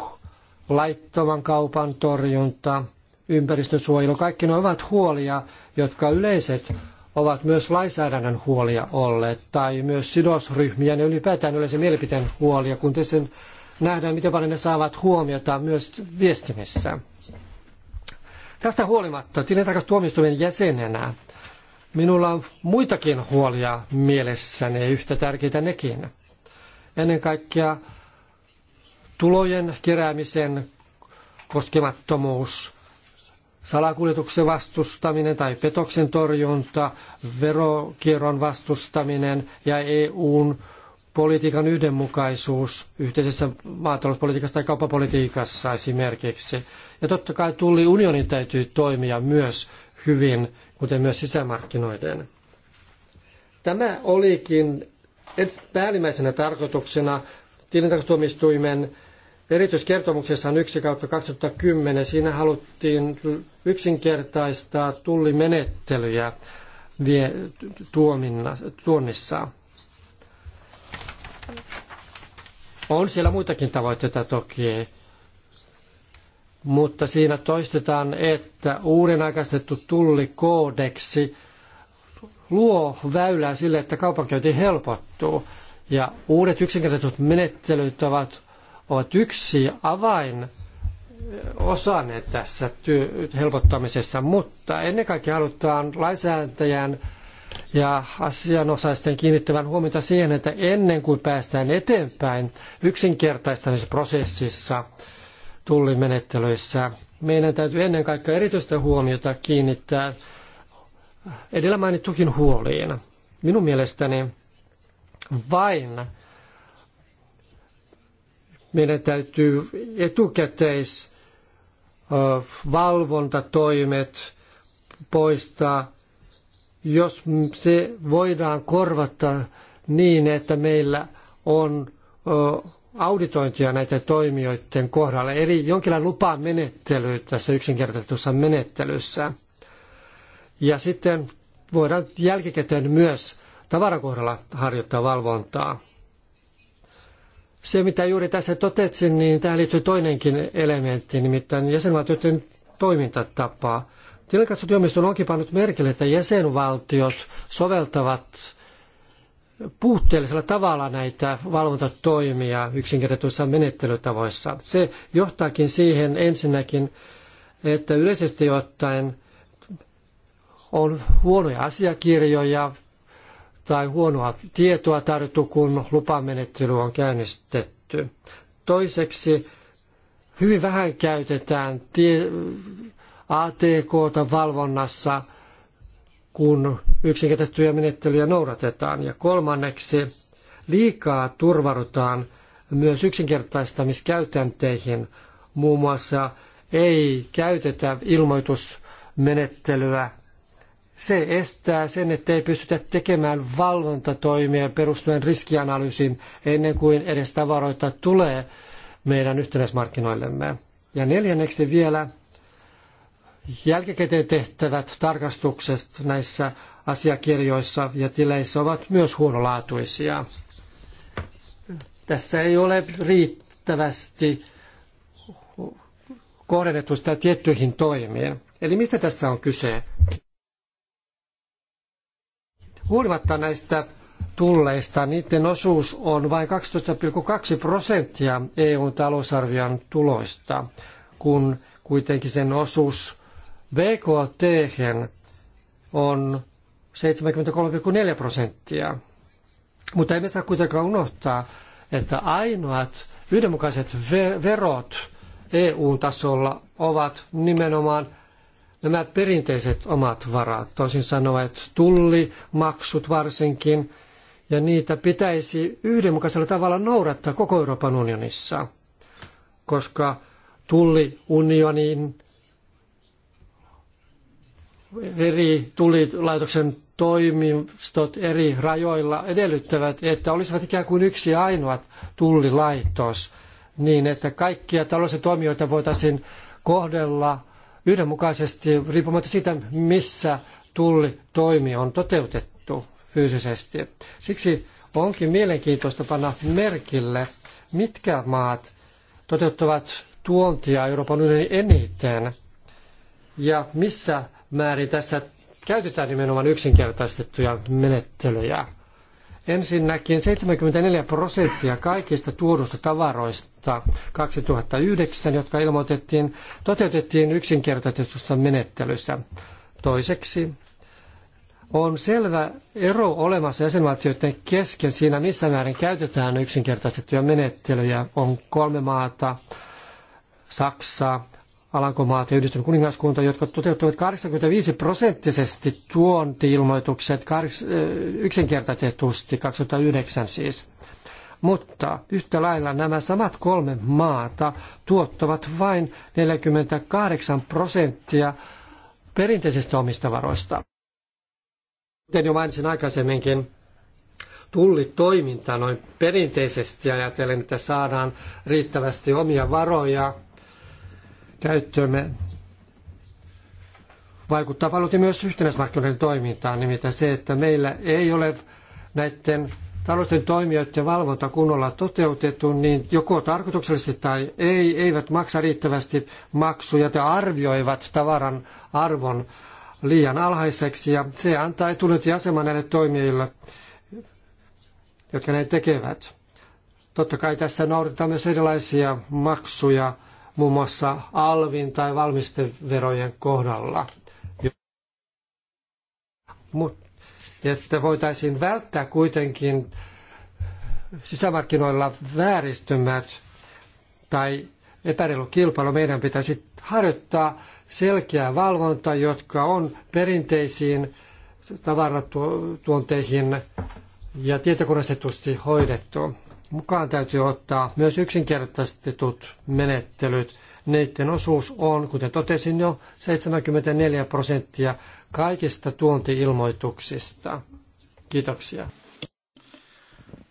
laittoman kaupan torjunta, ympäristönsuojelu, kaikki ne ovat huolia, jotka yleiset ovat myös lainsäädännön huolia olleet, tai myös sidosryhmien ja ylipäätään yleisen mielipiteen huolia, kun tietysti nähdään, miten paljon ne saavat huomiota myös viestimissä. Tästä huolimatta tilintarkastustuomioistuimen jäsenenä minulla on muitakin huolia mielessäni, yhtä tärkeitä nekin. Ennen kaikkea tulojen keräämisen koskemattomuus salakuljetuksen vastustaminen tai petoksen torjunta, verokierron vastustaminen ja EUn politiikan yhdenmukaisuus yhteisessä maatalouspolitiikassa tai kauppapolitiikassa esimerkiksi. Ja totta kai tulli unionin täytyy toimia myös hyvin, kuten myös sisämarkkinoiden. Tämä olikin päällimmäisenä tarkoituksena tilintarkastustuomioistuimen erityiskertomuksessa on 1 kautta 2010. Siinä haluttiin yksinkertaistaa tullimenettelyjä tuonnissa. On siellä muitakin tavoitteita toki, mutta siinä toistetaan, että uuden aikaistettu tullikoodeksi luo väylää sille, että kaupankäynti helpottuu. Ja uudet yksinkertaiset menettelyt ovat ovat yksi avain osanne tässä työ- helpottamisessa, mutta ennen kaikkea halutaan lainsäätäjän ja asianosaisten kiinnittävän huomiota siihen, että ennen kuin päästään eteenpäin yksinkertaistamisprosessissa prosessissa tullimenettelyissä, meidän täytyy ennen kaikkea erityistä huomiota kiinnittää edellä mainittukin huoliin. Minun mielestäni vain meidän täytyy etukäteis valvontatoimet poistaa, jos se voidaan korvata niin, että meillä on auditointia näiden toimijoiden kohdalla, eli jonkinlainen lupamenettely tässä yksinkertaistetussa menettelyssä. Ja sitten voidaan jälkikäteen myös tavarakohdalla harjoittaa valvontaa. Se, mitä juuri tässä totesin, niin tähän liittyy toinenkin elementti, nimittäin jäsenvaltioiden toimintatapaa. Tilinkatsotiomiston onkin pannut merkille, että jäsenvaltiot soveltavat puutteellisella tavalla näitä valvontatoimia yksinkertaisissa menettelytavoissa. Se johtaakin siihen ensinnäkin, että yleisesti ottaen on huonoja asiakirjoja, tai huonoa tietoa tarjottu, kun lupamenettely on käynnistetty. Toiseksi hyvin vähän käytetään tie- ATKta valvonnassa, kun yksinkertaistettuja menettelyjä noudatetaan. Ja kolmanneksi liikaa turvarutaan myös yksinkertaistamiskäytänteihin. Muun muassa ei käytetä ilmoitusmenettelyä se estää sen, ettei pystytä tekemään valvontatoimia perustuen riskianalyysiin ennen kuin edes tavaroita tulee meidän yhtenäismarkkinoillemme. Ja neljänneksi vielä jälkikäteen tehtävät tarkastukset näissä asiakirjoissa ja tileissä ovat myös huonolaatuisia. Tässä ei ole riittävästi kohdennettu sitä tiettyihin toimiin. Eli mistä tässä on kyse? Huolimatta näistä tulleista, niiden osuus on vain 12,2 prosenttia EUn talousarvion tuloista, kun kuitenkin sen osuus BKT on 73,4 prosenttia. Mutta emme saa kuitenkaan unohtaa, että ainoat yhdenmukaiset verot EU-tasolla ovat nimenomaan nämä perinteiset omat varat, toisin sanoen että tulli, maksut varsinkin, ja niitä pitäisi yhdenmukaisella tavalla noudattaa koko Euroopan unionissa, koska tulliunionin eri tullilaitoksen toimistot eri rajoilla edellyttävät, että olisivat ikään kuin yksi ainoa tullilaitos, niin että kaikkia taloudellisia toimijoita voitaisiin kohdella yhdenmukaisesti riippumatta siitä, missä toimi, on toteutettu fyysisesti. Siksi onkin mielenkiintoista panna merkille, mitkä maat toteuttavat tuontia Euroopan unionin eniten ja missä määrin tässä käytetään nimenomaan yksinkertaistettuja menettelyjä. Ensinnäkin 74 prosenttia kaikista tuodusta tavaroista 2009, jotka ilmoitettiin, toteutettiin yksinkertaistetussa menettelyssä. Toiseksi on selvä ero olemassa jäsenvaltioiden kesken siinä, missä määrin käytetään yksinkertaistettuja menettelyjä. On kolme maata, Saksa, Alankomaat ja yhdistynyt kuningaskunta, jotka toteuttavat 85 prosenttisesti tuontiilmoitukset yksinkertaisesti 2009 siis. Mutta yhtä lailla nämä samat kolme maata tuottavat vain 48 prosenttia perinteisistä omista varoista. Kuten jo mainitsin aikaisemminkin, tullitoiminta noin perinteisesti ajatellen, että saadaan riittävästi omia varoja – käyttöömme vaikuttaa paljon myös yhtenäismarkkinoiden toimintaan, nimittäin se, että meillä ei ole näiden taloudellisten toimijoiden valvonta kunnolla toteutettu, niin joko tarkoituksellisesti tai ei, eivät maksa riittävästi maksuja tai arvioivat tavaran arvon liian alhaiseksi ja se antaa etulyöntiaseman aseman näille toimijoille, jotka näin tekevät. Totta kai tässä noudatetaan myös erilaisia maksuja muun muassa alvin tai valmisteverojen kohdalla. Mut, että voitaisiin välttää kuitenkin sisämarkkinoilla vääristymät tai epäreilu kilpailu, meidän pitäisi harjoittaa selkeää valvontaa, jotka on perinteisiin tavaratuonteihin ja tietokoneistetusti hoidettu mukaan täytyy ottaa myös yksinkertaistetut menettelyt. Niiden osuus on, kuten totesin jo, 74 prosenttia kaikista tuontiilmoituksista. Kiitoksia.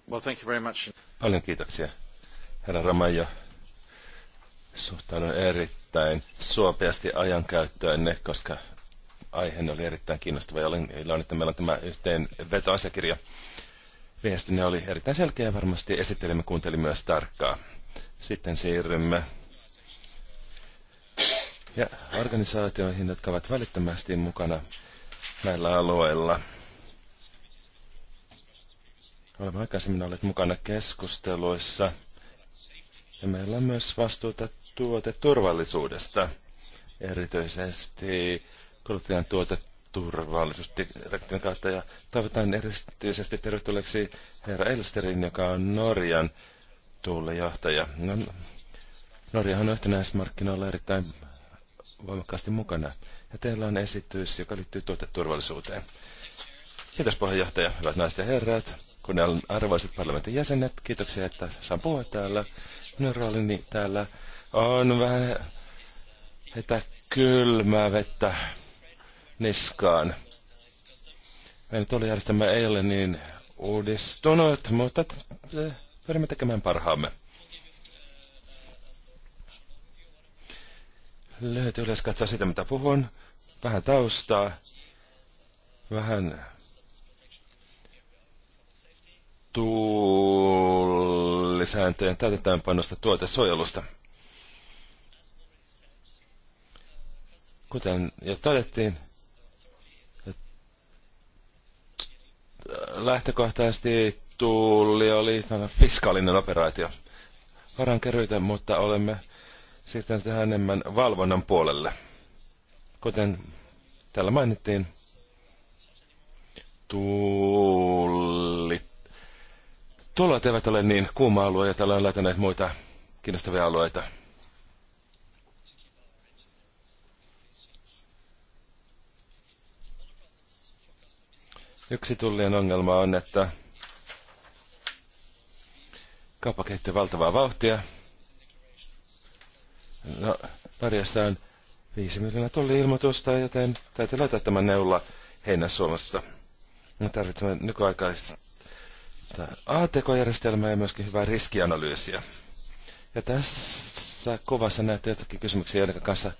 Well, thank you very much. Paljon kiitoksia, herra Ramaja. Suhtaudun erittäin suopeasti ajankäyttöönne, koska aihe oli erittäin kiinnostava ja olen iloinen, että meillä on tämä yhteen vetoasiakirja. asiakirja Viestinne oli erittäin selkeä varmasti esittelemme kuunteli myös tarkkaa. Sitten siirrymme ja organisaatioihin, jotka ovat välittömästi mukana näillä alueilla. Olemme aikaisemmin olleet mukana keskusteluissa ja meillä on myös vastuuta tuoteturvallisuudesta, erityisesti kuluttajan tuoteturvallisuudesta turvallisuusdirektiivin kautta ja toivotan erityisesti tervetulleeksi herra Elsterin, joka on Norjan tuulijohtaja. No, Norjahan on yhtenäismarkkinoilla erittäin voimakkaasti mukana ja teillä on esitys, joka liittyy tuoteturvallisuuteen. Kiitos puheenjohtaja, hyvät naiset ja herrat, kunnian arvoisat parlamentin jäsenet, kiitoksia, että saan puhua täällä. Minun roolini täällä on vähän että kylmää vettä niskaan. Meidän tuli ei eilen niin uudistunut, mutta pyrimme tekemään parhaamme. Lyhyt yleiskatsaus siitä, mitä puhun. Vähän taustaa. Vähän tullisääntöjen täytetäänpanosta tuotesuojelusta. Kuten jo todettiin, lähtökohtaisesti tulli oli fiskaalinen operaatio varankeryitä, mutta olemme sitten tähän enemmän valvonnan puolelle. Kuten täällä mainittiin, tullit. Tulot eivät ole niin kuuma alue ja täällä on löytäneet muita kiinnostavia alueita. Yksi tullien ongelma on, että kauppa kehittyy valtavaa vauhtia. No, Norjassa on viisi miljoonaa tulli-ilmoitusta, joten täytyy laittaa tämä neula Heinäsuomasta. Me tarvitsemme nykyaikaista ATK-järjestelmää ja myöskin hyvää riskianalyysiä. Ja tässä kuvassa näette jotakin kysymyksiä, joiden kanssa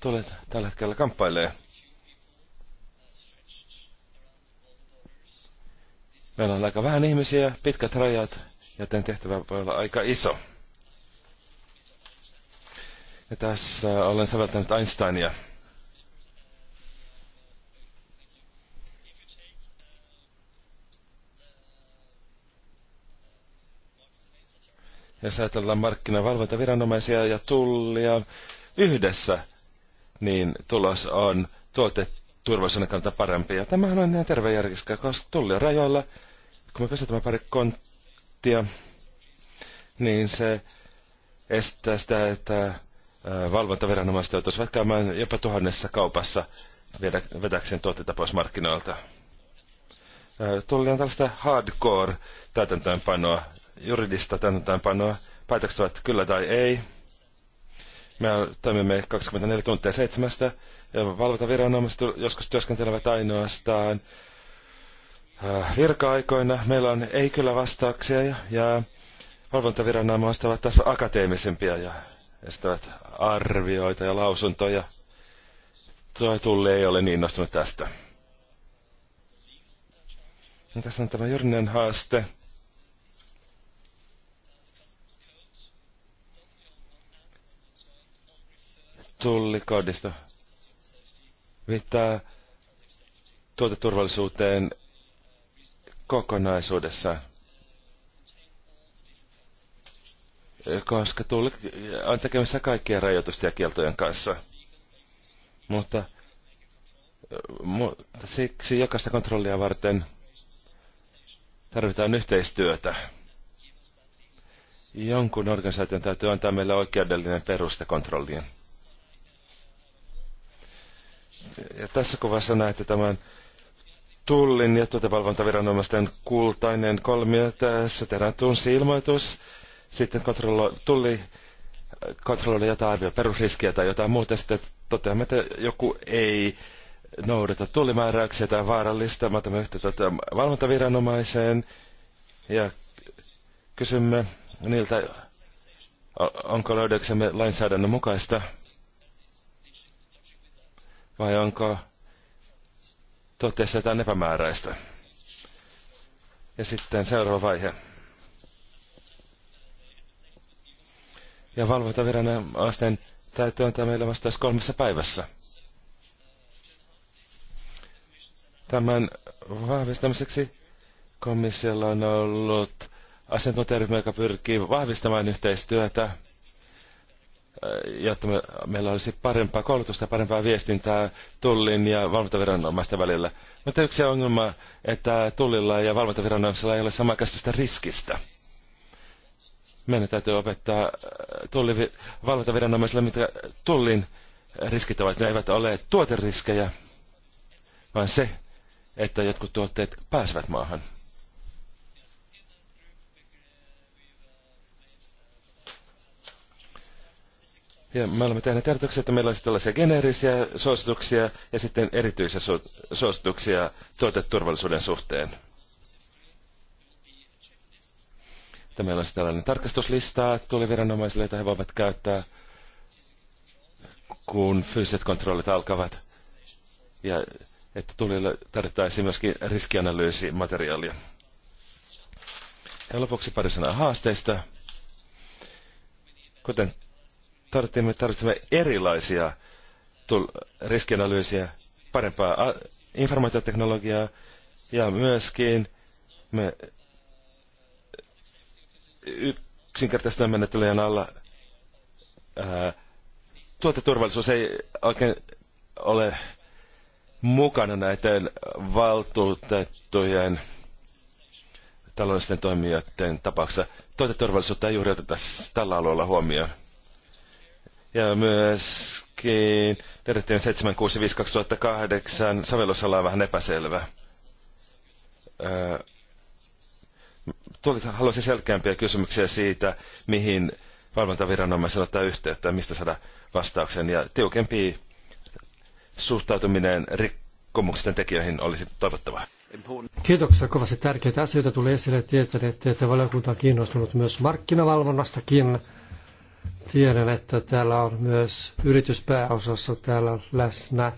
tulet tällä hetkellä kamppailemaan. Meillä on aika vähän ihmisiä, pitkät rajat, joten tehtävä voi olla aika iso. Ja tässä olen säveltänyt Einsteinia. Jos ajatellaan markkinavalvontaviranomaisia ja tullia yhdessä, niin tulos on tuotettu turvallisuuden kannalta parempi. Ja tämähän on ihan terve järjeskä, koska tulli rajoilla, kun me pystytään pari konttia, niin se estää sitä, että valvontaviranomaiset joutuisivat käymään jopa tuhannessa kaupassa vetäkseen tuotteita pois markkinoilta. Tulli on tällaista hardcore täytäntöönpanoa, juridista täytäntöönpanoa. Päätökset ovat kyllä tai ei. Me toimimme 24 tuntia seitsemästä Valvontaviranomaiset joskus työskentelevät ainoastaan äh, virka-aikoina. Meillä on ei kyllä vastauksia ja, valvontaviranomaiset ovat taas akateemisempia ja estävät arvioita ja lausuntoja. Tuo Tulli ei ole niin nostunut tästä. Ja tässä on tämä jörnen haaste. Tullikoodista viittaa tuoteturvallisuuteen kokonaisuudessa. Koska tulli on tekemässä kaikkien rajoitusten ja kieltojen kanssa. Mutta, mutta siksi jokaista kontrollia varten tarvitaan yhteistyötä. Jonkun organisaation täytyy antaa meille oikeudellinen peruste kontrolliin. Ja tässä kuvassa näette tämän tullin ja tuotevalvontaviranomaisten kultainen kolmio. Tässä tehdään tunsi-ilmoitus, sitten kontrollo, tulli äh, kontrolloida jotain arvio perusriskiä tai jotain muuta, sitten toteamme, että joku ei noudata tullimääräyksiä tai vaarallista. Mä otamme yhteyttä tota valvontaviranomaiseen ja kysymme niiltä, onko löydöksemme lainsäädännön mukaista vai onko totesi jotain epämääräistä? Ja sitten seuraava vaihe. Ja asteen täytyy antaa meille vastaus kolmessa päivässä. Tämän vahvistamiseksi komissiolla on ollut asiantuntijaryhmä, joka pyrkii vahvistamaan yhteistyötä jotta me, meillä olisi parempaa koulutusta ja parempaa viestintää tullin ja valvontaviranomaisten välillä. Mutta yksi ongelma, että tullilla ja valvontaviranomaisilla ei ole samaa käsitystä riskistä. Meidän täytyy opettaa tulli, valvontaviranomaisille, mitä tullin riskit ovat. Ne eivät ole tuoteriskejä, vaan se, että jotkut tuotteet pääsevät maahan. Ja me olemme tehneet ehdotuksia, että meillä olisi tällaisia geneerisiä suosituksia ja sitten erityisiä su- suosituksia tuoteturvallisuuden suhteen. Että meillä olisi tällainen tarkastuslista tuliviranomaisille, jota he voivat käyttää, kun fyysiset kontrollit alkavat. Ja että tulille tarvittaisiin myöskin riskianalyysimateriaalia. Ja lopuksi pari sanaa haasteista. Kuten tarvitsemme, tarvitsemme erilaisia riskianalyysiä, parempaa informaatioteknologiaa ja myöskin me yksinkertaisten menettelyjen alla ää, tuoteturvallisuus ei oikein ole mukana näiden valtuutettujen taloudellisten toimijoiden tapauksessa. Tuoteturvallisuutta ei juuri oteta tällä alueella huomioon ja myöskin direktiivin 765-2008 sovellusala on vähän epäselvä. Öö, tuli, haluaisin selkeämpiä kysymyksiä siitä, mihin valvontaviranomaisella ottaa yhteyttä, mistä saada vastauksen ja tiukempi suhtautuminen rikkomuksen tekijöihin olisi toivottavaa. Kiitoksia kovasti. Tärkeitä asioita tulee esille. Tiedät, että valiokunta on kiinnostunut myös markkinavalvonnastakin. Tiedän, että täällä on myös yrityspääosassa täällä läsnä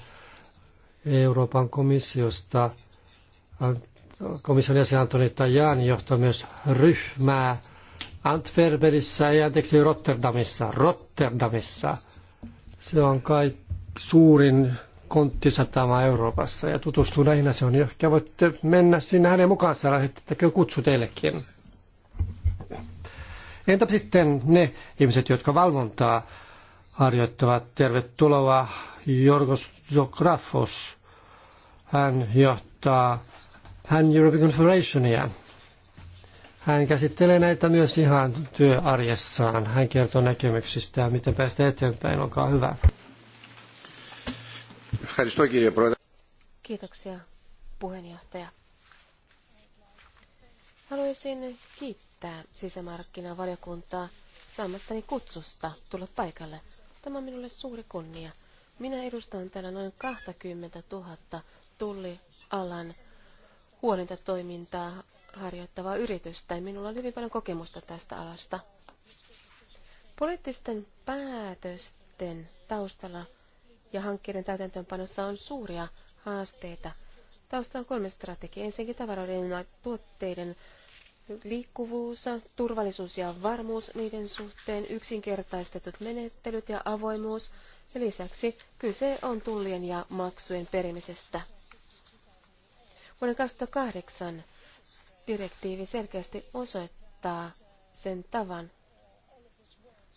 Euroopan komissiosta. Komission jäsen Antoni Tajani johtaa myös ryhmää Antwerpenissä ja anteeksi Rotterdamissa. Rotterdamissa. Se on kai suurin konttisatama Euroopassa ja tutustuu näihin asioihin. Ehkä voitte mennä sinne hänen mukaansa, että kutsu teillekin. Entä sitten ne ihmiset, jotka valvontaa harjoittavat? Tervetuloa Jorgos Zografos. Hän johtaa hän European Confederationia. Hän käsittelee näitä myös ihan työarjessaan. Hän kertoo näkemyksistään, miten päästä eteenpäin. Olkaa hyvä. Kiitoksia puheenjohtaja. Haluaisin kiittää kiittää sisämarkkinavaliokuntaa saamastani kutsusta tulla paikalle. Tämä on minulle suuri kunnia. Minä edustan täällä noin 20 000 tullialan huolintatoimintaa harjoittavaa yritystä ja minulla on hyvin paljon kokemusta tästä alasta. Poliittisten päätösten taustalla ja hankkeiden täytäntöönpanossa on suuria haasteita. Tausta on kolme strategiaa. Ensinnäkin tavaroiden ja tuotteiden liikkuvuus, turvallisuus ja varmuus niiden suhteen, yksinkertaistetut menettelyt ja avoimuus. Ja lisäksi kyse on tullien ja maksujen perimisestä. Vuoden 2008 direktiivi selkeästi osoittaa sen tavan,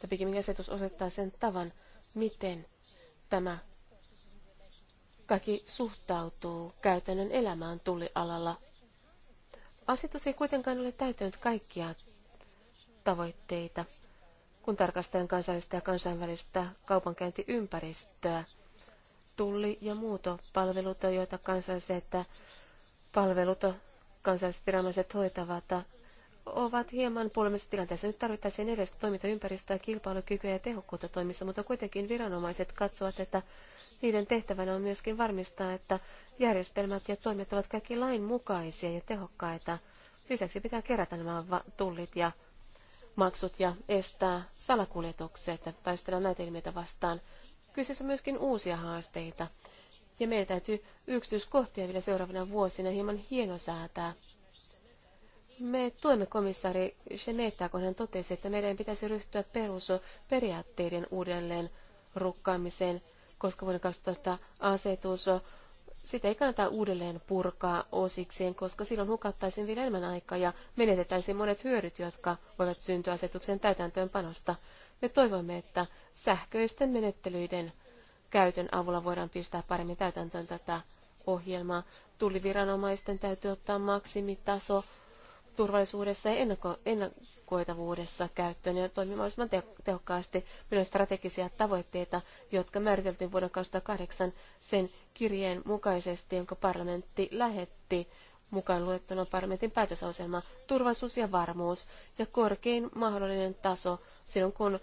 tai pikemminkin asetus osoittaa sen tavan, miten tämä kaikki suhtautuu käytännön elämään tullialalla Asetus ei kuitenkaan ole täyttänyt kaikkia tavoitteita, kun tarkastetaan kansallista ja kansainvälistä kaupankäyntiympäristöä. Tulli ja muutopalveluita, joita kansalliset palvelut kansalliset viranomaiset hoitavat, ovat hieman puolemassa tilanteessa. Nyt tarvittaisiin edes toimintaympäristöä, kilpailukykyä ja tehokkuutta toimissa, mutta kuitenkin viranomaiset katsovat, että niiden tehtävänä on myöskin varmistaa, että järjestelmät ja toimet ovat kaikki lainmukaisia ja tehokkaita. Lisäksi pitää kerätä nämä tullit ja maksut ja estää salakuljetukset ja taistella näitä ilmiöitä vastaan. Kyseessä on myöskin uusia haasteita. Ja meidän täytyy yksityiskohtia vielä seuraavina vuosina hieman hienosäätää me tuemme komissaari Genettaa, kun hän totesi, että meidän pitäisi ryhtyä perusperiaatteiden uudelleen rukkaamiseen, koska vuoden 2000 asetus sitä ei kannata uudelleen purkaa osikseen, koska silloin hukattaisiin vielä enemmän aikaa ja menetetäisiin monet hyödyt, jotka voivat syntyä asetuksen täytäntöönpanosta. Me toivomme, että sähköisten menettelyiden käytön avulla voidaan pistää paremmin täytäntöön tätä ohjelmaa. Tulliviranomaisten täytyy ottaa maksimitaso turvallisuudessa ja ennako, ennakoitavuudessa käyttöön ja toimii mahdollisimman tehokkaasti myös strategisia tavoitteita, jotka määriteltiin vuonna 2008 sen kirjeen mukaisesti, jonka parlamentti lähetti mukaan luettuna parlamentin päätösasema, turvallisuus ja varmuus ja korkein mahdollinen taso silloin, kun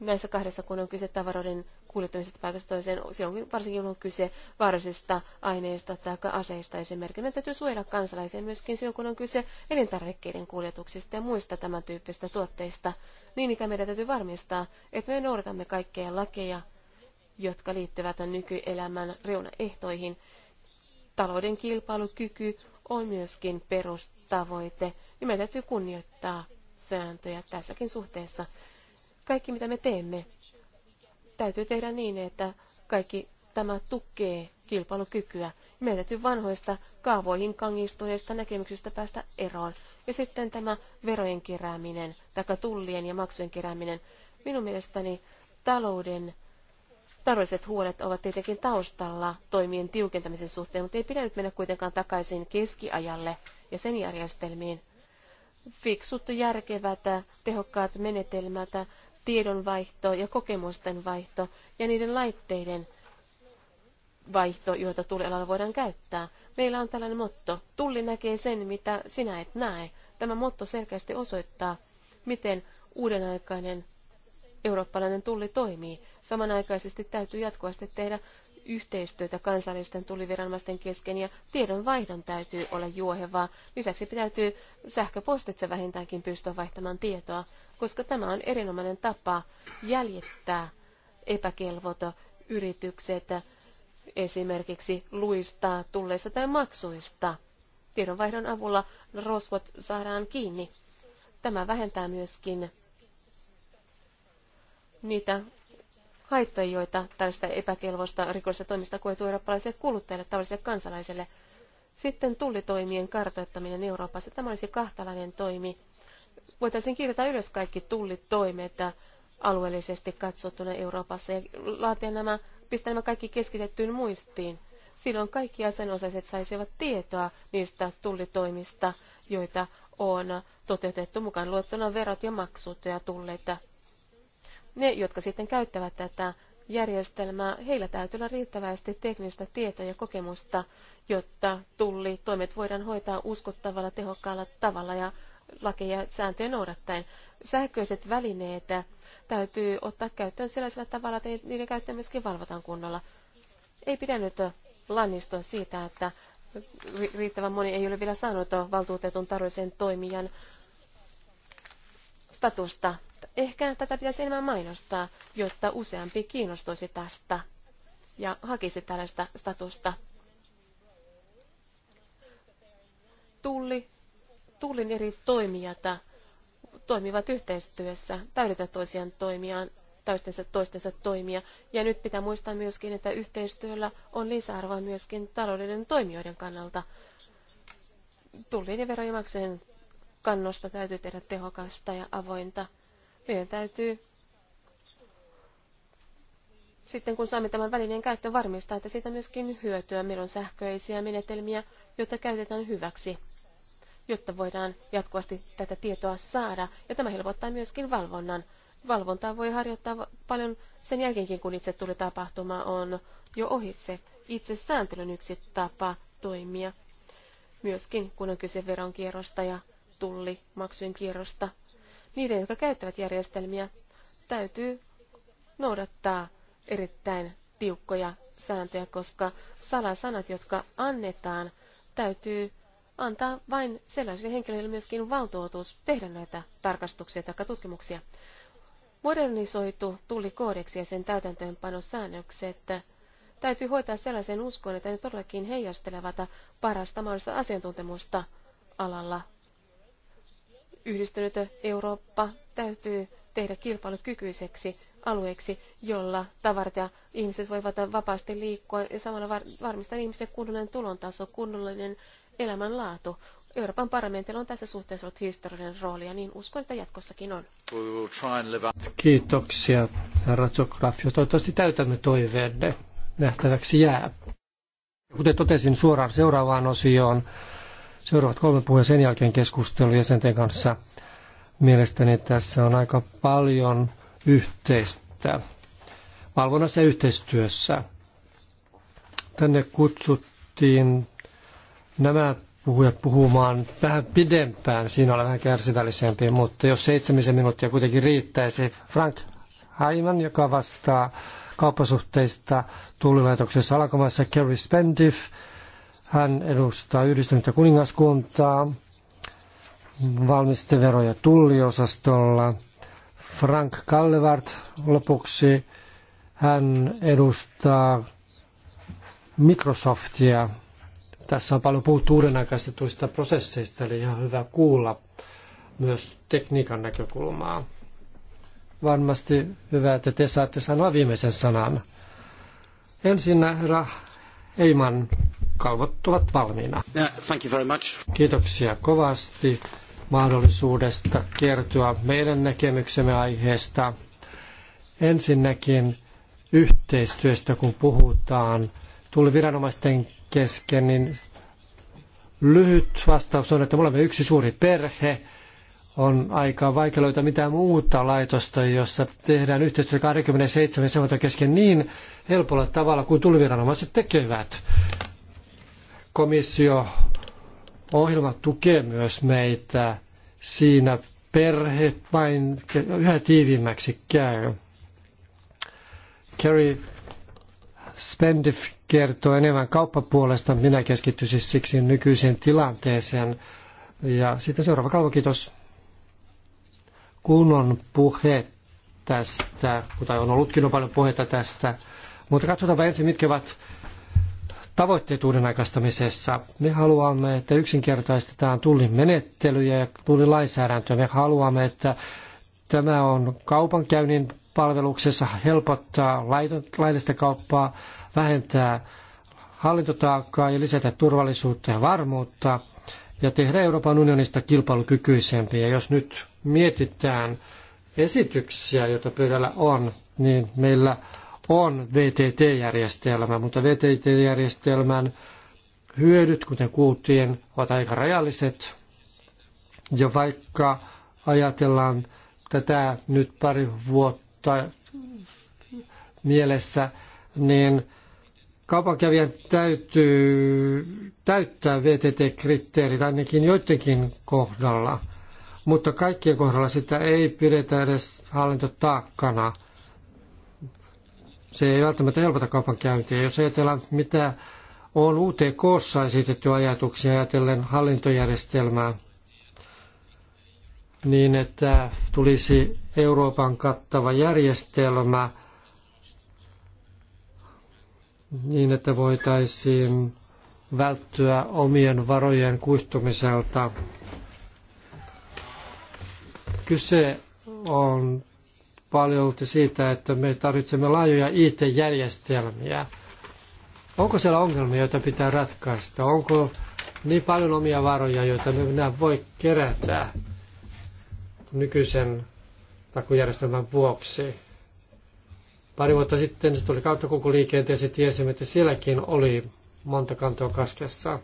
näissä kahdessa kun on kyse tavaroiden kuljettamisesta paikasta toiseen, silloin varsinkin on kyse vaarallisista aineista tai aseista esimerkiksi. Meidän täytyy suojella kansalaisia myöskin silloin, kun on kyse elintarvikkeiden kuljetuksista ja muista tämän tyyppistä tuotteista. Niin ikään meidän täytyy varmistaa, että me noudatamme kaikkia lakeja, jotka liittyvät nykyelämän reunaehtoihin. Talouden kilpailukyky on myöskin perustavoite, ja niin meidän täytyy kunnioittaa sääntöjä tässäkin suhteessa. Kaikki, mitä me teemme, täytyy tehdä niin, että kaikki tämä tukee kilpailukykyä. Meidän täytyy vanhoista kaavoihin kangistuneista näkemyksistä päästä eroon. Ja sitten tämä verojen kerääminen, taikka tullien ja maksujen kerääminen. Minun mielestäni talouden taloudelliset huolet ovat tietenkin taustalla toimien tiukentamisen suhteen, mutta ei pidä nyt mennä kuitenkaan takaisin keskiajalle ja sen järjestelmiin. Fiksut, järkevät, tehokkaat menetelmät tiedonvaihto ja kokemusten vaihto ja niiden laitteiden vaihto, joita tulialalla voidaan käyttää. Meillä on tällainen motto, tulli näkee sen, mitä sinä et näe. Tämä motto selkeästi osoittaa, miten uudenaikainen eurooppalainen tulli toimii. Samanaikaisesti täytyy jatkuvasti tehdä yhteistyötä kansallisten tuliviranomaisten kesken ja tiedonvaihdon täytyy olla juohevaa. Lisäksi täytyy sähköpostitse vähintäänkin pystyä vaihtamaan tietoa, koska tämä on erinomainen tapa jäljittää epäkelvoto yritykset esimerkiksi luista, tulleista tai maksuista. Tiedonvaihdon avulla rosvot saadaan kiinni. Tämä vähentää myöskin niitä haittoja, joita tällaista epäkelvosta rikollisesta toimista koituu eurooppalaisille kuluttajille, tavallisille kansalaisille. Sitten tullitoimien kartoittaminen Euroopassa. Tämä olisi kahtalainen toimi. Voitaisiin kirjata ylös kaikki tullitoimet alueellisesti katsottuna Euroopassa ja laatia nämä, pistää nämä kaikki keskitettyyn muistiin. Silloin kaikki asianosaiset saisivat tietoa niistä tullitoimista, joita on toteutettu mukaan luettuna verot ja maksut ja tulleita ne, jotka sitten käyttävät tätä järjestelmää, heillä täytyy olla riittävästi teknistä tietoa ja kokemusta, jotta tulli toimet voidaan hoitaa uskottavalla, tehokkaalla tavalla ja lakeja sääntöjä noudattaen. Sähköiset välineet täytyy ottaa käyttöön sellaisella tavalla, että niiden käyttöä myöskin valvotaan kunnolla. Ei pidä nyt lannistua siitä, että riittävän moni ei ole vielä saanut valtuutetun tarvisen toimijan statusta. Ehkä tätä pitäisi enemmän mainostaa, jotta useampi kiinnostuisi tästä ja hakisi tällaista statusta. Tulli, tullin eri toimijat toimivat yhteistyössä, täydentä toisiaan toimiaan, toistensa toistensa toimia. Ja nyt pitää muistaa myöskin, että yhteistyöllä on lisäarvoa myöskin taloudellinen toimijoiden kannalta. Tullin ja verojen maksujen kannosta täytyy tehdä tehokasta ja avointa. Meidän täytyy sitten kun saamme tämän välineen käyttö varmistaa, että siitä myöskin hyötyä. Meillä on sähköisiä menetelmiä, joita käytetään hyväksi, jotta voidaan jatkuvasti tätä tietoa saada. Ja tämä helpottaa myöskin valvonnan. Valvontaa voi harjoittaa paljon sen jälkeenkin, kun itse tuli tapahtuma on jo ohitse. Itse sääntely on yksi tapa toimia. Myöskin kun on kyse veronkierrosta ja tullimaksujen kierrosta niiden, jotka käyttävät järjestelmiä, täytyy noudattaa erittäin tiukkoja sääntöjä, koska salasanat, jotka annetaan, täytyy antaa vain sellaisille henkilöille myöskin valtuutus tehdä näitä tarkastuksia tai tutkimuksia. Modernisoitu koodeksi ja sen täytäntöönpanosäännökset täytyy hoitaa sellaisen uskon, että ne todellakin heijastelevat parasta mahdollista asiantuntemusta alalla Yhdistynyt Eurooppa täytyy tehdä kilpailukykyiseksi alueeksi, jolla tavarat ja ihmiset voivat vapaasti liikkua ja samalla var- varmistaa ihmisten kunnollinen tulontaso, kunnollinen elämänlaatu. Euroopan parlamentilla on tässä suhteessa ollut historiallinen rooli ja niin uskon, että jatkossakin on. Kiitoksia, herra Zografio. Toivottavasti täytämme toiveenne. Nähtäväksi jää. Kuten totesin suoraan seuraavaan osioon, seuraavat kolme puhua sen jälkeen keskustelu jäsenten kanssa. Mielestäni tässä on aika paljon yhteistä valvonnassa ja yhteistyössä. Tänne kutsuttiin nämä puhujat puhumaan vähän pidempään, siinä on vähän kärsivällisempi, mutta jos seitsemisen minuuttia kuitenkin riittäisi. Frank Haiman, joka vastaa kauppasuhteista tullilaitoksessa alkamassa, Kerry Spendiff, hän edustaa yhdistynyttä kuningaskuntaa valmistevero- ja tulliosastolla. Frank Kallevart lopuksi. Hän edustaa Microsoftia. Tässä on paljon puhuttu uudenaikaistetuista prosesseista, eli ihan hyvä kuulla myös tekniikan näkökulmaa. Varmasti hyvä, että te saatte sanoa viimeisen sanan. Ensin herra Heiman kalvot ovat valmiina. Uh, thank you very much. Kiitoksia kovasti mahdollisuudesta kertoa meidän näkemyksemme aiheesta. Ensinnäkin yhteistyöstä, kun puhutaan tulliviranomaisten kesken, niin lyhyt vastaus on, että me olemme yksi suuri perhe. On aika vaikea löytää mitään muuta laitosta, jossa tehdään yhteistyötä 27 kesken niin helpolla tavalla kuin tulliviranomaiset tekevät komissio ohjelma tukee myös meitä siinä perhe vain yhä tiiviimmäksi käy. Kerry Spendif kertoo enemmän kauppapuolesta, minä keskittyisin siksi nykyiseen tilanteeseen. Ja sitten seuraava kauppa, kiitos. Kun on puhe tästä, kuten on ollutkin on paljon puhetta tästä, mutta katsotaanpa ensin, mitkä ovat tavoitteet uuden aikaistamisessa. Me haluamme, että yksinkertaistetaan tullin menettelyjä ja tullin lainsäädäntöä. Me haluamme, että tämä on kaupankäynnin palveluksessa helpottaa laillista kauppaa, vähentää hallintotaakkaa ja lisätä turvallisuutta ja varmuutta ja tehdä Euroopan unionista kilpailukykyisempi. Ja jos nyt mietitään esityksiä, joita pöydällä on, niin meillä – on VTT-järjestelmä, mutta VTT-järjestelmän hyödyt, kuten kuultiin, ovat aika rajalliset. Ja vaikka ajatellaan tätä nyt pari vuotta mielessä, niin kaupankävijän täytyy täyttää VTT-kriteerit ainakin joidenkin kohdalla, mutta kaikkien kohdalla sitä ei pidetä edes hallintotaakkana – se ei välttämättä helpota kaupankäyntiä. Jos ajatellaan, mitä on UTKssa esitetty ajatuksia ajatellen hallintojärjestelmää, niin että tulisi Euroopan kattava järjestelmä, niin että voitaisiin välttyä omien varojen kuihtumiselta. Kyse on paljolti siitä, että me tarvitsemme laajoja IT-järjestelmiä. Onko siellä ongelmia, joita pitää ratkaista? Onko niin paljon omia varoja, joita me enää voi kerätä nykyisen takujärjestelmän vuoksi? Pari vuotta sitten se tuli kautta koko liikenteen ja tiesimme, että sielläkin oli monta kantoa kaskessa.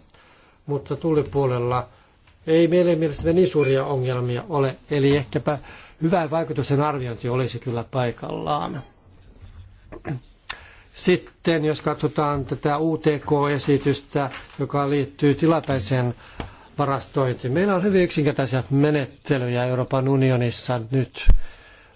Mutta puolella ei meillä mielestäni niin suuria ongelmia ole. Eli ehkäpä hyvä vaikutusten arviointi olisi kyllä paikallaan. Sitten jos katsotaan tätä UTK-esitystä, joka liittyy tilapäiseen varastointiin. Meillä on hyvin yksinkertaisia menettelyjä Euroopan unionissa nyt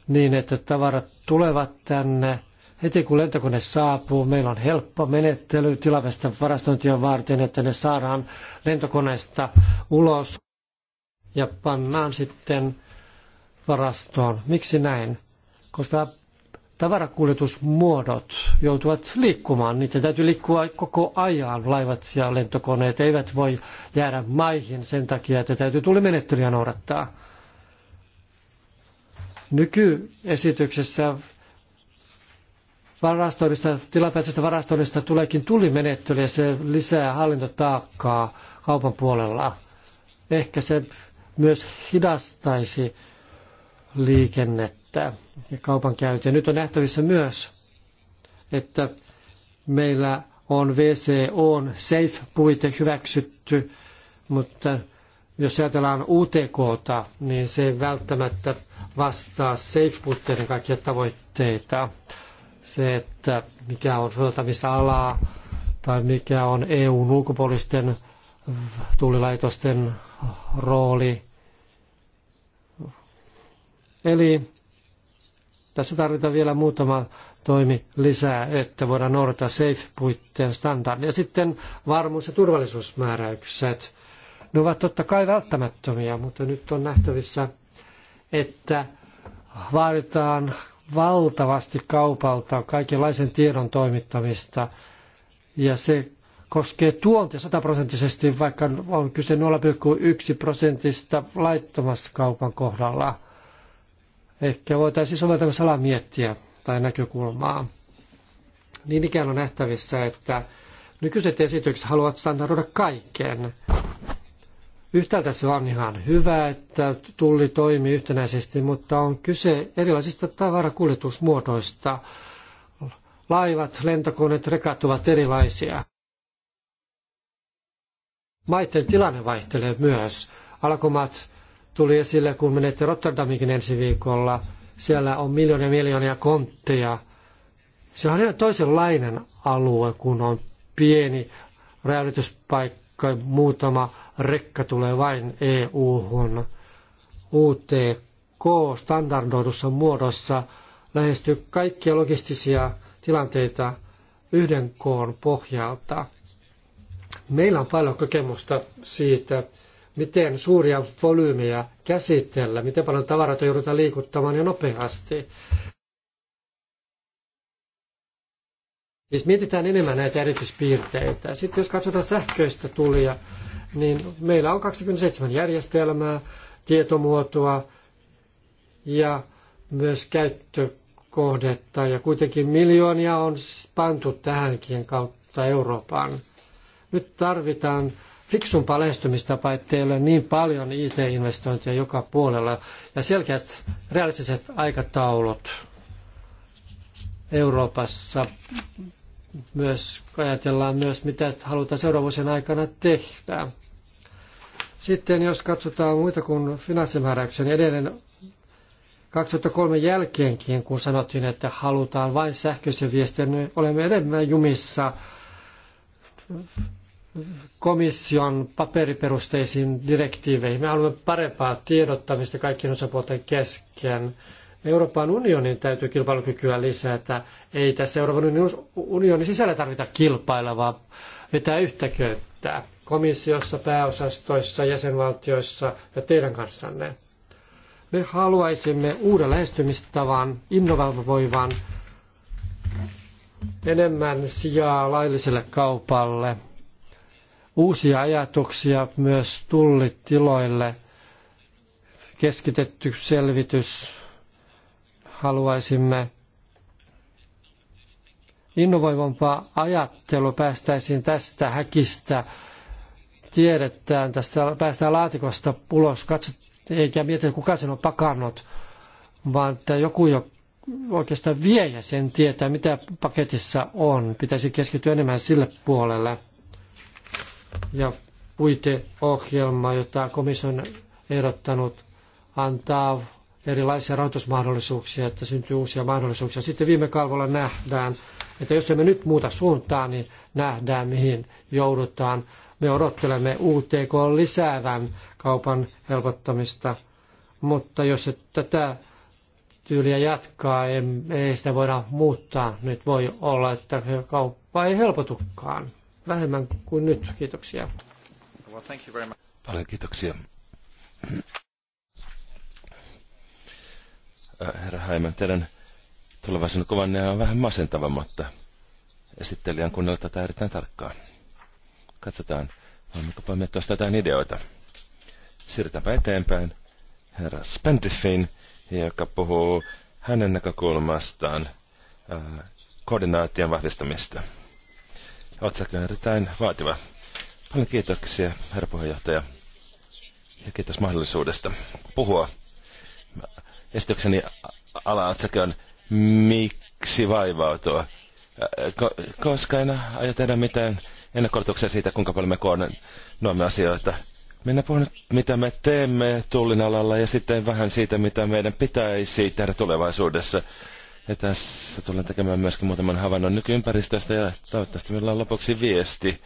niin, että tavarat tulevat tänne heti kun lentokone saapuu. Meillä on helppo menettely tilapäistä varastointia varten, että ne saadaan lentokoneesta ulos ja pannaan sitten varastoon. Miksi näin? Koska tavarakuljetusmuodot joutuvat liikkumaan. Niitä täytyy liikkua koko ajan. Laivat ja lentokoneet eivät voi jäädä maihin sen takia, että täytyy tulimenettelyä noudattaa. Nykyesityksessä varastoinnista, tilapäisestä varastoinnista tuleekin tulimenettely ja se lisää hallintotaakkaa kaupan puolella. Ehkä se myös hidastaisi liikennettä ja kaupankäyntiä. Nyt on nähtävissä myös, että meillä on VCOn SAFE-puite hyväksytty, mutta jos ajatellaan UTK, niin se ei välttämättä vastaa SAFE-puitteiden kaikkia tavoitteita. Se, että mikä on soveltamisalaa tai mikä on EUn ulkopuolisten tuulilaitosten rooli – Eli tässä tarvitaan vielä muutama toimi lisää, että voidaan noudattaa SAFE-puitteen standardia. Sitten varmuus- ja turvallisuusmääräykset. Ne ovat totta kai välttämättömiä, mutta nyt on nähtävissä, että vaaditaan valtavasti kaupalta kaikenlaisen tiedon toimittamista. Ja se koskee tuontia sataprosenttisesti, vaikka on kyse 0,1 prosentista laittomassa kaupan kohdalla – Ehkä voitaisiin soveltamisalaa miettiä tai näkökulmaa. Niin ikään on nähtävissä, että nykyiset esitykset haluavat standardoida kaiken. Yhtäältä se on ihan hyvä, että tulli toimii yhtenäisesti, mutta on kyse erilaisista tavarakuljetusmuodoista. Laivat, lentokoneet, rekat ovat erilaisia. Maiden tilanne vaihtelee myös. Alkomaat tuli esille, kun menette Rotterdaminkin ensi viikolla. Siellä on miljoonia miljoonia kontteja. Se on ihan toisenlainen alue, kun on pieni räjäytyspaikka, muutama rekka tulee vain EU-hun. UTK-standardoidussa muodossa lähestyy kaikkia logistisia tilanteita yhden koon pohjalta. Meillä on paljon kokemusta siitä, miten suuria volyymeja käsitellä, miten paljon tavaroita joudutaan liikuttamaan ja nopeasti. Siis mietitään enemmän näitä erityispiirteitä. Sitten jos katsotaan sähköistä tulia, niin meillä on 27 järjestelmää, tietomuotoa ja myös käyttökohdetta. Ja kuitenkin miljoonia on pantu tähänkin kautta Euroopan. Nyt tarvitaan fiksumpaa lähestymistapa, ettei ole niin paljon IT-investointeja joka puolella ja selkeät realistiset aikataulut Euroopassa. Myös ajatellaan myös, mitä halutaan seuraavuosien aikana tehdä. Sitten jos katsotaan muita kuin finanssimääräyksiä, niin edelleen 2003 jälkeenkin, kun sanottiin, että halutaan vain sähköisen viestin, niin olemme enemmän jumissa komission paperiperusteisiin direktiiveihin. Me haluamme parempaa tiedottamista kaikkien osapuolten kesken. Euroopan unionin täytyy kilpailukykyä lisätä. Ei tässä Euroopan unionin sisällä tarvita kilpailla, vaan vetää yhtä köyttä komissiossa, pääosastoissa, jäsenvaltioissa ja teidän kanssanne. Me haluaisimme uuden lähestymistavan, innovoivan, enemmän sijaa lailliselle kaupalle – uusia ajatuksia myös tullitiloille. Keskitetty selvitys haluaisimme innovoivampaa ajattelua päästäisiin tästä häkistä tiedetään, tästä päästään laatikosta ulos, katso, eikä mietitä kuka sen on pakannut, vaan että joku jo oikeastaan vie ja sen tietää, mitä paketissa on. Pitäisi keskittyä enemmän sille puolelle ja puiteohjelma, jota on ehdottanut, antaa erilaisia rahoitusmahdollisuuksia, että syntyy uusia mahdollisuuksia. Sitten viime kalvolla nähdään, että jos emme nyt muuta suuntaa, niin nähdään mihin joudutaan. Me odottelemme UTK lisäävän kaupan helpottamista, mutta jos tätä tyyliä jatkaa, ei sitä voida muuttaa. Nyt voi olla, että kauppa ei helpotukaan vähemmän kuin nyt. Kiitoksia. Paljon kiitoksia. Äh, herra Haiman, teidän tulevaisuuden kuvanne on vähän masentava, mutta esittelijän kuunnella tätä erittäin tarkkaan. Katsotaan, voimmeko poimia tuosta jotain ideoita. Siirrytäänpä eteenpäin herra Spentifin, joka puhuu hänen näkökulmastaan äh, koordinaation vahvistamista otsake on erittäin vaativa. Paljon kiitoksia, herra puheenjohtaja. Ja kiitos mahdollisuudesta puhua. Esitykseni ala-otsake on Miksi vaivautua? Ko- koska en aio tehdä mitään ennakkoituksia siitä, kuinka paljon me koonnoimme asioita. Minä puhun nyt, mitä me teemme tullin alalla ja sitten vähän siitä, mitä meidän pitäisi tehdä tulevaisuudessa. Ja tässä tulen tekemään myöskin muutaman havainnon nykyympäristöstä ja toivottavasti meillä on lopuksi viesti,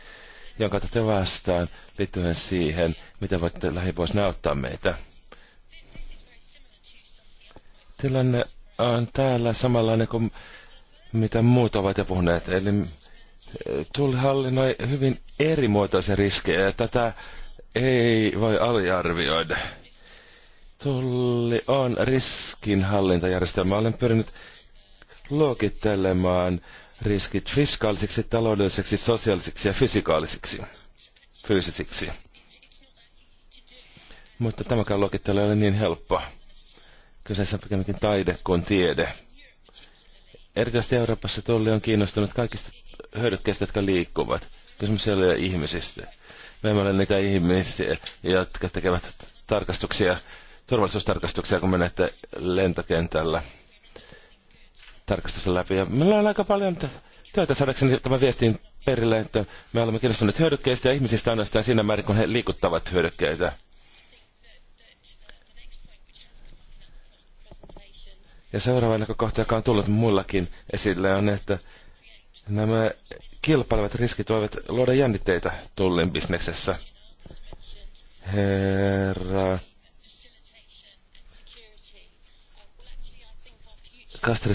jonka otatte vastaan liittyen siihen, mitä voitte lähivuosina näyttää meitä. Tilanne on täällä samanlainen kuin mitä muut ovat jo puhuneet. Eli eh, tuli hallinnoi hyvin erimuotoisia riskejä ja tätä ei voi aliarvioida. Tulli on riskinhallintajärjestelmä. Olen pyrinyt luokittelemaan riskit fiskaalisiksi, taloudellisiksi, sosiaalisiksi ja fysikaalisiksi, fyysisiksi. Mutta tämäkään luokittelu ei ole niin helppoa. Kyseessä on pikemminkin taide kuin tiede. Erityisesti Euroopassa tulli on kiinnostunut kaikista hyödykkeistä, jotka liikkuvat. Kysymys ei ole ihmisistä. Me emme ole niitä ihmisiä, jotka tekevät tarkastuksia, turvallisuustarkastuksia, kun menette lentokentällä – tarkastusta läpi. Ja meillä on aika paljon työtä saadakseni tämä viestin perille, että me olemme kiinnostuneet hyödykkeistä ja ihmisistä ainoastaan siinä määrin, kun he liikuttavat hyödykkeitä. Ja seuraava näkökohta, joka on tullut muillakin esille, on, että nämä kilpailevat riskit voivat luoda jännitteitä tullin bisneksessä. Herra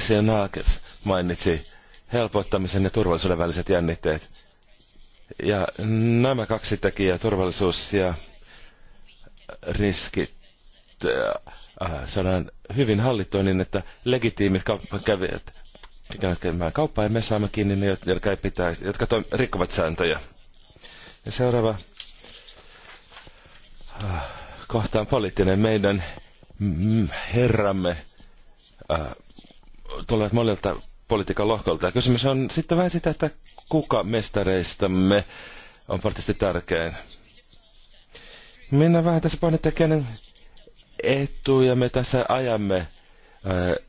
ja Naakes mainitsi helpottamisen ja turvallisuuden väliset jännitteet. Ja nämä kaksi tekijää, turvallisuus ja riskit, äh, äh, saadaan hyvin hallittua niin, että legitiimit kauppakävijät kykenevät käymään kauppaa ja me saamme kiinni ne, jotka, ei pitäisi, jotka toim, rikkovat sääntöjä. Ja seuraava äh, kohta on poliittinen. Meidän herramme tulevat monelta politiikan lohkolta. Ja kysymys on sitten vähän sitä, että kuka mestareistamme on varmasti tärkein. Minä vähän tässä painetta kenen etuja me tässä ajamme äh,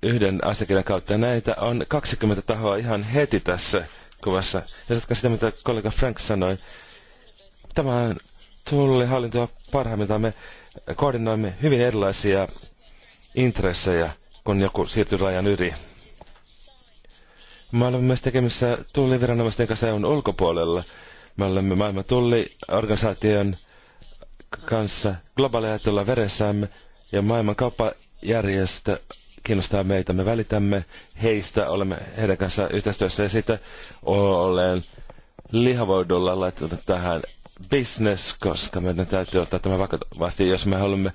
yhden asiakirjan kautta. Näitä on 20 tahoa ihan heti tässä kuvassa. Ja sitä, mitä kollega Frank sanoi. Tämä on tullihallintoa parhaimmiltaan. Me koordinoimme hyvin erilaisia intressejä, kun joku siirtyy rajan yli. Me olemme myös tekemissä tulliviranomaisten kanssa EUn ulkopuolella. Me olemme maailman tulliorganisaation kanssa globaaleja veressämme ja maailman kauppajärjestö kiinnostaa meitä. Me välitämme heistä, olemme heidän kanssa yhteistyössä ja siitä olen lihavoidulla laittanut tähän business, koska meidän täytyy ottaa tämä vakavasti, jos me haluamme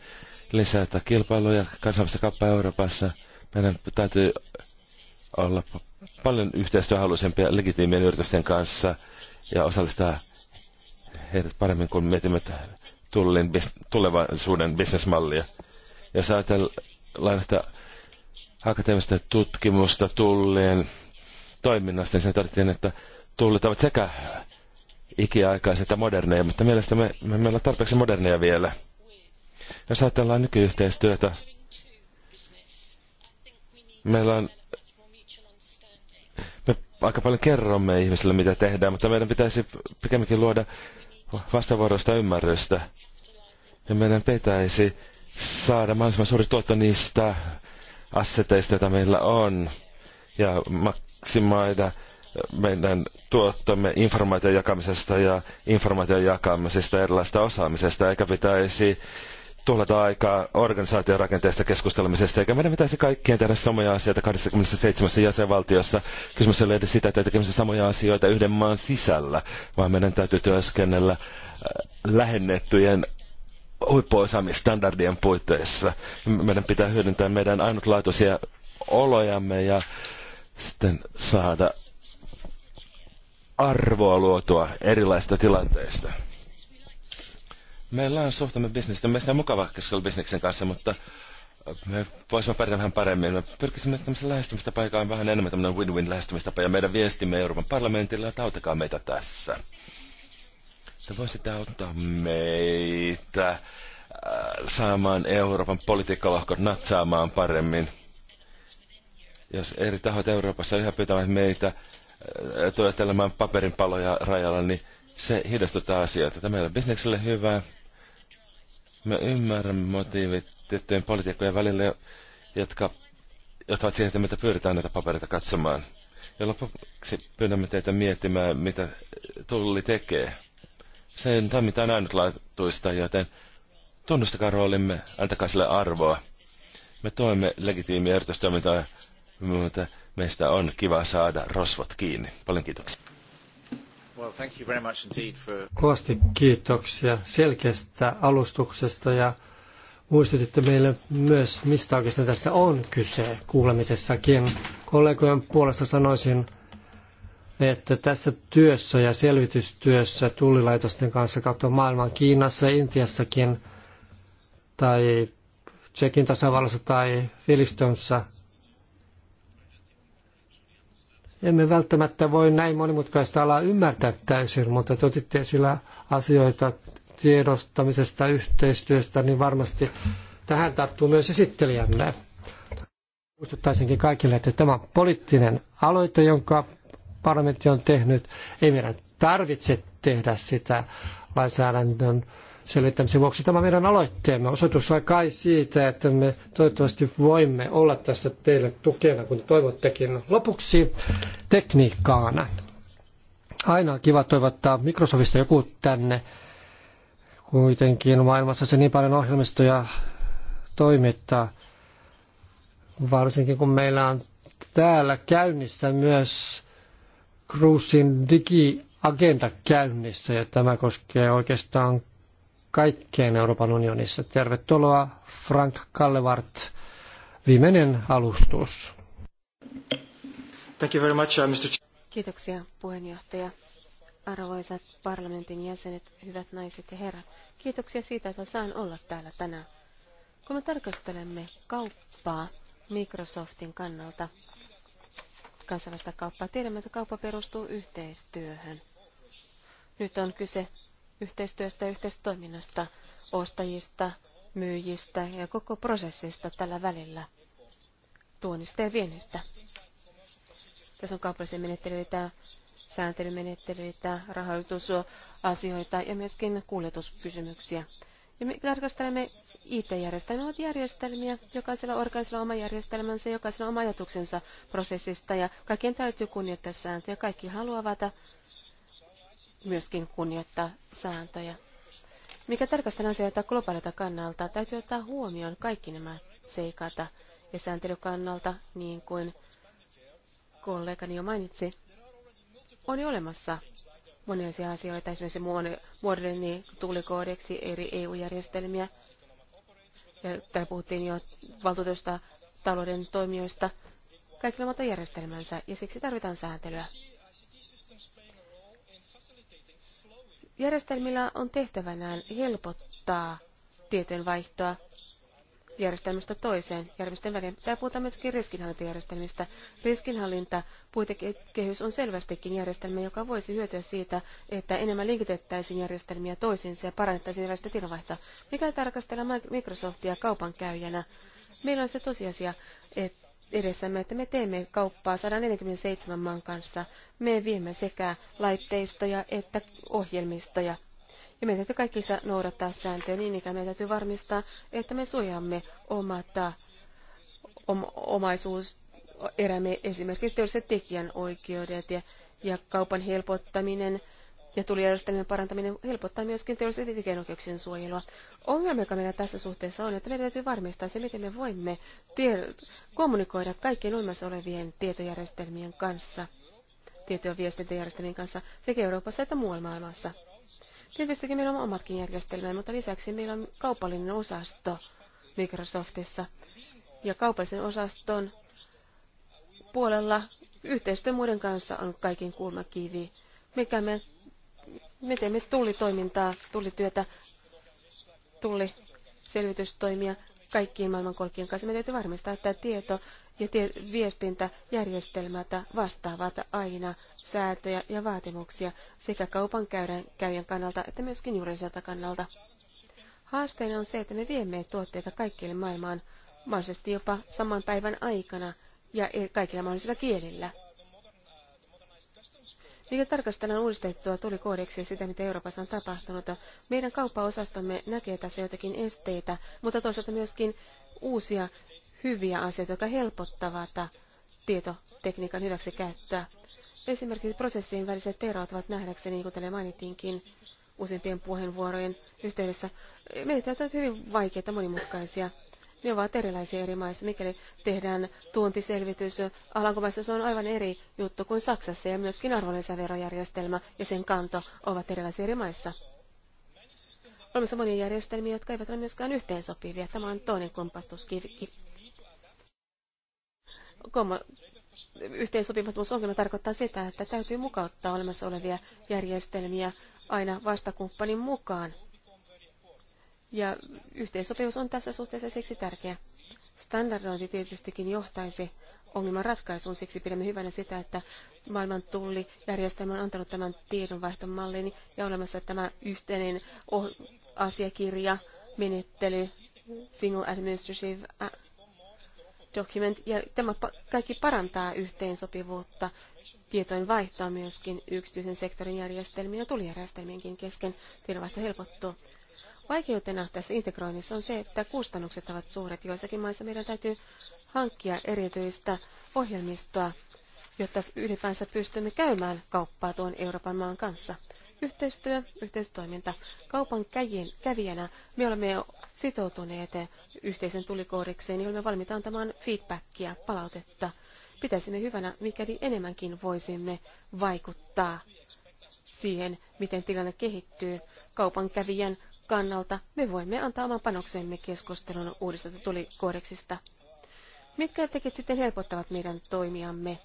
lisätä kilpailuja kansainvälistä kauppaa Euroopassa. Meidän täytyy olla paljon yhteistyöhaluisempia legitiimien yritysten kanssa ja osallistaa heidät paremmin, kuin mietimme tullin, tulevaisuuden bisnesmallia. Jos ajatellaan, että akateemista tutkimusta tulleen toiminnasta, niin sen todettiin, että tullit ovat sekä ikiaikaisia että moderneja, mutta mielestäni me, me, meillä on tarpeeksi moderneja vielä. Jos ajatellaan nykyyhteistyötä, meillä on aika paljon kerromme ihmisille, mitä tehdään, mutta meidän pitäisi pikemminkin luoda vastavuoroista ymmärrystä. Ja meidän pitäisi saada mahdollisimman suuri tuotto niistä asseteista, joita meillä on, ja maksimaida meidän tuottomme informaation jakamisesta ja informaation jakamisesta erilaista osaamisesta, eikä pitäisi tuhlata aikaa organisaatiorakenteesta keskustelemisesta, eikä meidän pitäisi kaikkien tehdä samoja asioita 27 jäsenvaltiossa. Kysymys ei ole edes sitä, että tekemisissä samoja asioita yhden maan sisällä, vaan meidän täytyy työskennellä äh, lähennettyjen huippuosaamistandardien puitteissa. Meidän pitää hyödyntää meidän ainutlaatuisia olojamme ja sitten saada arvoa luotua erilaisista tilanteista. Meillä on suhtamme bisnestä. Meistä on mukava keskustella bisneksen kanssa, mutta äh, me voisimme pärjätä vähän paremmin. Me pyrkisimme tämmöistä lähestymistä paikkaan vähän enemmän tämmöinen win-win lähestymistapa. Ja meidän viestimme Euroopan parlamentilla että autakaa meitä tässä. Te voisitte auttaa meitä äh, saamaan Euroopan politiikkalohkot natsaamaan paremmin. Jos eri tahot Euroopassa yhä pyytävät meitä äh, tuottelemaan paperinpaloja rajalla, niin se hidastuttaa asioita. Tämä ei ole bisnekselle hyvää. Mä ymmärrän motiivit tiettyjen poliitikkojen välillä, jotka, jotka ovat siihen, että mitä pyydetään näitä papereita katsomaan. Ja lopuksi pyydämme teitä miettimään, mitä tulli tekee. Se ei ole mitään ainutlaatuista, joten tunnustakaa roolimme, antakaa sille arvoa. Me toimme legitiimiä erityistoimintaa, mutta meistä on kiva saada rosvot kiinni. Paljon kiitoksia. Kovasti kiitoksia selkeästä alustuksesta ja muistutitte meille myös, mistä oikeastaan tässä on kyse kuulemisessakin. Kollegojen puolesta sanoisin, että tässä työssä ja selvitystyössä tullilaitosten kanssa kautta maailman Kiinassa ja Intiassakin tai Tsekin tasavallassa tai Filistonsa – emme välttämättä voi näin monimutkaista alaa ymmärtää täysin, mutta te otitte esillä asioita tiedostamisesta, yhteistyöstä, niin varmasti tähän tarttuu myös esittelijämme. Muistuttaisinkin kaikille, että tämä on poliittinen aloite, jonka parlamentti on tehnyt. Ei meidän tarvitse tehdä sitä lainsäädännön selvittämisen vuoksi tämä meidän aloitteemme osoitus vai kai siitä, että me toivottavasti voimme olla tässä teille tukena, kun toivottekin. Lopuksi tekniikkaana. Aina on kiva toivottaa Microsoftista joku tänne. Kuitenkin maailmassa se niin paljon ohjelmistoja toimittaa. Varsinkin kun meillä on täällä käynnissä myös Cruisin digiagenda käynnissä ja tämä koskee oikeastaan kaikkeen Euroopan unionissa. Tervetuloa Frank Kallevart, viimeinen alustus. Thank you very much, uh, Mr. Kiitoksia puheenjohtaja. Arvoisat parlamentin jäsenet, hyvät naiset ja herrat, kiitoksia siitä, että saan olla täällä tänään. Kun me tarkastelemme kauppaa Microsoftin kannalta, kansainvälistä kauppaa, tiedämme, että kauppa perustuu yhteistyöhön. Nyt on kyse yhteistyöstä, yhteistoiminnasta, ostajista, myyjistä ja koko prosessista tällä välillä, tuonnista ja viennistä. Tässä on kaupallisia menettelyitä, sääntelymenettelyitä, rahoitusasioita ja myöskin kuljetuskysymyksiä. Ja me tarkastelemme it järjestelmiä ovat järjestelmiä, jokaisella organisella oma järjestelmänsä, jokaisella oma ajatuksensa prosessista ja kaikkien täytyy kunnioittaa sääntöjä. Kaikki haluavat myöskin kunnioittaa sääntöjä. Mikä tarkastellaan asioita globaalilta kannalta, täytyy ottaa huomioon kaikki nämä seikat ja sääntelykannalta, niin kuin kollegani jo mainitsi, on jo olemassa monenlaisia asioita, esimerkiksi moderni tuulikoodeksi eri EU-järjestelmiä. Ja täällä puhuttiin jo valtuutusta talouden toimijoista. Kaikilla muuta järjestelmänsä ja siksi tarvitaan sääntelyä. Järjestelmillä on tehtävänään helpottaa tietojenvaihtoa järjestelmästä toiseen järjestelmän väliin. Tämä puhutaan myöskin riskinhallintajärjestelmistä. Riskinhallinta kehys on selvästikin järjestelmä, joka voisi hyötyä siitä, että enemmän linkitettäisiin järjestelmiä toisiinsa ja parannettaisiin järjestelmän tiedonvaihtoa. Mikä tarkastellaan Microsoftia kaupankäyjänä? Meillä on se tosiasia, että edessämme, että me teemme kauppaa 147 maan kanssa. Me viemme sekä laitteistoja että ohjelmistoja. Ja meidän täytyy kaikissa noudattaa sääntöjä, niin että meidän täytyy varmistaa, että me suojaamme omata äh, om, omaisuus, erämme esimerkiksi teolliset tekijänoikeudet ja, ja kaupan helpottaminen – ja tulijärjestelmien parantaminen helpottaa myöskin teollisuus- ja tekijänoikeuksien suojelua. Ongelma, joka meillä tässä suhteessa on, että meidän täytyy varmistaa se, miten me voimme kommunikoida kaikkien olemassa olevien tietojärjestelmien kanssa, tieto- ja viestintäjärjestelmien kanssa sekä Euroopassa että muualla maailmassa. Tietystikin meillä on omatkin järjestelmät, mutta lisäksi meillä on kaupallinen osasto Microsoftissa. Ja kaupallisen osaston puolella yhteistyö muiden kanssa on kaikin kulmakivi. Mikä me me teemme tullitoimintaa, tullityötä, tulliselvitystoimia kaikkiin maailmankolkien kanssa. Me täytyy varmistaa, että tieto ja tie- viestintäjärjestelmät vastaavat aina sääntöjä ja vaatimuksia sekä kaupan käyjän kannalta että myöskin juuriselta kannalta. Haasteena on se, että me viemme tuotteita kaikkialle maailmaan, mahdollisesti jopa saman päivän aikana ja e- kaikilla mahdollisilla kielillä. Mikä tarkastellaan uudistettua tulikoodeksia sitä, mitä Euroopassa on tapahtunut. Meidän kauppaosastomme näkee tässä jotakin esteitä, mutta toisaalta myöskin uusia hyviä asioita, jotka helpottavat tietotekniikan käyttöä. Esimerkiksi prosessien väliset erot ovat nähdäkseni, niin kuin täällä mainittiinkin useimpien puheenvuorojen yhteydessä, meitä ovat hyvin vaikeita monimutkaisia ne ovat erilaisia eri maissa. Mikäli tehdään tuontiselvitys, Alankomaissa se on aivan eri juttu kuin Saksassa ja myöskin arvonlisäverojärjestelmä ja sen kanto ovat erilaisia eri maissa. Olemassa monia järjestelmiä, jotka eivät ole myöskään yhteensopivia. Tämä on toinen kompastuskivi. Komma, yhteensopimattomuusongelma tarkoittaa sitä, että täytyy mukauttaa olemassa olevia järjestelmiä aina vastakumppanin mukaan. Ja yhteensopimus on tässä suhteessa siksi tärkeä. Standardointi tietystikin johtaisi ongelman ratkaisuun, siksi pidämme hyvänä sitä, että maailman tullijärjestelmä on antanut tämän tiedonvaihtomallin ja olemassa tämä yhteinen asiakirja, menettely, single administrative document, ja tämä kaikki parantaa yhteensopivuutta, tietojen vaihtoa myöskin yksityisen sektorin järjestelmien ja tulijärjestelmienkin kesken, tiedonvaihto helpottuu. Vaikeutena tässä integroinnissa on se, että kustannukset ovat suuret. Joissakin maissa meidän täytyy hankkia erityistä ohjelmistoa, jotta ylipäänsä pystymme käymään kauppaa tuon Euroopan maan kanssa. Yhteistyö, yhteistoiminta. Kaupan kävijänä me olemme jo sitoutuneet yhteisen tulikoodikseen, niin olemme valmiita antamaan feedbackia, palautetta. Pitäisimme hyvänä, mikäli enemmänkin voisimme vaikuttaa siihen, miten tilanne kehittyy kaupan kävijän kannalta me voimme antaa oman panoksemme keskustelun uudistettu tulikodeksista. Mitkä tekijät sitten helpottavat meidän toimiamme?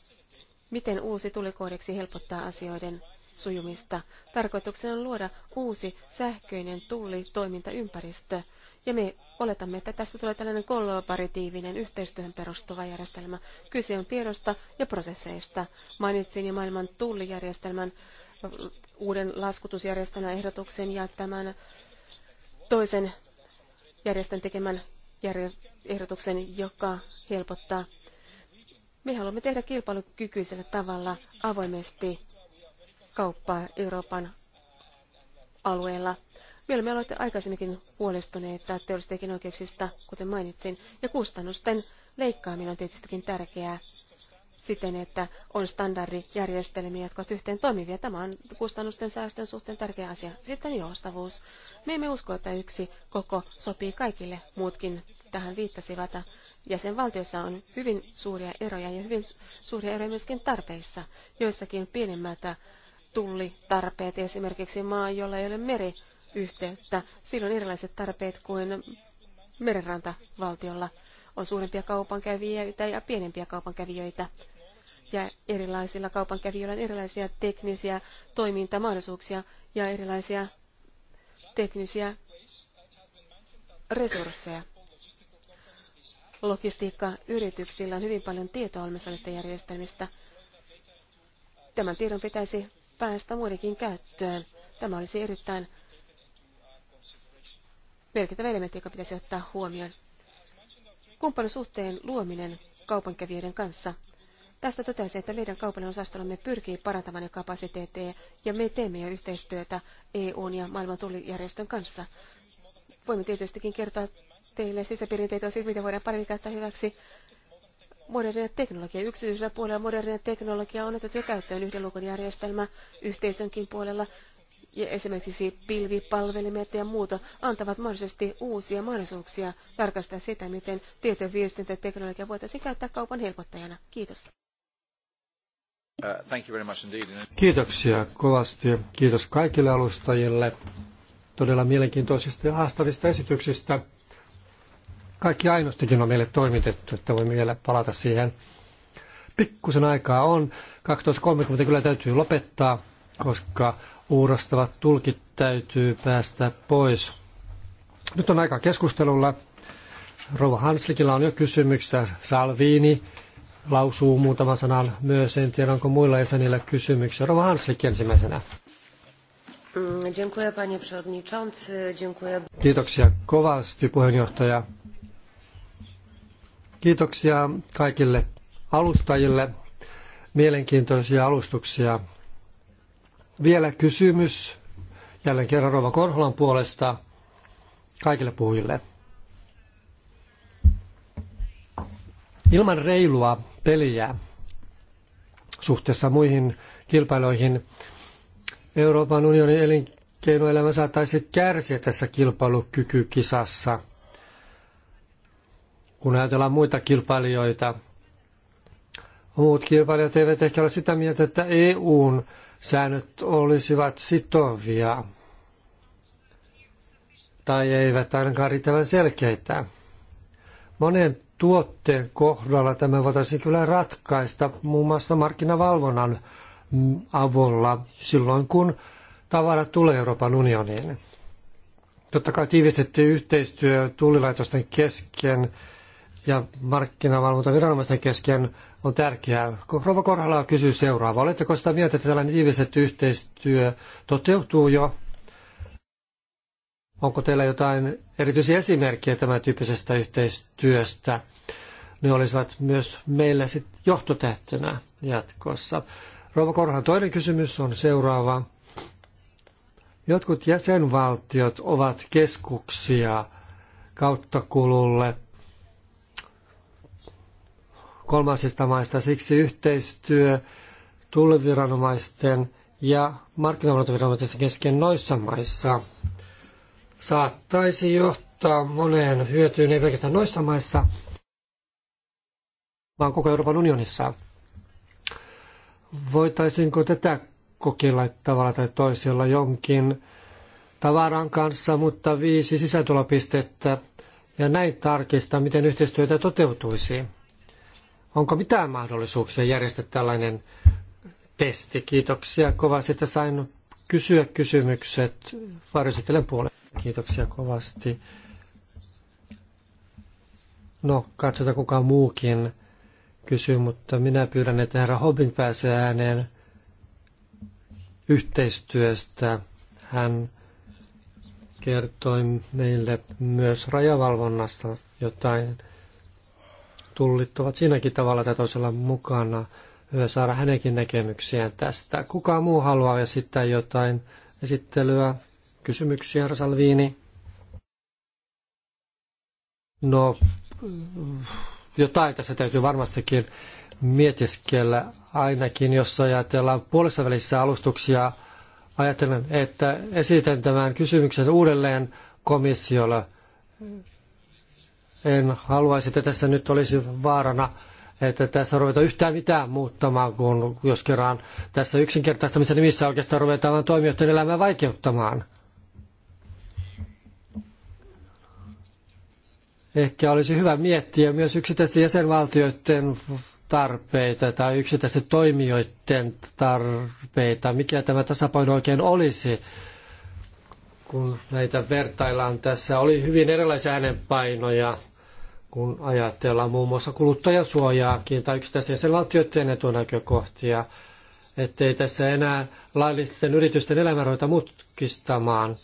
Miten uusi tulikoodeksi helpottaa asioiden sujumista? Tarkoituksena on luoda uusi sähköinen tullitoimintaympäristö, ja me oletamme, että tässä tulee tällainen kollaboratiivinen yhteistyöhön perustuva järjestelmä. Kyse on tiedosta ja prosesseista. Mainitsin jo maailman tullijärjestelmän uuden laskutusjärjestelmän ehdotuksen ja tämän toisen järjestön tekemän ehdotuksen, joka helpottaa. Me haluamme tehdä kilpailukykyisellä tavalla avoimesti kauppaa Euroopan alueella. Me olemme olleet aikaisemminkin huolestuneita teollisten oikeuksista, kuten mainitsin, ja kustannusten leikkaaminen on tietystikin tärkeää, siten, että on standardijärjestelmiä, jotka ovat yhteen toimivia. Tämä on kustannusten säästön suhteen tärkeä asia. Sitten joustavuus. Me emme usko, että yksi koko sopii kaikille. Muutkin tähän viittasivat. Jäsenvaltioissa on hyvin suuria eroja ja hyvin suuria eroja myöskin tarpeissa. Joissakin pienemmät tullitarpeet, esimerkiksi maa, jolla ei ole meriyhteyttä. Silloin erilaiset tarpeet kuin merenrantavaltiolla on suurempia kaupankävijöitä ja pienempiä kaupankävijöitä ja erilaisilla kaupankävijöillä on erilaisia teknisiä toimintamahdollisuuksia ja erilaisia teknisiä resursseja. Logistiikkayrityksillä on hyvin paljon tietoa olemassa järjestelmistä. Tämän tiedon pitäisi päästä muidenkin käyttöön. Tämä olisi erittäin merkittävä elementti, joka pitäisi ottaa huomioon. Kumppanisuhteen luominen kaupankävijöiden kanssa Tästä totesi, että meidän kaupallinen osastollamme pyrkii parantamaan jo kapasiteetteja ja me teemme jo yhteistyötä EUn ja maailman tullijärjestön kanssa. Voimme tietystikin kertoa teille sisäperinteitä siitä, miten voidaan paremmin käyttää hyväksi modernia teknologia. Yksityisellä puolella modernia teknologia on otettu käyttöön yhden luukun järjestelmä yhteisönkin puolella. Ja esimerkiksi pilvipalvelimet ja muuta antavat mahdollisesti uusia mahdollisuuksia tarkastaa sitä, miten tieto- ja viestintäteknologia voitaisiin käyttää kaupan helpottajana. Kiitos. Uh, Kiitoksia kovasti. Kiitos kaikille alustajille todella mielenkiintoisista ja haastavista esityksistä. Kaikki ainostakin on meille toimitettu, että voimme vielä palata siihen. Pikkusen aikaa on. 12.30 kyllä täytyy lopettaa, koska uurastavat tulkit täytyy päästä pois. Nyt on aika keskustelulla. Rouva Hanslikilla on jo kysymyksiä. Salviini, lausuu muutaman sanan myös. En tiedä, onko muilla jäsenillä kysymyksiä. Rova Hanslik ensimmäisenä. Mm, Kiitoksia kovasti puheenjohtaja. Kiitoksia kaikille alustajille. Mielenkiintoisia alustuksia. Vielä kysymys jälleen kerran Rova Korholan puolesta kaikille puhujille. Ilman reilua peliä suhteessa muihin kilpailuihin Euroopan unionin elinkeinoelämä saattaisi kärsiä tässä kilpailukykykisassa. Kun ajatellaan muita kilpailijoita, muut kilpailijat eivät ehkä ole sitä mieltä, että EUn säännöt olisivat sitovia tai eivät ainakaan riittävän selkeitä. Monen tuotteen kohdalla tämä voitaisiin kyllä ratkaista muun muassa markkinavalvonnan avulla silloin, kun tavara tulee Euroopan unioniin. Totta kai tiivistetty yhteistyö tullilaitosten kesken ja markkinavalvontaviranomaisten kesken on tärkeää. Rova Korhala kysyy seuraavaa. Oletteko sitä mieltä, että tällainen tiivistetty yhteistyö toteutuu jo Onko teillä jotain erityisiä esimerkkejä tämän tyyppisestä yhteistyöstä? Ne olisivat myös meillä sit johtotähtönä jatkossa. Rova Korhan toinen kysymys on seuraava. Jotkut jäsenvaltiot ovat keskuksia kauttakululle kolmansista maista. Siksi yhteistyö tulliviranomaisten ja markkinavalvontaviranomaisten kesken noissa maissa saattaisi johtaa moneen hyötyyn ei pelkästään noissa maissa, vaan koko Euroopan unionissa. Voitaisinko tätä kokeilla tavalla tai toisella jonkin tavaran kanssa, mutta viisi sisätulopistettä ja näin tarkistaa, miten yhteistyötä toteutuisi. Onko mitään mahdollisuuksia järjestää tällainen testi? Kiitoksia kovasti, että sain kysyä kysymykset varjoisettelen puolelle. Kiitoksia kovasti. No, katsotaan kuka muukin kysyy, mutta minä pyydän, että herra Hobbin pääsee ääneen yhteistyöstä. Hän kertoi meille myös rajavalvonnasta jotain. Tullit ovat siinäkin tavalla tai toisella mukana. Hyvä saada hänenkin näkemyksiään tästä. Kuka muu haluaa esittää jotain esittelyä? Kysymyksiä, herra Salviini? No, jotain tässä täytyy varmastikin mietiskellä ainakin, jos ajatellaan puolessa välissä alustuksia. Ajattelen, että esitän tämän kysymyksen uudelleen komissiolle. En haluaisi, että tässä nyt olisi vaarana, että tässä ruvetaan yhtään mitään muuttamaan, kun jos kerran tässä yksinkertaistamisen nimissä oikeastaan ruvetaan toimijoiden elämää vaikeuttamaan – Ehkä olisi hyvä miettiä myös yksittäisten jäsenvaltioiden tarpeita tai yksittäisten toimijoiden tarpeita, mikä tämä tasapaino oikein olisi, kun näitä vertaillaan. Tässä oli hyvin erilaisia äänenpainoja, kun ajatellaan muun muassa kuluttajasuojaakin tai yksittäisten jäsenvaltioiden etunäkökohtia, ettei tässä enää laillisten yritysten elämäroita mutkistamaan,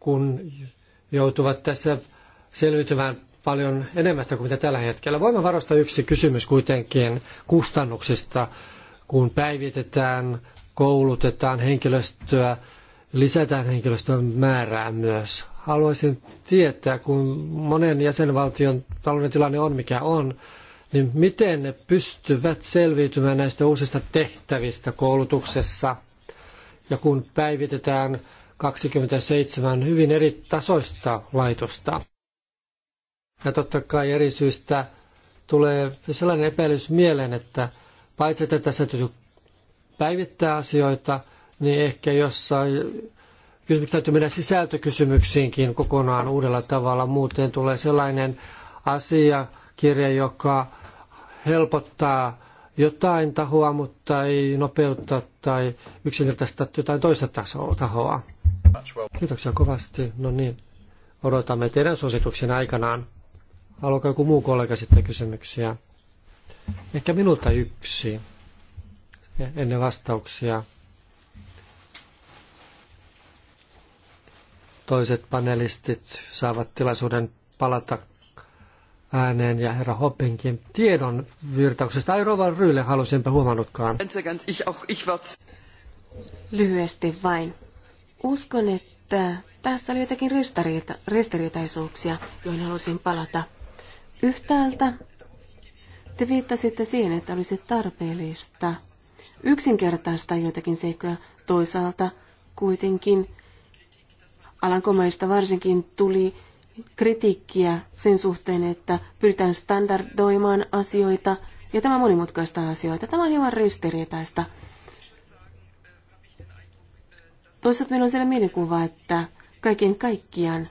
kun joutuvat tässä selviytymään paljon enemmästä kuin mitä tällä hetkellä. Voimavaroista yksi kysymys kuitenkin kustannuksista, kun päivitetään, koulutetaan henkilöstöä, lisätään henkilöstön määrää myös. Haluaisin tietää, kun monen jäsenvaltion talouden tilanne on mikä on, niin miten ne pystyvät selviytymään näistä uusista tehtävistä koulutuksessa ja kun päivitetään 27 hyvin eri tasoista laitosta. Ja totta kai eri syistä tulee sellainen epäilys mieleen, että paitsi että tässä täytyy päivittää asioita, niin ehkä jossain kysymyksessä täytyy mennä sisältökysymyksiinkin kokonaan uudella tavalla. Muuten tulee sellainen asiakirja, joka helpottaa jotain tahoa, mutta ei nopeutta tai yksinkertaista jotain toista tahoa. Kiitoksia kovasti. No niin, odotamme teidän suosituksen aikanaan. Haluaako joku muu kollega sitten kysymyksiä? Ehkä minulta yksi ennen vastauksia. Toiset panelistit saavat tilaisuuden palata ääneen ja herra Hoppinkin tiedon virtauksesta. Ai Rovan Ryyle halusinpä huomannutkaan. Lyhyesti vain. Uskon, että tässä oli jotakin ristiriita, ristiriitaisuuksia, joihin halusin palata. Yhtäältä te viittasitte siihen, että olisi tarpeellista yksinkertaistaa joitakin seikkoja. Toisaalta kuitenkin Alankomaista varsinkin tuli kritiikkiä sen suhteen, että pyritään standardoimaan asioita ja tämä monimutkaista asioita. Tämä on hieman ristiriitaista. Toisaalta minulla on siellä mielikuva, että kaiken kaikkiaan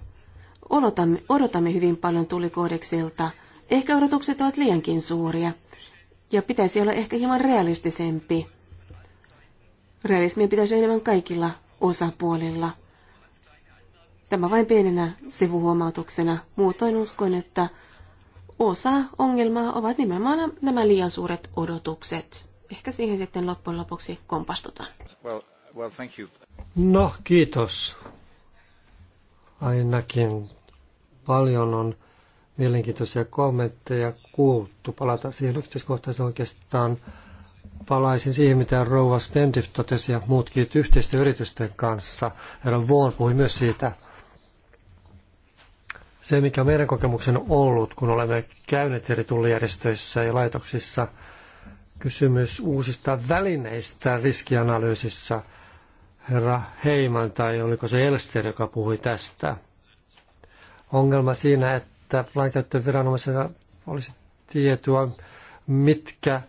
odotamme, odotamme hyvin paljon tulikoodekselta. Ehkä odotukset ovat liiankin suuria ja pitäisi olla ehkä hieman realistisempi. Realismia pitäisi enemmän kaikilla osapuolilla. Tämä vain pienenä sivuhuomautuksena. Muutoin uskon, että osa ongelmaa ovat nimenomaan nämä liian suuret odotukset. Ehkä siihen sitten loppujen lopuksi kompastutaan. Well, well, thank you. No, kiitos. Ainakin Paljon on mielenkiintoisia kommentteja kuultu. Palataan siihen yksityiskohtaisesti oikeastaan. Palaisin siihen, mitä Rouva Spendif totesi ja muutkin yhteistyöyritysten kanssa. Herra Vuon puhui myös siitä. Se, mikä meidän kokemuksen on ollut, kun olemme käyneet eri tullijärjestöissä ja laitoksissa, kysymys uusista välineistä riskianalyysissä. Herra Heiman tai oliko se Elster, joka puhui tästä ongelma siinä, että lainkäyttöviranomaisena olisi tietoa, mitkä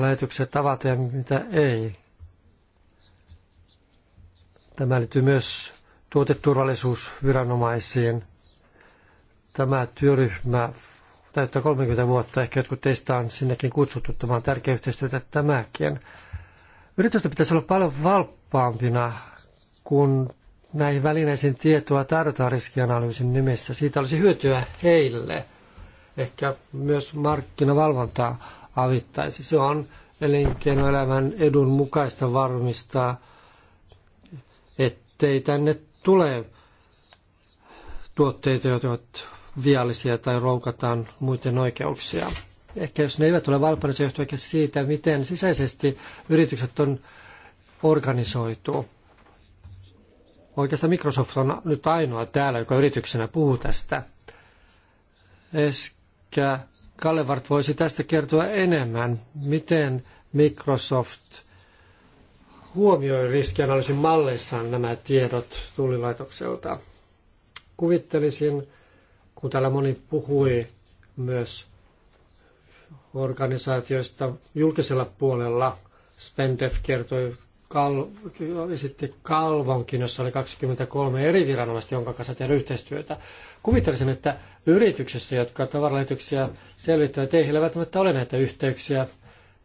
lähetykset avata ja mitä ei. Tämä liittyy myös tuoteturvallisuusviranomaisiin. Tämä työryhmä täyttää 30 vuotta, ehkä jotkut teistä on sinnekin kutsuttu. Tämä on tärkeä yhteistyötä tämäkin. Yritystä pitäisi olla paljon valppaampina, kun näihin välineisiin tietoa tarjotaan riskianalyysin nimissä. Siitä olisi hyötyä heille. Ehkä myös markkinavalvontaa avittaisi. Se on elinkeinoelämän edun mukaista varmistaa, ettei tänne tule tuotteita, jotka ovat viallisia tai roukataan muiden oikeuksia. Ehkä jos ne eivät ole valppaina, niin se johtuu ehkä siitä, miten sisäisesti yritykset on organisoitu Oikeastaan Microsoft on nyt ainoa täällä, joka yrityksenä puhuu tästä. Eskä Kallevart voisi tästä kertoa enemmän, miten Microsoft huomioi riskianalyysin malleissaan nämä tiedot tullilaitokselta. Kuvittelisin, kun täällä moni puhui myös organisaatioista julkisella puolella, Spendef kertoi kal, esitti Kalvonkin, jossa oli 23 eri viranomaista, jonka kanssa tehdä yhteistyötä. Kuvittelisin, että yrityksessä, jotka tavaralähetyksiä selvittävät, ei heillä välttämättä ole näitä yhteyksiä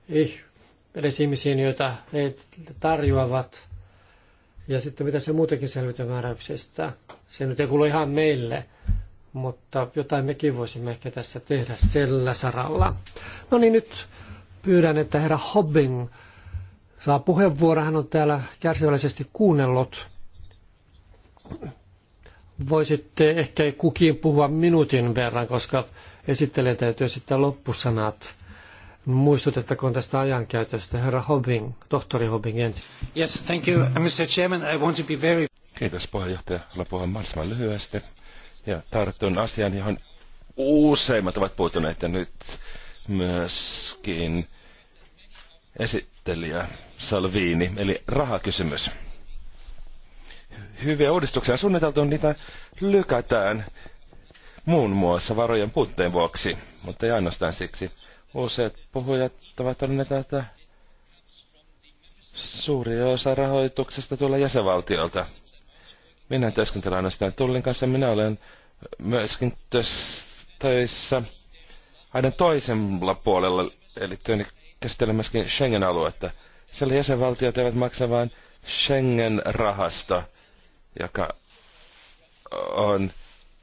ei, edes ihmisiin, joita he tarjoavat. Ja sitten mitä se muutenkin selvitymääräyksistä, Se nyt ei kuulu ihan meille, mutta jotain mekin voisimme ehkä tässä tehdä sillä saralla. No niin, nyt pyydän, että herra Hobbing saa puheenvuoron. Hän on täällä kärsivällisesti kuunnellut. Voisitte ehkä kukin puhua minuutin verran, koska esittelen täytyy sitten loppusanat. Muistutettakoon tästä ajankäytöstä. Herra Hobbing, tohtori Hobbing ensin. Yes, thank you, uh, Mr. Chairman. I want to be very... Kiitos puheenjohtaja. Haluan puhua mahdollisimman lyhyesti. Ja tartun asian, johon useimmat ovat puuttuneet ja nyt myöskin esittelijä Salvini, eli rahakysymys. Hyviä uudistuksia on suunniteltu, niitä lykätään muun muassa varojen puutteen vuoksi, mutta ei ainoastaan siksi. Useat puhujat ovat todenneet, että suuri osa rahoituksesta tulee jäsenvaltiolta. Minä työskentelen ainoastaan Tullin kanssa, minä olen myöskin töissä aina toisella puolella, eli työni käsittelee myöskin Schengen-aluetta. Siellä jäsenvaltiot eivät maksa vain Schengen-rahasta, joka on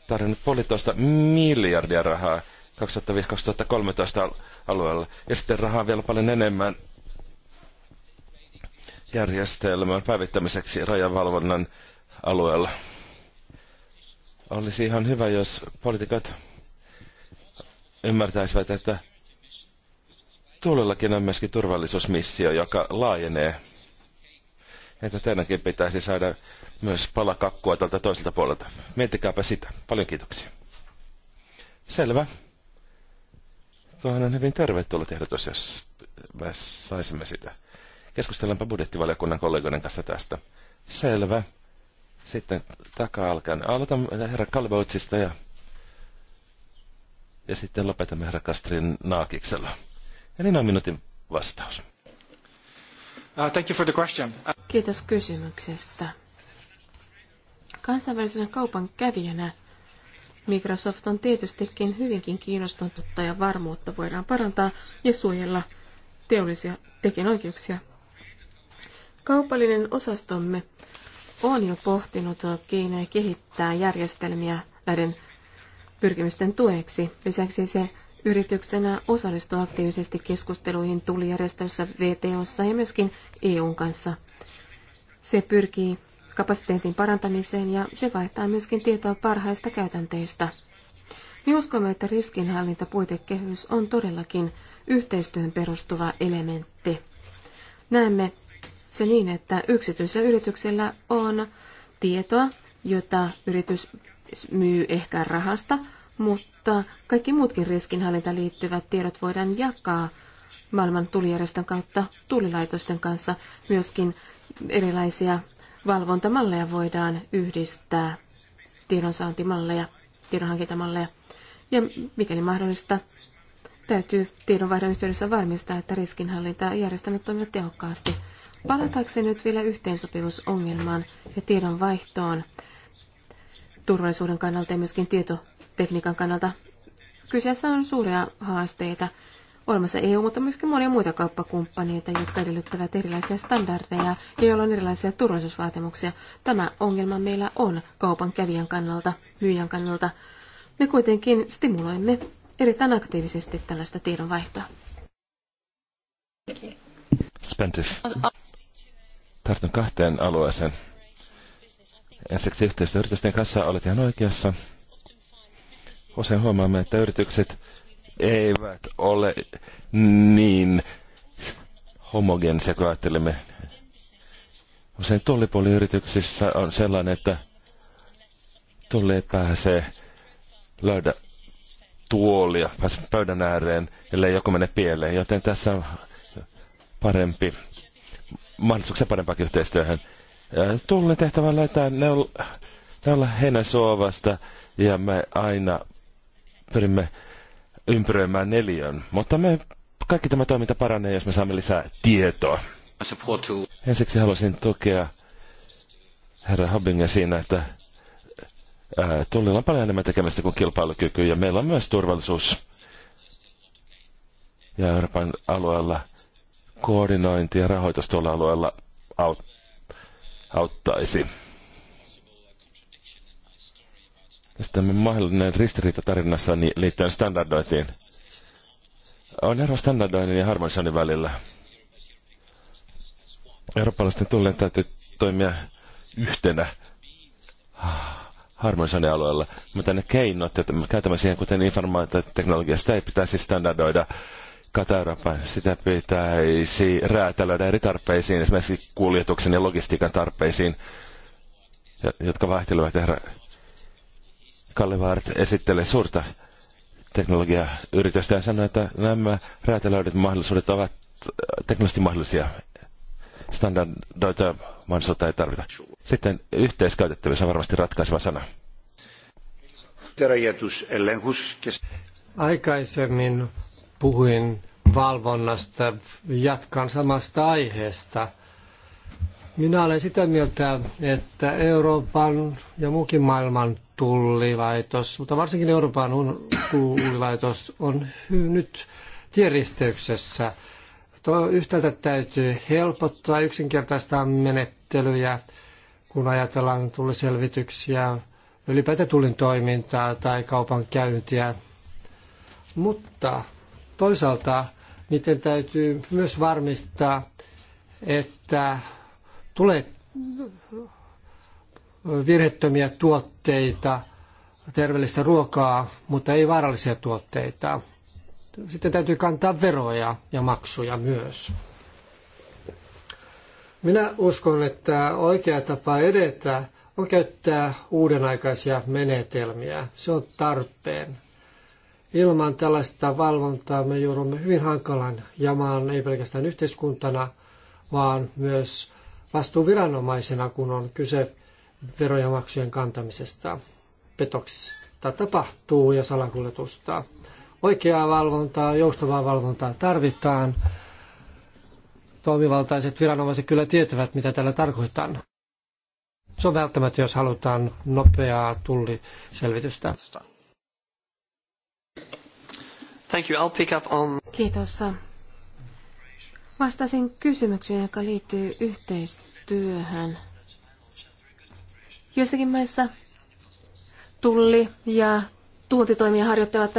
tarjonnut puolitoista miljardia rahaa 2005-2013 alueella. Ja sitten rahaa vielä paljon enemmän järjestelmän päivittämiseksi rajavalvonnan alueella. Olisi ihan hyvä, jos poliitikot ymmärtäisivät, että Tuulellakin on myöskin turvallisuusmissio, joka laajenee. Että teidänkin pitäisi saada myös kakkua tältä toiselta puolelta. Miettikääpä sitä. Paljon kiitoksia. Selvä. Tuohan on hyvin tervetullut ehdotus, jos me saisimme sitä. Keskustellaanpa budjettivaliokunnan kollegoiden kanssa tästä. Selvä. Sitten takaa alkaen. Aloitan herra Kalvoitsista ja, ja sitten lopetamme herra Kastrin naakiksella. Ja niin on minuutin vastaus. Uh, thank you for the question. Uh, Kiitos kysymyksestä. Kansainvälisenä kaupan kävijänä Microsoft on tietystikin hyvinkin kiinnostunut ja varmuutta voidaan parantaa ja suojella teollisia tekijänoikeuksia. Kaupallinen osastomme on jo pohtinut keinoja kehittää järjestelmiä näiden pyrkimysten tueksi. Lisäksi se yrityksenä osallistua aktiivisesti keskusteluihin tulijärjestössä VTOssa ja myöskin EUn kanssa. Se pyrkii kapasiteetin parantamiseen ja se vaihtaa myöskin tietoa parhaista käytänteistä. Me uskomme, että riskinhallintapuitekehys on todellakin yhteistyön perustuva elementti. Näemme se niin, että yksityisellä yrityksellä on tietoa, jota yritys myy ehkä rahasta mutta kaikki muutkin riskinhallinta liittyvät tiedot voidaan jakaa maailman tulijärjestön kautta tulilaitosten kanssa. Myöskin erilaisia valvontamalleja voidaan yhdistää, tiedonsaantimalleja, tiedonhankintamalleja. Ja mikäli mahdollista, täytyy tiedonvaihdon yhteydessä varmistaa, että riskinhallinta ja järjestelmät toimivat tehokkaasti. Palatakseni nyt vielä yhteensopivuusongelmaan ja tiedonvaihtoon turvallisuuden kannalta ja myöskin tieto, tekniikan kannalta. Kyseessä on suuria haasteita. Olemassa EU, mutta myöskin monia muita kauppakumppaneita, jotka edellyttävät erilaisia standardeja ja joilla on erilaisia turvallisuusvaatimuksia. Tämä ongelma meillä on kaupan kävijän kannalta, myyjän kannalta. Me kuitenkin stimuloimme erittäin aktiivisesti tällaista tiedonvaihtoa. Spentif. Tartun kahteen alueeseen. Ensiksi yhteistyöyritysten kanssa olet ihan oikeassa. Usein huomaamme, että yritykset eivät ole niin homogeenisia kuin ajattelemme. Usein tullipuoliyrityksissä on sellainen, että tulli pääsee löydä tuolia, pääsee pöydän ääreen, ellei joku mene pieleen. Joten tässä on parempi, mahdollisuuksia parempaakin yhteistyöhön. Tullin tehtävä löytää neul, neula heinäsuovasta ja me aina pyrimme ympyröimään neljön. Mutta me, kaikki tämä toiminta paranee, jos me saamme lisää tietoa. Ensiksi haluaisin tukea herra Hobbinga siinä, että ää, tullilla on paljon enemmän tekemistä kuin kilpailukyky, ja meillä on myös turvallisuus. Ja Euroopan alueella koordinointi ja rahoitus tuolla alueella aut- auttaisi. Ja sitten mahdollinen ristiriita tarinassa niin liittyen standardoisiin. On ero standardoinnin ja harmonisoinnin välillä. Eurooppalaisten tulleen täytyy toimia yhtenä harmonisoinnin alueella, mutta ne keinot, joita me käytämme siihen, kuten informaatioteknologia, sitä ei pitäisi standardoida kata Euroopan. Sitä pitäisi räätälöidä eri tarpeisiin, esimerkiksi kuljetuksen ja logistiikan tarpeisiin, jotka vaihtelevat. Kallevaaret esittelee suurta teknologiayritystä ja sanoi, että nämä räätälöidyt mahdollisuudet ovat äh, teknisesti mahdollisia. Standardoita mahdollisuutta ei tarvita. Sitten yhteiskäytettävyys on varmasti ratkaiseva sana. Aikaisemmin puhuin valvonnasta. Jatkan samasta aiheesta. Minä olen sitä mieltä, että Euroopan ja muukin maailman tullilaitos, mutta varsinkin Euroopan tullilaitos on nyt tieristeyksessä. yhtäältä täytyy helpottaa yksinkertaistaa menettelyjä, kun ajatellaan tulliselvityksiä, ylipäätään tullin toimintaa tai kaupan käyntiä. Mutta toisaalta niiden täytyy myös varmistaa, että tulee virheettömiä tuotteita, terveellistä ruokaa, mutta ei vaarallisia tuotteita. Sitten täytyy kantaa veroja ja maksuja myös. Minä uskon, että oikea tapa edetä on käyttää uudenaikaisia menetelmiä. Se on tarpeen. Ilman tällaista valvontaa me joudumme hyvin hankalan jamaan, ei pelkästään yhteiskuntana, vaan myös vastuuviranomaisena, kun on kyse veroja maksujen kantamisesta. Petoksista tapahtuu ja salakuljetusta. Oikeaa valvontaa, joustavaa valvontaa tarvitaan. Toimivaltaiset viranomaiset kyllä tietävät, mitä tällä tarkoitan. Se on välttämättä, jos halutaan nopeaa tulliselvitystä. Thank you. I'll pick up on... Kiitos. Vastasin kysymykseen, joka liittyy yhteistyöhön Joissakin maissa tulli ja tuontitoimia harjoittavat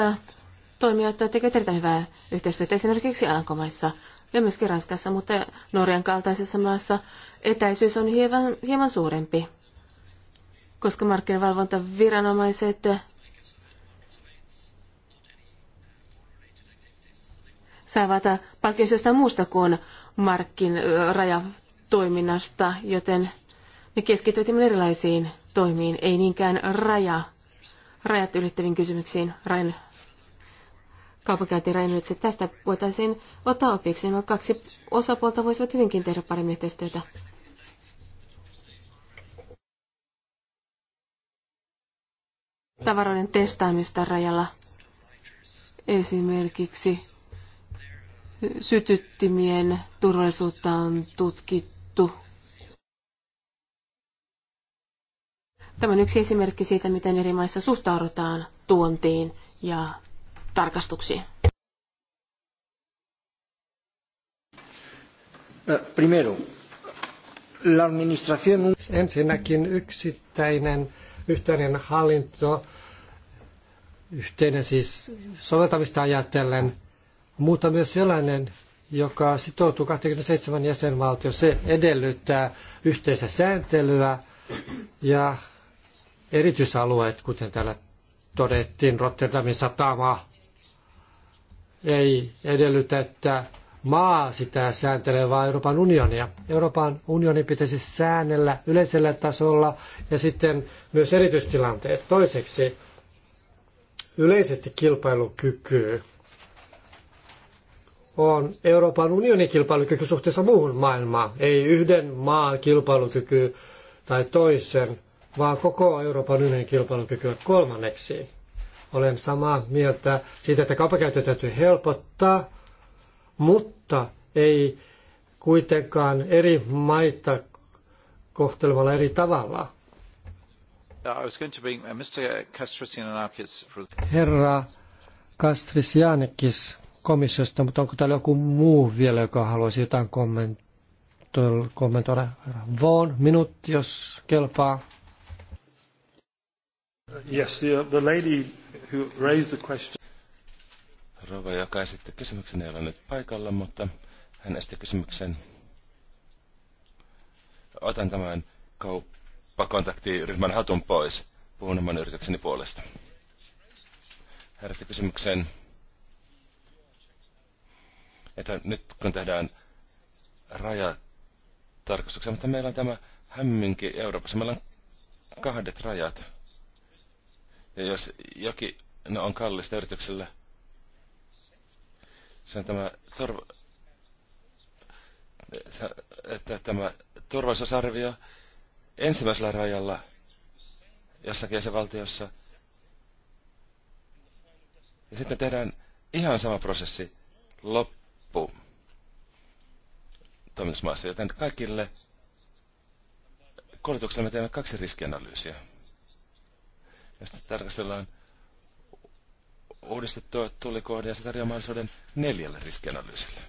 toimijat tekevät erittäin hyvää yhteistyötä esimerkiksi Alankomaissa ja myöskin Ranskassa, mutta Norjan kaltaisessa maassa etäisyys on hieman, hieman suurempi, koska markkinavalvontaviranomaiset saavat palkkiosta muusta kuin markkin rajatoiminnasta, joten me keskitytimme erilaisiin toimiin, ei niinkään raja, rajat ylittäviin kysymyksiin, rajan kaupankäyntirajan ylitse. Tästä voitaisiin ottaa opiksi. Nämä kaksi osapuolta voisivat hyvinkin tehdä paremmin yhteistyötä. Tavaroiden testaamista rajalla esimerkiksi sytyttimien turvallisuutta on tutkittu Tämä on yksi esimerkki siitä, miten eri maissa suhtaudutaan tuontiin ja tarkastuksiin. Eh, primero, la administración... Ensinnäkin yksittäinen yhteinen hallinto, yhteinen siis soveltamista ajatellen, mutta myös sellainen, joka sitoutuu 27 jäsenvaltio, se edellyttää yhteistä sääntelyä ja erityisalueet, kuten täällä todettiin, Rotterdamin satama ei edellytä, että maa sitä sääntelee, vaan Euroopan unionia. Euroopan unioni pitäisi säännellä yleisellä tasolla ja sitten myös erityistilanteet. Toiseksi yleisesti kilpailukyky on Euroopan unionin kilpailukyky suhteessa muuhun maailmaan, ei yhden maan kilpailukyky tai toisen vaan koko Euroopan unionin kilpailukykyä kolmanneksi. Olen samaa mieltä siitä, että kaupankäyttöä täytyy helpottaa, mutta ei kuitenkaan eri maita kohtelemalla eri tavalla. Uh, Herra Kastrisianekis komissiosta, mutta onko täällä joku muu vielä, joka haluaisi jotain kommentoida? kommentoida. Vaughan, minuutti, jos kelpaa. Yes, the, the lady who raised the question. Rova, joka esitti kysymyksen, ei ole nyt paikalla, mutta hän esitti kysymyksen. Otan tämän kauppakontaktiryhmän hatun pois. Puhun oman yritykseni puolesta. Hän esitti kysymyksen, että nyt kun tehdään rajatarkastuksia, mutta meillä on tämä hämminki Euroopassa. Meillä on kahdet rajat ja jos jokin no, on kallista yritykselle, se on tämä turva, että tämä turvallisuusarvio ensimmäisellä rajalla jossakin jäsenvaltiossa. Ja sitten tehdään ihan sama prosessi loppu toimitusmaassa, joten kaikille koulutuksella, me teemme kaksi riskianalyysiä ja sitten tarkastellaan uudistettua tullikoodia ja se tarjoaa mahdollisuuden neljälle riskianalyysille.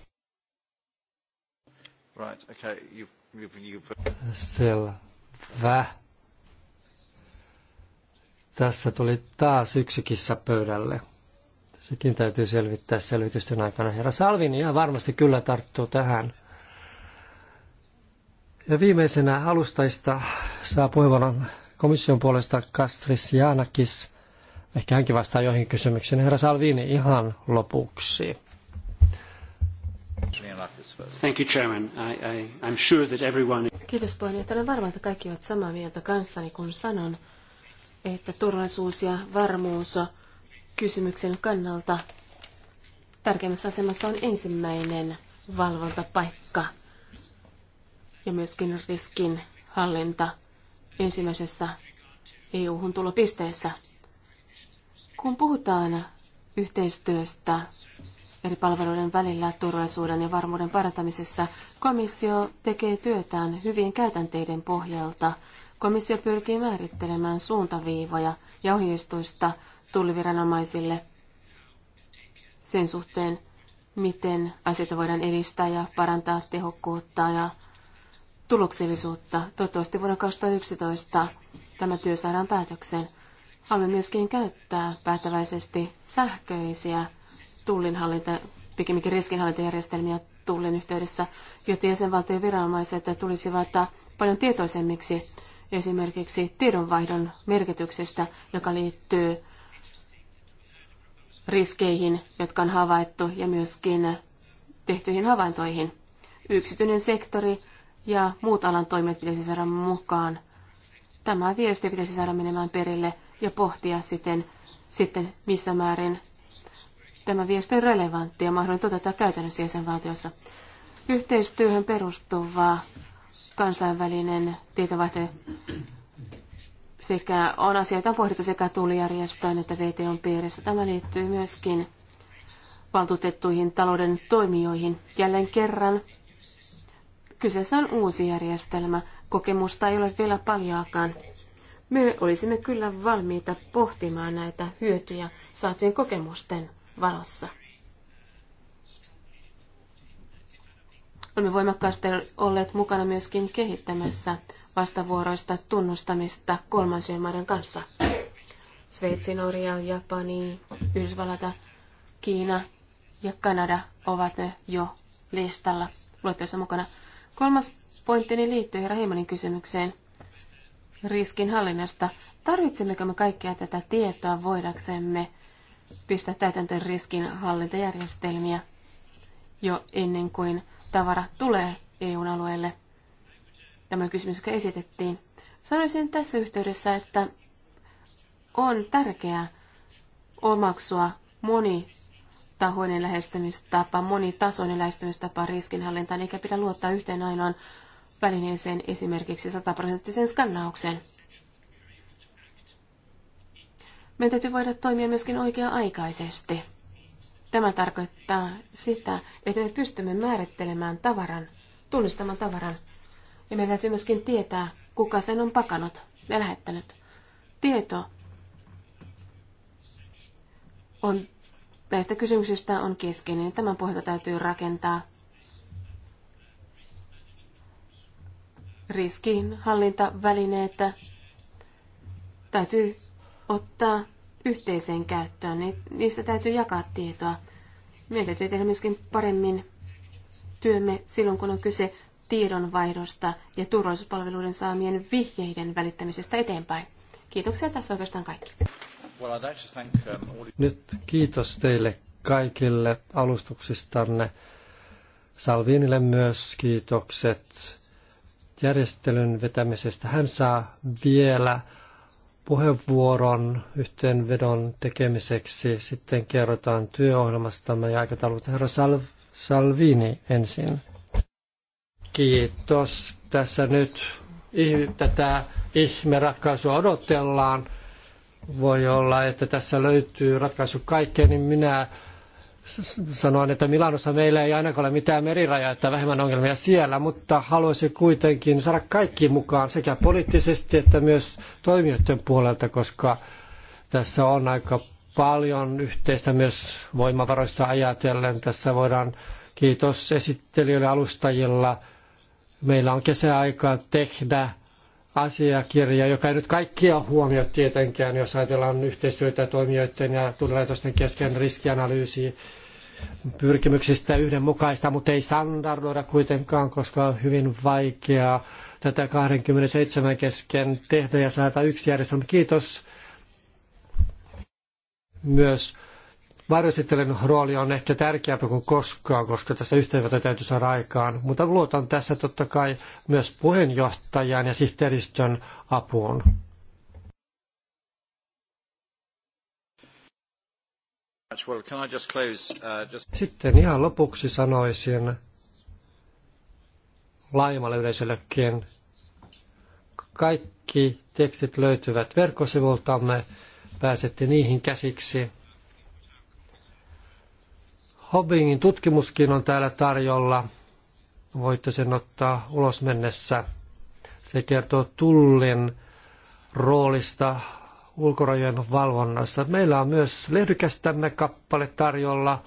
Right, okay, you've, you've, you've... Selvä. Tässä tuli taas yksi kissa pöydälle. Sekin täytyy selvittää selvitysten aikana. Herra Salvini ihan varmasti kyllä tarttuu tähän. Ja viimeisenä alustaista saa puheenvuoron komission puolesta Kastris Jaanakis. Ehkä hänkin vastaa joihin kysymyksiin. Herra Salvini ihan lopuksi. Thank you, Chairman. I, I, I'm sure that everyone... Kiitos puheenjohtaja. Olen varma, että kaikki ovat samaa mieltä kanssani, kun sanon, että turvallisuus ja varmuus kysymyksen kannalta tärkeimmässä asemassa on ensimmäinen valvontapaikka ja myöskin riskin hallinta ensimmäisessä EU-hun tulopisteessä. Kun puhutaan yhteistyöstä eri palveluiden välillä turvallisuuden ja varmuuden parantamisessa, komissio tekee työtään hyvien käytänteiden pohjalta. Komissio pyrkii määrittelemään suuntaviivoja ja ohjeistuista tulliviranomaisille sen suhteen, miten asioita voidaan edistää ja parantaa tehokkuutta ja tuloksellisuutta. Toivottavasti vuonna 2011 tämä työ saadaan päätökseen. Haluamme myöskin käyttää päättäväisesti sähköisiä tullinhallinta, pikemminkin riskinhallintajärjestelmiä tullin yhteydessä, jotta jäsenvaltion viranomaiset tulisivat paljon tietoisemmiksi esimerkiksi tiedonvaihdon merkityksestä, joka liittyy riskeihin, jotka on havaittu, ja myöskin tehtyihin havaintoihin. Yksityinen sektori ja muut alan toimijat pitäisi saada mukaan. Tämä viesti pitäisi saada menemään perille ja pohtia sitten, sitten missä määrin tämä viesti on relevantti ja mahdollinen toteuttaa käytännössä jäsenvaltiossa. Yhteistyöhön perustuva kansainvälinen tietovaihto sekä on asioita on pohdittu sekä tulijärjestöön että VTOn piirissä. Tämä liittyy myöskin valtuutettuihin talouden toimijoihin. Jälleen kerran Kyseessä on uusi järjestelmä. Kokemusta ei ole vielä paljoakaan. Me olisimme kyllä valmiita pohtimaan näitä hyötyjä saatujen kokemusten valossa. Olemme voimakkaasti olleet mukana myöskin kehittämässä vastavuoroista tunnustamista kolmansien maiden kanssa. Sveitsi, Norja, Japani, Yhdysvallat, Kiina ja Kanada ovat jo listalla luettelossa mukana. Kolmas pointtini liittyy herra kysymykseen riskinhallinnasta. Tarvitsemmeko me kaikkea tätä tietoa voidaksemme pistää täytäntöön riskinhallintajärjestelmiä jo ennen kuin tavara tulee EUn alueelle? Tämä kysymys, joka esitettiin. Sanoisin tässä yhteydessä, että on tärkeää omaksua moni monitahoinen lähestymistapa, monitasoinen lähestymistapa riskinhallintaan, eikä pidä luottaa yhteen ainoan välineeseen esimerkiksi sataprosenttiseen skannaukseen. Meidän täytyy voida toimia myöskin oikea-aikaisesti. Tämä tarkoittaa sitä, että me pystymme määrittelemään tavaran, tunnistamaan tavaran. Ja meidän täytyy myöskin tietää, kuka sen on pakanut ja lähettänyt. Tieto on näistä kysymyksistä on keskeinen. Tämän pohjalta täytyy rakentaa riskinhallintavälineet. Täytyy ottaa yhteiseen käyttöön. Niistä täytyy jakaa tietoa. Meidän täytyy tehdä myöskin paremmin työmme silloin, kun on kyse tiedonvaihdosta ja turvallisuuspalveluiden saamien vihjeiden välittämisestä eteenpäin. Kiitoksia. Tässä oikeastaan kaikki. Um, nyt kiitos teille kaikille alustuksistanne. Salvinille myös kiitokset järjestelyn vetämisestä. Hän saa vielä puheenvuoron yhteenvedon tekemiseksi. Sitten kerrotaan työohjelmastamme ja aikataulut. Herra Sal- Salvini ensin. Kiitos. Tässä nyt ih- tätä ihmeratkaisua odotellaan voi olla, että tässä löytyy ratkaisu kaikkeen, niin minä sanoin, että Milanossa meillä ei ainakaan ole mitään merirajaa, että vähemmän ongelmia siellä, mutta haluaisin kuitenkin saada kaikki mukaan sekä poliittisesti että myös toimijoiden puolelta, koska tässä on aika paljon yhteistä myös voimavaroista ajatellen. Tässä voidaan, kiitos esittelijöille alustajilla, meillä on kesäaikaa tehdä asiakirja, joka ei nyt kaikkia huomioi tietenkään, jos ajatellaan yhteistyötä toimijoiden ja tunnelaitosten kesken riskianalyysiä pyrkimyksistä yhdenmukaista, mutta ei standardoida kuitenkaan, koska on hyvin vaikeaa tätä 27 kesken tehdä ja saada yksi järjestelmä. Kiitos myös varjoesittelyn rooli on ehkä tärkeämpi kuin koskaan, koska tässä yhteenveto täytyy saada aikaan. Mutta luotan tässä totta kai myös puheenjohtajan ja sihteeristön apuun. Uh, Sitten ihan lopuksi sanoisin laajemmalle yleisöllekin. Kaikki tekstit löytyvät verkkosivultamme, pääsette niihin käsiksi. Hobbingin tutkimuskin on täällä tarjolla. Voitte sen ottaa ulos mennessä. Se kertoo tullin roolista ulkorajojen valvonnassa. Meillä on myös lehdykästämme kappale tarjolla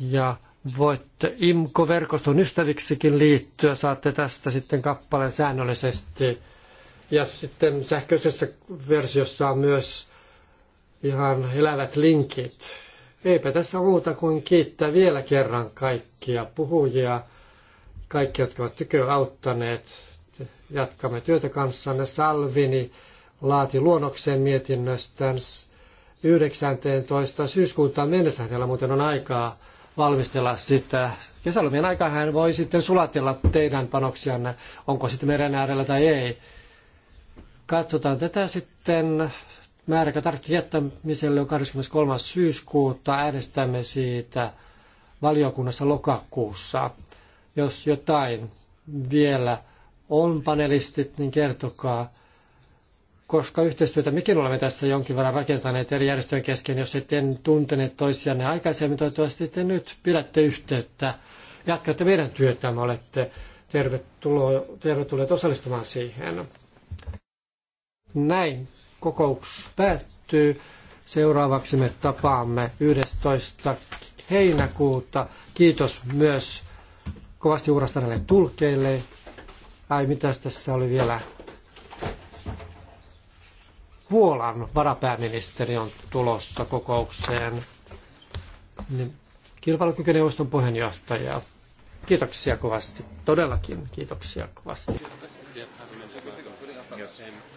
ja voitte IMKO-verkoston ystäviksikin liittyä. Saatte tästä sitten kappaleen säännöllisesti. Ja sitten sähköisessä versiossa on myös ihan elävät linkit Eipä tässä muuta kuin kiittää vielä kerran kaikkia puhujia, kaikki, jotka ovat tykö auttaneet. Jatkamme työtä kanssanne. Salvini laati luonnokseen mietinnöstään 19. Syyskuuta mennessä. Hänellä muuten on aikaa valmistella sitä. Kesälomien aikaa hän voi sitten sulatella teidän panoksianne, onko sitten meren äärellä tai ei. Katsotaan tätä sitten määräkä tarkki jättämiselle on 23. syyskuuta. Äänestämme siitä valiokunnassa lokakuussa. Jos jotain vielä on panelistit, niin kertokaa, koska yhteistyötä mekin olemme tässä jonkin verran rakentaneet eri järjestöjen kesken. Jos ette tunteneet toisianne aikaisemmin, toivottavasti te nyt pidätte yhteyttä. Jatkatte meidän työtämme, olette tervetuloa, tervetulleet osallistumaan siihen. Näin kokous päättyy. Seuraavaksi me tapaamme 11. heinäkuuta. Kiitos myös kovasti uurastaneille tulkeille. Ai mitäs tässä oli vielä? Puolan varapääministeri on tulossa kokoukseen. Niin, kilpailukykyneuvoston puheenjohtaja. Kiitoksia kovasti. Todellakin kiitoksia kovasti. Yes.